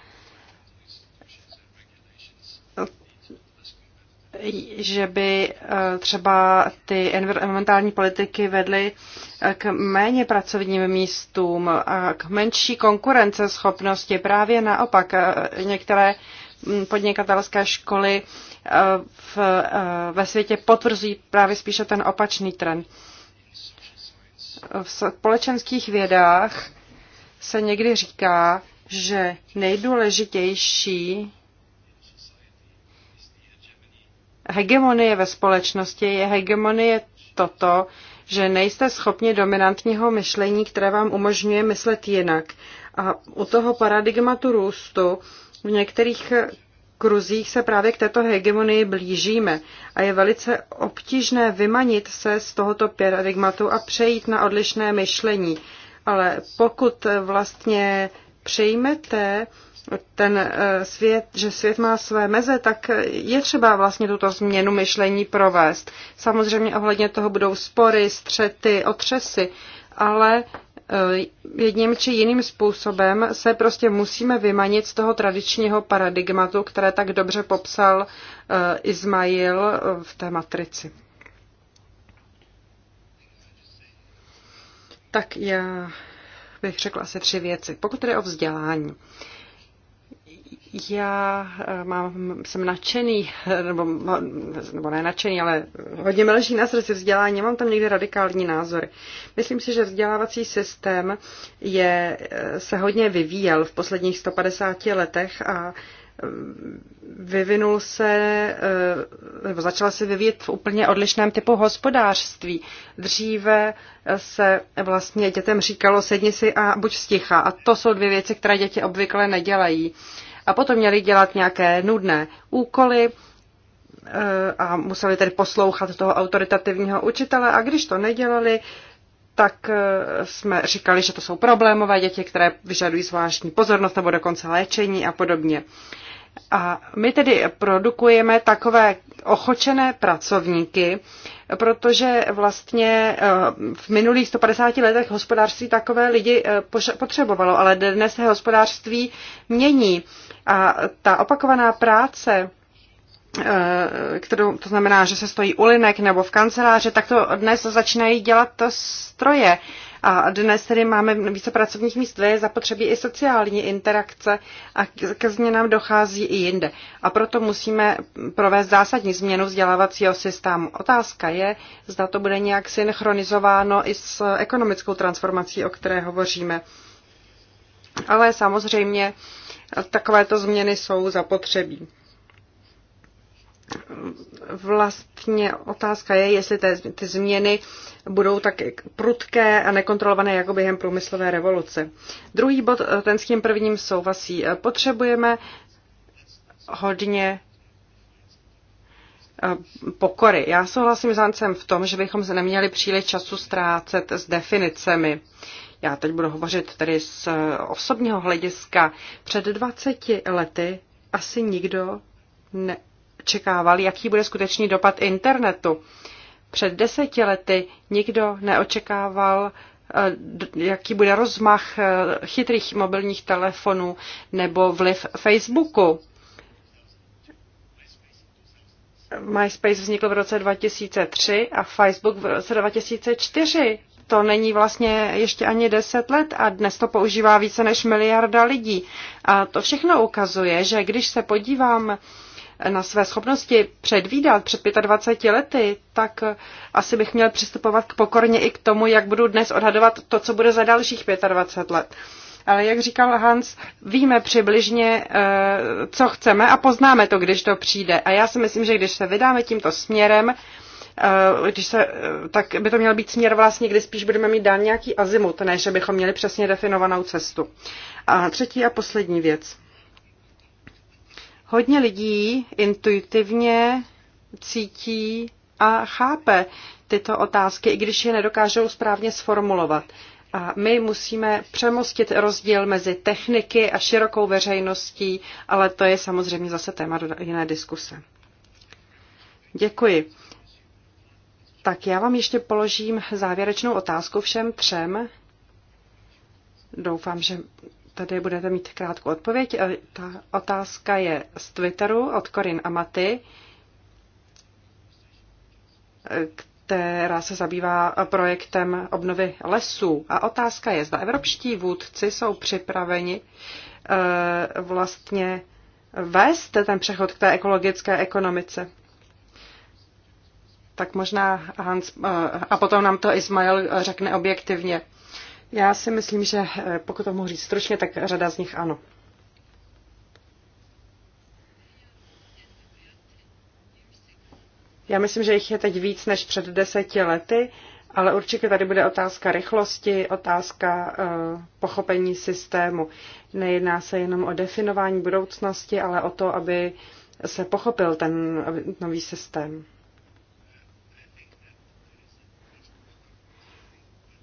že by eh, třeba ty environmentální politiky vedly eh, k méně pracovním místům a k menší konkurenceschopnosti. Právě naopak, eh, některé mm, podnikatelské školy v, eh, ve světě potvrzují právě spíše ten opačný trend. V společenských vědách se někdy říká, že nejdůležitější hegemonie ve společnosti je hegemonie toto, že nejste schopni dominantního myšlení, které vám umožňuje myslet jinak. A u toho paradigmatu růstu v některých kruzích se právě k této hegemonii blížíme a je velice obtížné vymanit se z tohoto paradigmatu a přejít na odlišné myšlení. Ale pokud vlastně přejmete ten eh, svět, že svět má své meze, tak je třeba vlastně tuto změnu myšlení provést. Samozřejmě ohledně toho budou spory, střety, otřesy, ale Eh, jedním či jiným způsobem se prostě musíme vymanit z toho tradičního paradigmatu, které tak dobře popsal eh, Ismail eh, v té matrici. Tak já bych řekla asi tři věci. Pokud jde o vzdělání, já eh, mám, jsem nadšený, eh, nebo, nebo ne nadšený, ale hodně mi leží na srdci vzdělání, mám tam někdy radikální názory. Myslím si, že vzdělávací systém je, eh, se hodně vyvíjel v posledních 150 letech a mm, vyvinul se, nebo začala se vyvíjet v úplně odlišném typu hospodářství. Dříve se vlastně dětem říkalo sedni si a buď sticha. A to jsou dvě věci, které děti obvykle nedělají a potom měli dělat nějaké nudné úkoly e, a museli tedy poslouchat toho autoritativního učitele a když to nedělali, tak e, jsme říkali, že to jsou problémové děti, které vyžadují zvláštní pozornost nebo dokonce léčení a podobně. A my tedy produkujeme takové ochočené pracovníky, protože vlastně e, v minulých 150 letech hospodářství takové lidi potřebovalo, ale dnes se hospodářství mění. A ta opakovaná práce, eh, kterou, to znamená, že se stojí u linek nebo v kanceláři, tak to dnes začínají dělat to stroje. A dnes tedy máme více pracovních míst, kde je zapotřebí i sociální interakce a ke změnám dochází i jinde. A proto musíme provést zásadní změnu vzdělávacího systému. Otázka je, zda to bude nějak synchronizováno i s ekonomickou transformací, o které hovoříme. Ale samozřejmě a takovéto změny jsou zapotřebí. Vlastně otázka je, jestli ty, ty změny budou tak prudké a nekontrolované jako během průmyslové revoluce. Druhý bod, ten s tím prvním souvisí. Potřebujeme hodně eh, pokory. Já souhlasím s Ancem v tom, že bychom se neměli příliš času ztrácet s definicemi. Já teď budu hovořit tedy z eh, osobního hlediska. Před 20 lety asi nikdo nečekával, jaký bude skutečný dopad internetu. Před deseti lety nikdo neočekával, eh, jaký bude rozmach eh, chytrých mobilních telefonů nebo vliv Facebooku. MySpace vznikl v roce 2003 a Facebook v roce 2004 to není vlastně ještě ani deset let a dnes to používá více než miliarda lidí. A to všechno ukazuje, že když se podívám na své schopnosti předvídat před 25 lety, tak asi bych měl přistupovat k pokorně i k tomu, jak budu dnes odhadovat to, co bude za dalších 25 let. Ale jak říkal Hans, víme přibližně, eh, co chceme a poznáme to, když to přijde. A já si myslím, že když se vydáme tímto směrem, Eh, když se, eh, tak by to měl být směr vlastně, kdy spíš budeme mít dán nějaký azimut, než bychom měli přesně definovanou cestu. A třetí a poslední věc. Hodně lidí intuitivně cítí a chápe tyto otázky, i když je nedokážou správně sformulovat. A my musíme přemostit rozdíl mezi techniky a širokou veřejností, ale to je samozřejmě zase téma do jiné diskuse. Děkuji. Tak já vám ještě položím závěrečnou otázku všem třem. Doufám, že tady budete mít krátkou odpověď. E, ta otázka je z Twitteru od Korin Amaty, která se zabývá projektem obnovy lesů. A otázka je, zda evropští vůdci jsou připraveni e, vlastně vést ten přechod k té ekologické ekonomice tak možná Hans, eh, a potom nám to Ismail řekne objektivně. Já si myslím, že eh, pokud to mohu říct stručně, tak řada z nich ano. Já myslím, že jich je teď víc než před deseti lety, ale určitě tady bude otázka rychlosti, otázka uh, pochopení systému. Nejedná se jenom o definování budoucnosti, ale o to, aby se pochopil ten nový systém.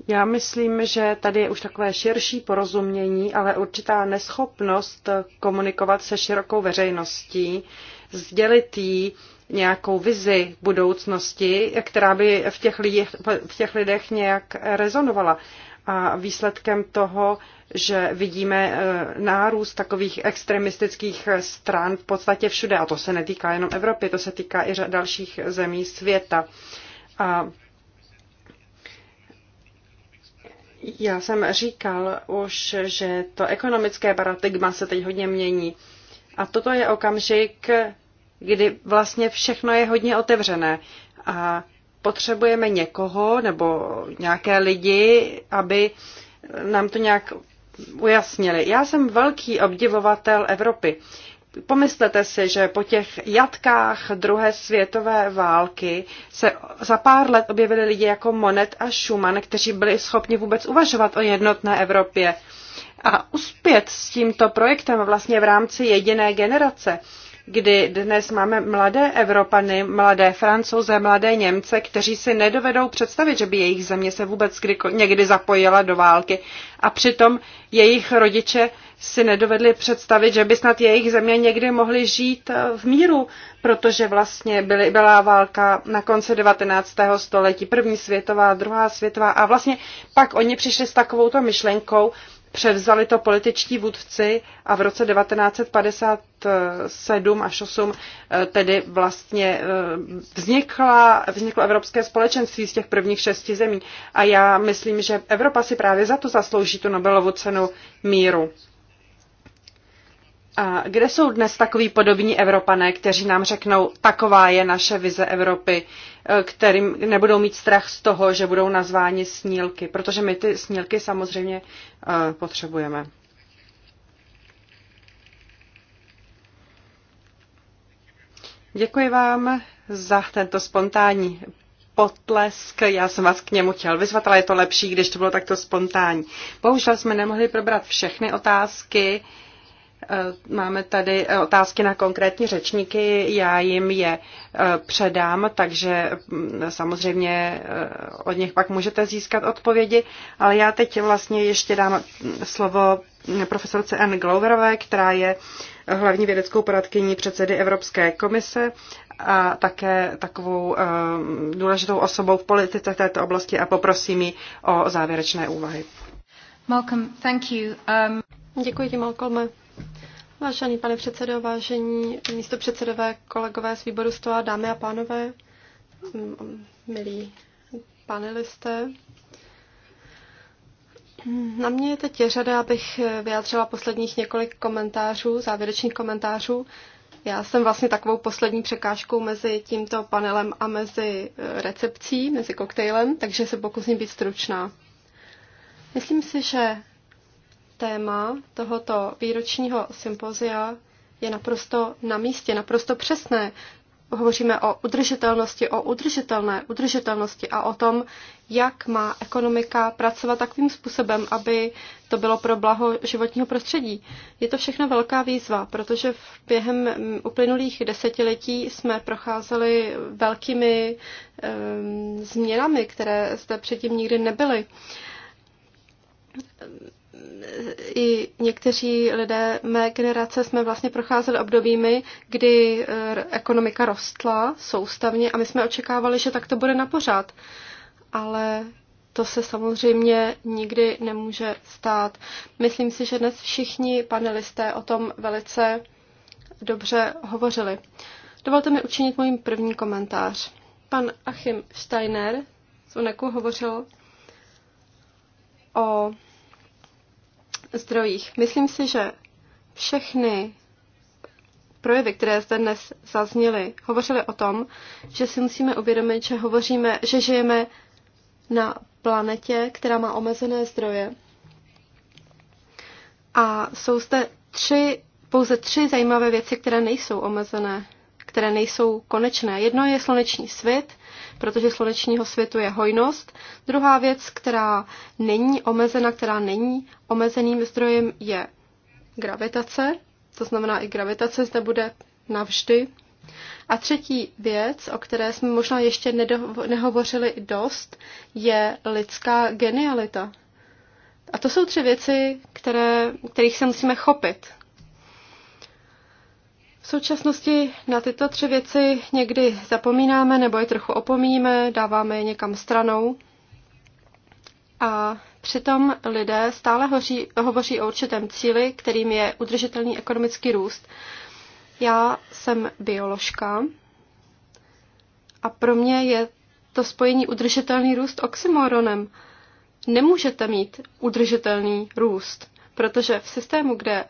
Já myslím, že tady je už takové širší porozumění, ale určitá neschopnost komunikovat se širokou veřejností, sdělit jí nějakou vizi budoucnosti, která by v těch, lidech, v těch lidech nějak rezonovala. A výsledkem toho, že vidíme eh, nárůst takových extremistických stran v podstatě všude, a to se netýká jenom Evropy, to se týká i dalších zemí světa. A Já jsem říkal už, že to ekonomické paradigma se teď hodně mění. A toto je okamžik, kdy vlastně všechno je hodně otevřené. A potřebujeme někoho nebo nějaké lidi, aby nám to nějak ujasnili. Já jsem velký obdivovatel Evropy. Pomyslete si, že po těch jatkách druhé světové války se za pár let objevili lidi jako Monet a Schumann, kteří byli schopni vůbec uvažovat o jednotné Evropě. A uspět s tímto projektem vlastně v rámci jediné generace, kdy dnes máme mladé Evropany, mladé Francouze, mladé Němce, kteří si nedovedou představit, že by jejich země se vůbec někdy zapojila do války. A přitom jejich rodiče si nedovedli představit, že by snad jejich země někdy mohly žít eh, v míru, protože vlastně byly, byla válka na konci 19. století, první světová, druhá světová a vlastně pak oni přišli s takovouto myšlenkou, převzali to političtí vůdci a v roce 1957 až 8 eh, tedy vlastně eh, vznikla, vzniklo Evropské společenství z těch prvních šesti zemí. A já myslím, že Evropa si právě za to zaslouží tu Nobelovu cenu míru. A kde jsou dnes takový podobní Evropané, kteří nám řeknou, taková je naše vize Evropy, eh, kterým nebudou mít strach z toho, že budou nazváni snílky, protože my ty snílky samozřejmě eh, potřebujeme. Děkuji vám za tento spontánní potlesk. Já jsem vás k němu chtěl vyzvat, ale je to lepší, když to bylo takto spontánní. Bohužel jsme nemohli probrat všechny otázky. Eh, máme tady eh, otázky na konkrétní řečníky, já jim je eh, předám, takže mm, samozřejmě od nich pak můžete získat odpovědi, ale já teď vlastně ještě dám slovo profesorce Anne Gloverové, která je hlavní vědeckou poradkyní předsedy Evropské komise a také takovou důležitou osobou v politice této oblasti a poprosím ji o závěrečné úvahy. Malcolm, thank you. Um... Děkuji ti, Malcolme. Vážený pane předsedo, vážení místo předsedové, kolegové z výboru toho, dámy a pánové, milí panelisté, na mě je teď řada, abych vyjádřila posledních několik komentářů, závěrečných komentářů. Já jsem vlastně takovou poslední překážkou mezi tímto panelem a mezi e, recepcí, mezi koktejlem, takže se pokusím být stručná. Myslím si, že téma tohoto výročního sympozia je naprosto na místě, naprosto přesné. Hovoříme o udržitelnosti, o udržitelné udržitelnosti a o tom, jak má ekonomika pracovat takovým způsobem, aby to bylo pro blaho životního prostředí. Je to všechno velká výzva, protože v během mm, uplynulých desetiletí jsme procházeli velkými um, změnami, které zde předtím nikdy nebyly i někteří lidé mé generace jsme vlastně procházeli obdobími, kdy eh, ekonomika rostla soustavně a my jsme očekávali, že tak to bude na pořád. Ale to se samozřejmě nikdy nemůže stát. Myslím si, že dnes všichni panelisté o tom velice dobře hovořili. Dovolte mi učinit můj první komentář. Pan Achim Steiner z UNEKu hovořil o zdrojích. Myslím si, že všechny projevy, které zde dnes zazněly, hovořily o tom, že si musíme uvědomit, že hovoříme, že žijeme na planetě, která má omezené zdroje. A jsou zde tři, pouze tři zajímavé věci, které nejsou omezené které nejsou konečné. Jedno je sluneční svět, protože slunečního světu je hojnost. Druhá věc, která není omezena, která není omezeným zdrojem, je gravitace. To znamená, i gravitace zde bude navždy. A třetí věc, o které jsme možná ještě nehovořili dost, je lidská genialita. A to jsou tři věci, které, kterých se musíme chopit, v současnosti na tyto tři věci někdy zapomínáme nebo je trochu opomíjíme, dáváme je někam stranou. A přitom lidé stále hoří, hovoří o určitém cíli, kterým je udržitelný ekonomický růst. Já jsem bioložka a pro mě je to spojení udržitelný růst oxymoronem. Nemůžete mít udržitelný růst, protože v systému, kde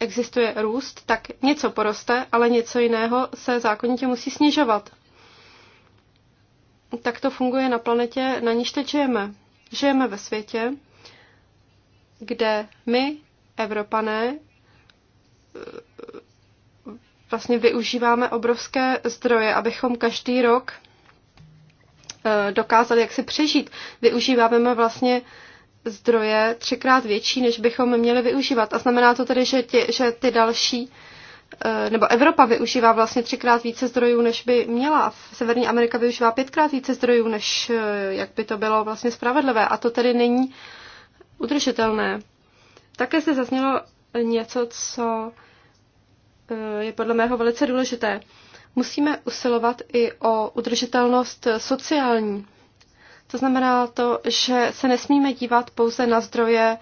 existuje růst, tak něco poroste, ale něco jiného se zákonitě musí snižovat. Tak to funguje na planetě, na níž teď žijeme. Žijeme ve světě, kde my, Evropané, eh, vlastně využíváme obrovské zdroje, abychom každý rok eh, dokázali jak si přežít. Využíváme vlastně zdroje třikrát větší, než bychom měli využívat. A znamená to tedy, že, tě, že ty další, eh, nebo Evropa využívá vlastně třikrát více zdrojů, než by měla. A Severní Amerika využívá pětkrát více zdrojů, než eh, jak by to bylo vlastně spravedlivé. A to tedy není udržitelné. Také se zaznělo něco, co eh, je podle mého velice důležité. Musíme usilovat i o udržitelnost sociální. To znamená to, že se nesmíme dívat pouze na zdroje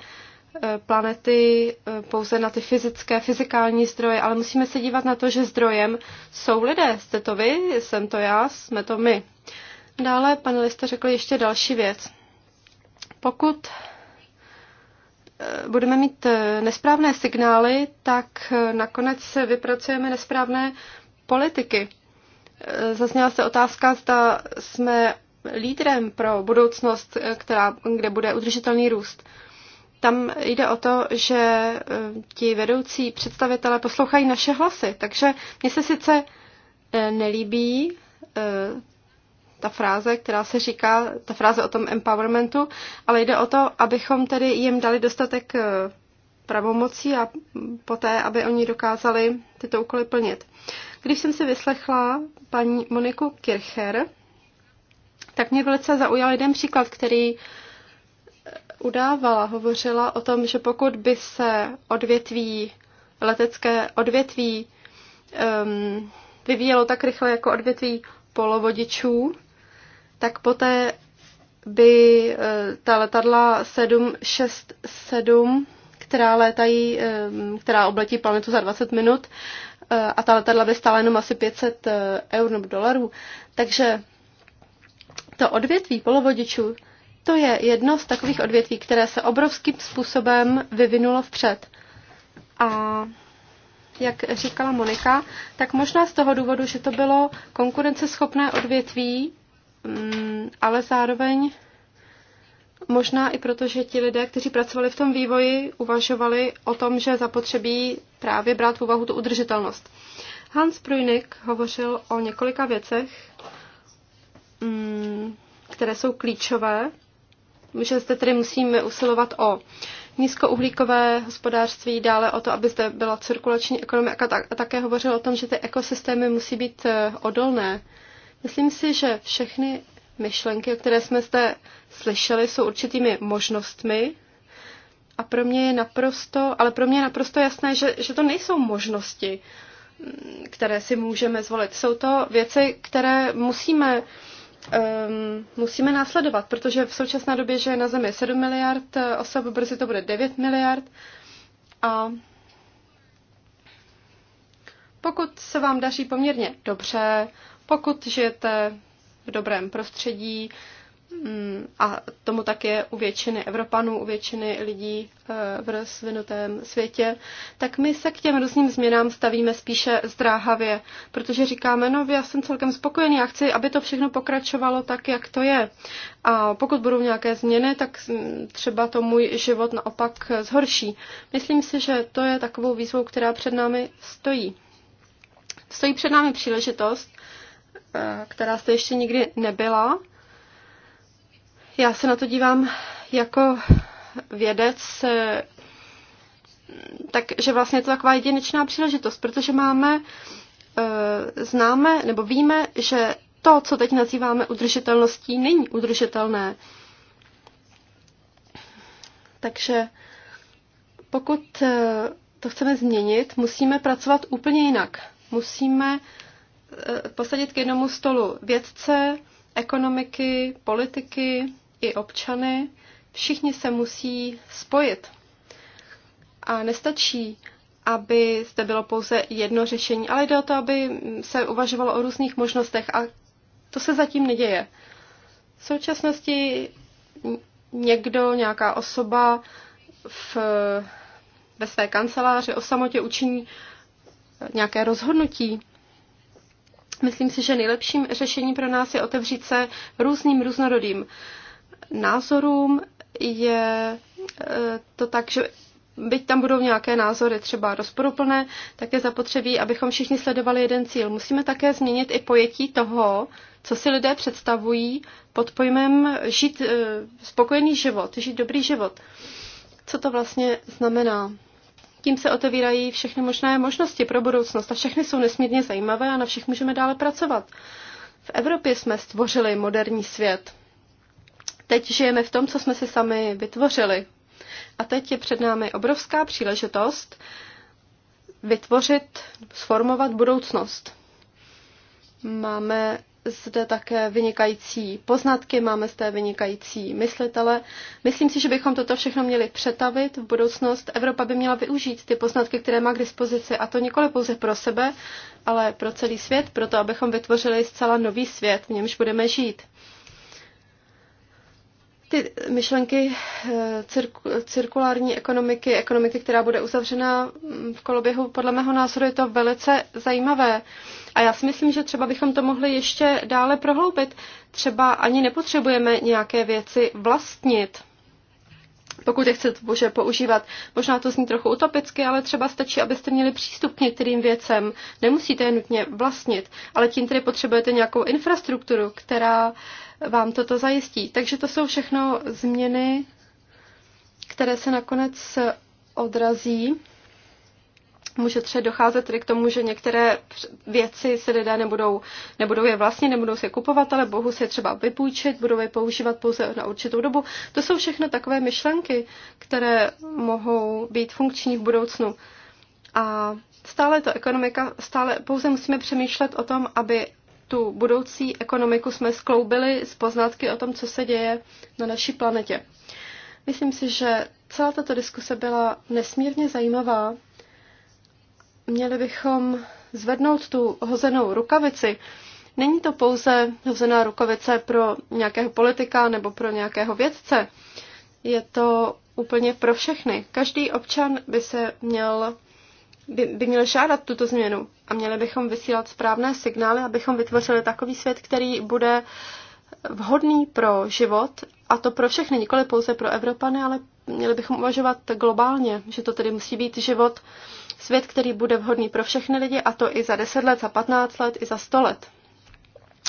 e, planety, e, pouze na ty fyzické, fyzikální zdroje, ale musíme se dívat na to, že zdrojem jsou lidé. Jste to vy, jsem to já, jsme to my. Dále panelista řekl ještě další věc. Pokud e, budeme mít nesprávné signály, tak nakonec vypracujeme nesprávné politiky. Zazněla se otázka, zda jsme lídrem pro budoucnost, eh, která, kde bude udržitelný růst. Tam jde o to, že eh, ti vedoucí představitelé poslouchají naše hlasy. Takže mně se sice eh, nelíbí ta fráze, která se říká, ta fráze o tom empowermentu, ale jde o to, abychom tedy jim dali dostatek pravomocí a poté, aby oni dokázali tyto úkoly plnit. Když jsem si vyslechla paní Moniku Kircher, tak mě velice zaujal jeden příklad, který eh, udávala. Hovořila o tom, že pokud by se odvětví, letecké odvětví um, vyvíjelo tak rychle jako odvětví polovodičů, tak poté by eh, ta letadla 767, která létají, ehm, která obletí planetu za 20 minut, eh, a ta letadla by stála jenom asi 500 eur nebo dolarů. Takže to odvětví polovodičů, to je jedno z takových odvětví, které se obrovským způsobem vyvinulo vpřed. A jak říkala Monika, tak možná z toho důvodu, že to bylo konkurenceschopné odvětví, mm, ale zároveň možná i proto, že ti lidé, kteří pracovali v tom vývoji, uvažovali o tom, že zapotřebí právě brát v úvahu tu udržitelnost. Hans Prujnik hovořil o několika věcech, které jsou klíčové, že zde tedy musíme usilovat o nízkouhlíkové hospodářství, dále o to, aby zde byla cirkulační ekonomika a také hovořil o tom, že ty ekosystémy musí být eh, odolné. Myslím si, že všechny myšlenky, o které jsme zde slyšeli, jsou určitými možnostmi a pro mě je naprosto, ale pro mě je naprosto jasné, že, že to nejsou možnosti, mm, které si můžeme zvolit. Jsou to věci, které musíme um, musíme následovat, protože v současné době, že je na Zemi 7 miliard eh, osob, brzy to bude 9 miliard. A pokud se vám daří poměrně dobře, pokud žijete v dobrém prostředí, Mm, a tomu tak je u většiny Evropanů, u většiny lidí eh, v rozvinutém světě, tak my se k těm různým změnám stavíme spíše zdráhavě, protože říkáme, no já jsem celkem spokojený, já chci, aby to všechno pokračovalo tak, jak to je. A pokud budou nějaké změny, tak mm, třeba to můj život naopak zhorší. Myslím si, že to je takovou výzvou, která před námi stojí. Stojí před námi příležitost, eh, která jste ještě nikdy nebyla, já se na to dívám jako vědec, takže vlastně je to taková jedinečná příležitost, protože máme, eh, známe nebo víme, že to, co teď nazýváme udržitelností, není udržitelné. Takže pokud eh, to chceme změnit, musíme pracovat úplně jinak. Musíme eh, posadit k jednomu stolu vědce, ekonomiky, politiky, i občany, všichni se musí spojit. A nestačí, aby zde bylo pouze jedno řešení, ale jde o to, aby se uvažovalo o různých možnostech a to se zatím neděje. V současnosti někdo, nějaká osoba v, ve své kanceláři o samotě učiní nějaké rozhodnutí. Myslím si, že nejlepším řešením pro nás je otevřít se různým různorodým názorům. Je e, to tak, že byť tam budou nějaké názory třeba rozporuplné, tak je zapotřebí, abychom všichni sledovali jeden cíl. Musíme také změnit i pojetí toho, co si lidé představují pod pojmem žít e, spokojený život, žít dobrý život. Co to vlastně znamená? Tím se otevírají všechny možné možnosti pro budoucnost a všechny jsou nesmírně zajímavé a na všech můžeme dále pracovat. V Evropě jsme stvořili moderní svět. Teď žijeme v tom, co jsme si sami vytvořili. A teď je před námi obrovská příležitost vytvořit, sformovat budoucnost. Máme zde také vynikající poznatky, máme zde vynikající myslitele. Myslím si, že bychom toto všechno měli přetavit v budoucnost. Evropa by měla využít ty poznatky, které má k dispozici, a to nikoli pouze pro sebe, ale pro celý svět, proto abychom vytvořili zcela nový svět, v němž budeme žít ty myšlenky eh, cirkulární ekonomiky, ekonomiky, která bude uzavřena mm, v koloběhu, podle mého názoru je to velice zajímavé. A já si myslím, že třeba bychom to mohli ještě dále prohloubit. Třeba ani nepotřebujeme nějaké věci vlastnit pokud je chcete bože používat. Možná to zní trochu utopicky, ale třeba stačí, abyste měli přístup k některým věcem. Nemusíte je nutně vlastnit, ale tím tedy potřebujete nějakou infrastrukturu, která vám toto zajistí. Takže to jsou všechno změny, které se nakonec odrazí může třeba docházet tedy k tomu, že některé věci se lidé nebudou, nebudou je vlastně, nebudou se kupovat, ale bohu se je třeba vypůjčit, budou je používat pouze na určitou dobu. To jsou všechno takové myšlenky, které mohou být funkční v budoucnu. A stále to ekonomika, stále pouze musíme přemýšlet o tom, aby tu budoucí ekonomiku jsme skloubili z poznatky o tom, co se děje na naší planetě. Myslím si, že celá tato diskuse byla nesmírně zajímavá Měli bychom zvednout tu hozenou rukavici. Není to pouze hozená rukavice pro nějakého politika nebo pro nějakého vědce. Je to úplně pro všechny. Každý občan by se měl by, by měl žádat tuto změnu a měli bychom vysílat správné signály, abychom vytvořili takový svět, který bude vhodný pro život, a to pro všechny, nikoli pouze pro Evropany, ale měli bychom uvažovat globálně, že to tedy musí být život, svět, který bude vhodný pro všechny lidi, a to i za 10 let, za 15 let, i za 100 let.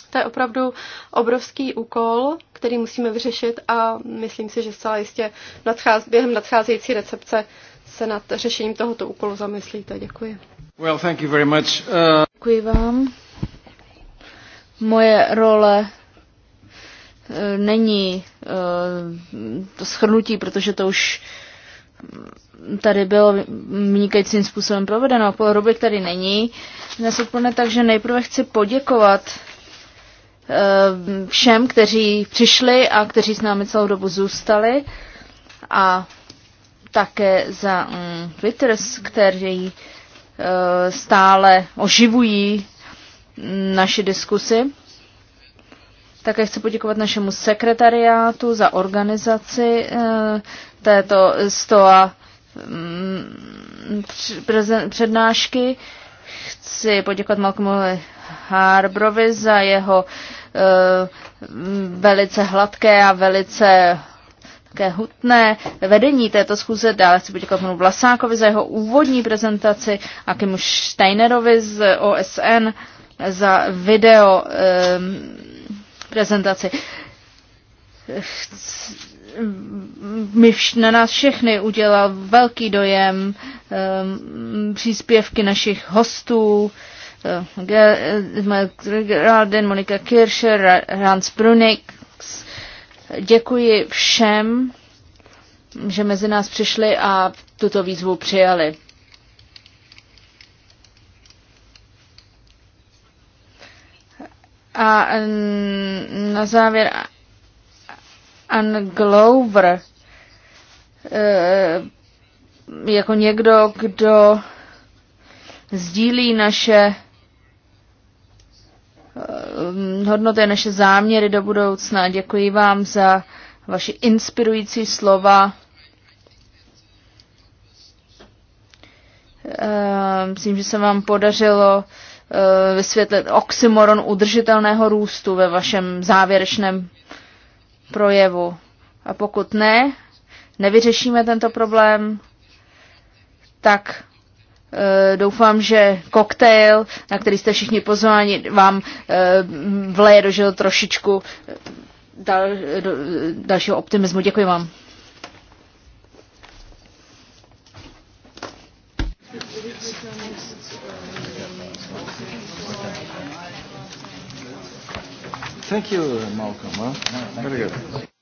To je opravdu obrovský úkol, který musíme vyřešit a myslím si, že zcela jistě nadcház, během nadcházející recepce se nad řešením tohoto úkolu zamyslíte. Děkuji. Well, thank you very much. Uh... Děkuji vám. Moje role E, není e, to schrnutí, protože to už tady bylo vynikajícím způsobem provedeno. Rubrik tady není dnes odpoledne, takže nejprve chci poděkovat e, všem, kteří přišli a kteří s námi celou dobu zůstali a také za mm, Twitter, který stále oživují mm, naše diskusy. Také chci poděkovat našemu sekretariátu za organizaci eh, této stoa mm, přednášky. Chci poděkovat Malcolmu Harbrovi za jeho eh, velice hladké a velice také hutné vedení této schůze. Dále chci poděkovat panu Vlasákovi za jeho úvodní prezentaci a Kimu Steinerovi z OSN za video eh, prezentaci. My, na nás všechny udělal velký dojem um, příspěvky našich hostů, eh, Geraldin, eh, Monika Kircher, Hans Brunik. Děkuji všem, že mezi nás přišli a tuto výzvu přijali. A na závěr An Glover, e, jako někdo, kdo sdílí naše e, hodnoty, naše záměry do budoucna. Děkuji vám za vaši inspirující slova. E, myslím, že se vám podařilo Eh, vysvětlit oxymoron udržitelného růstu ve vašem závěrečném projevu. A pokud ne, nevyřešíme tento problém, tak eh, doufám, že koktejl, na který jste všichni pozváni, vám eh, vleje do trošičku dal, do, dalšího optimismu. Děkuji vám. Thank you, Malcolm. Huh? Very good.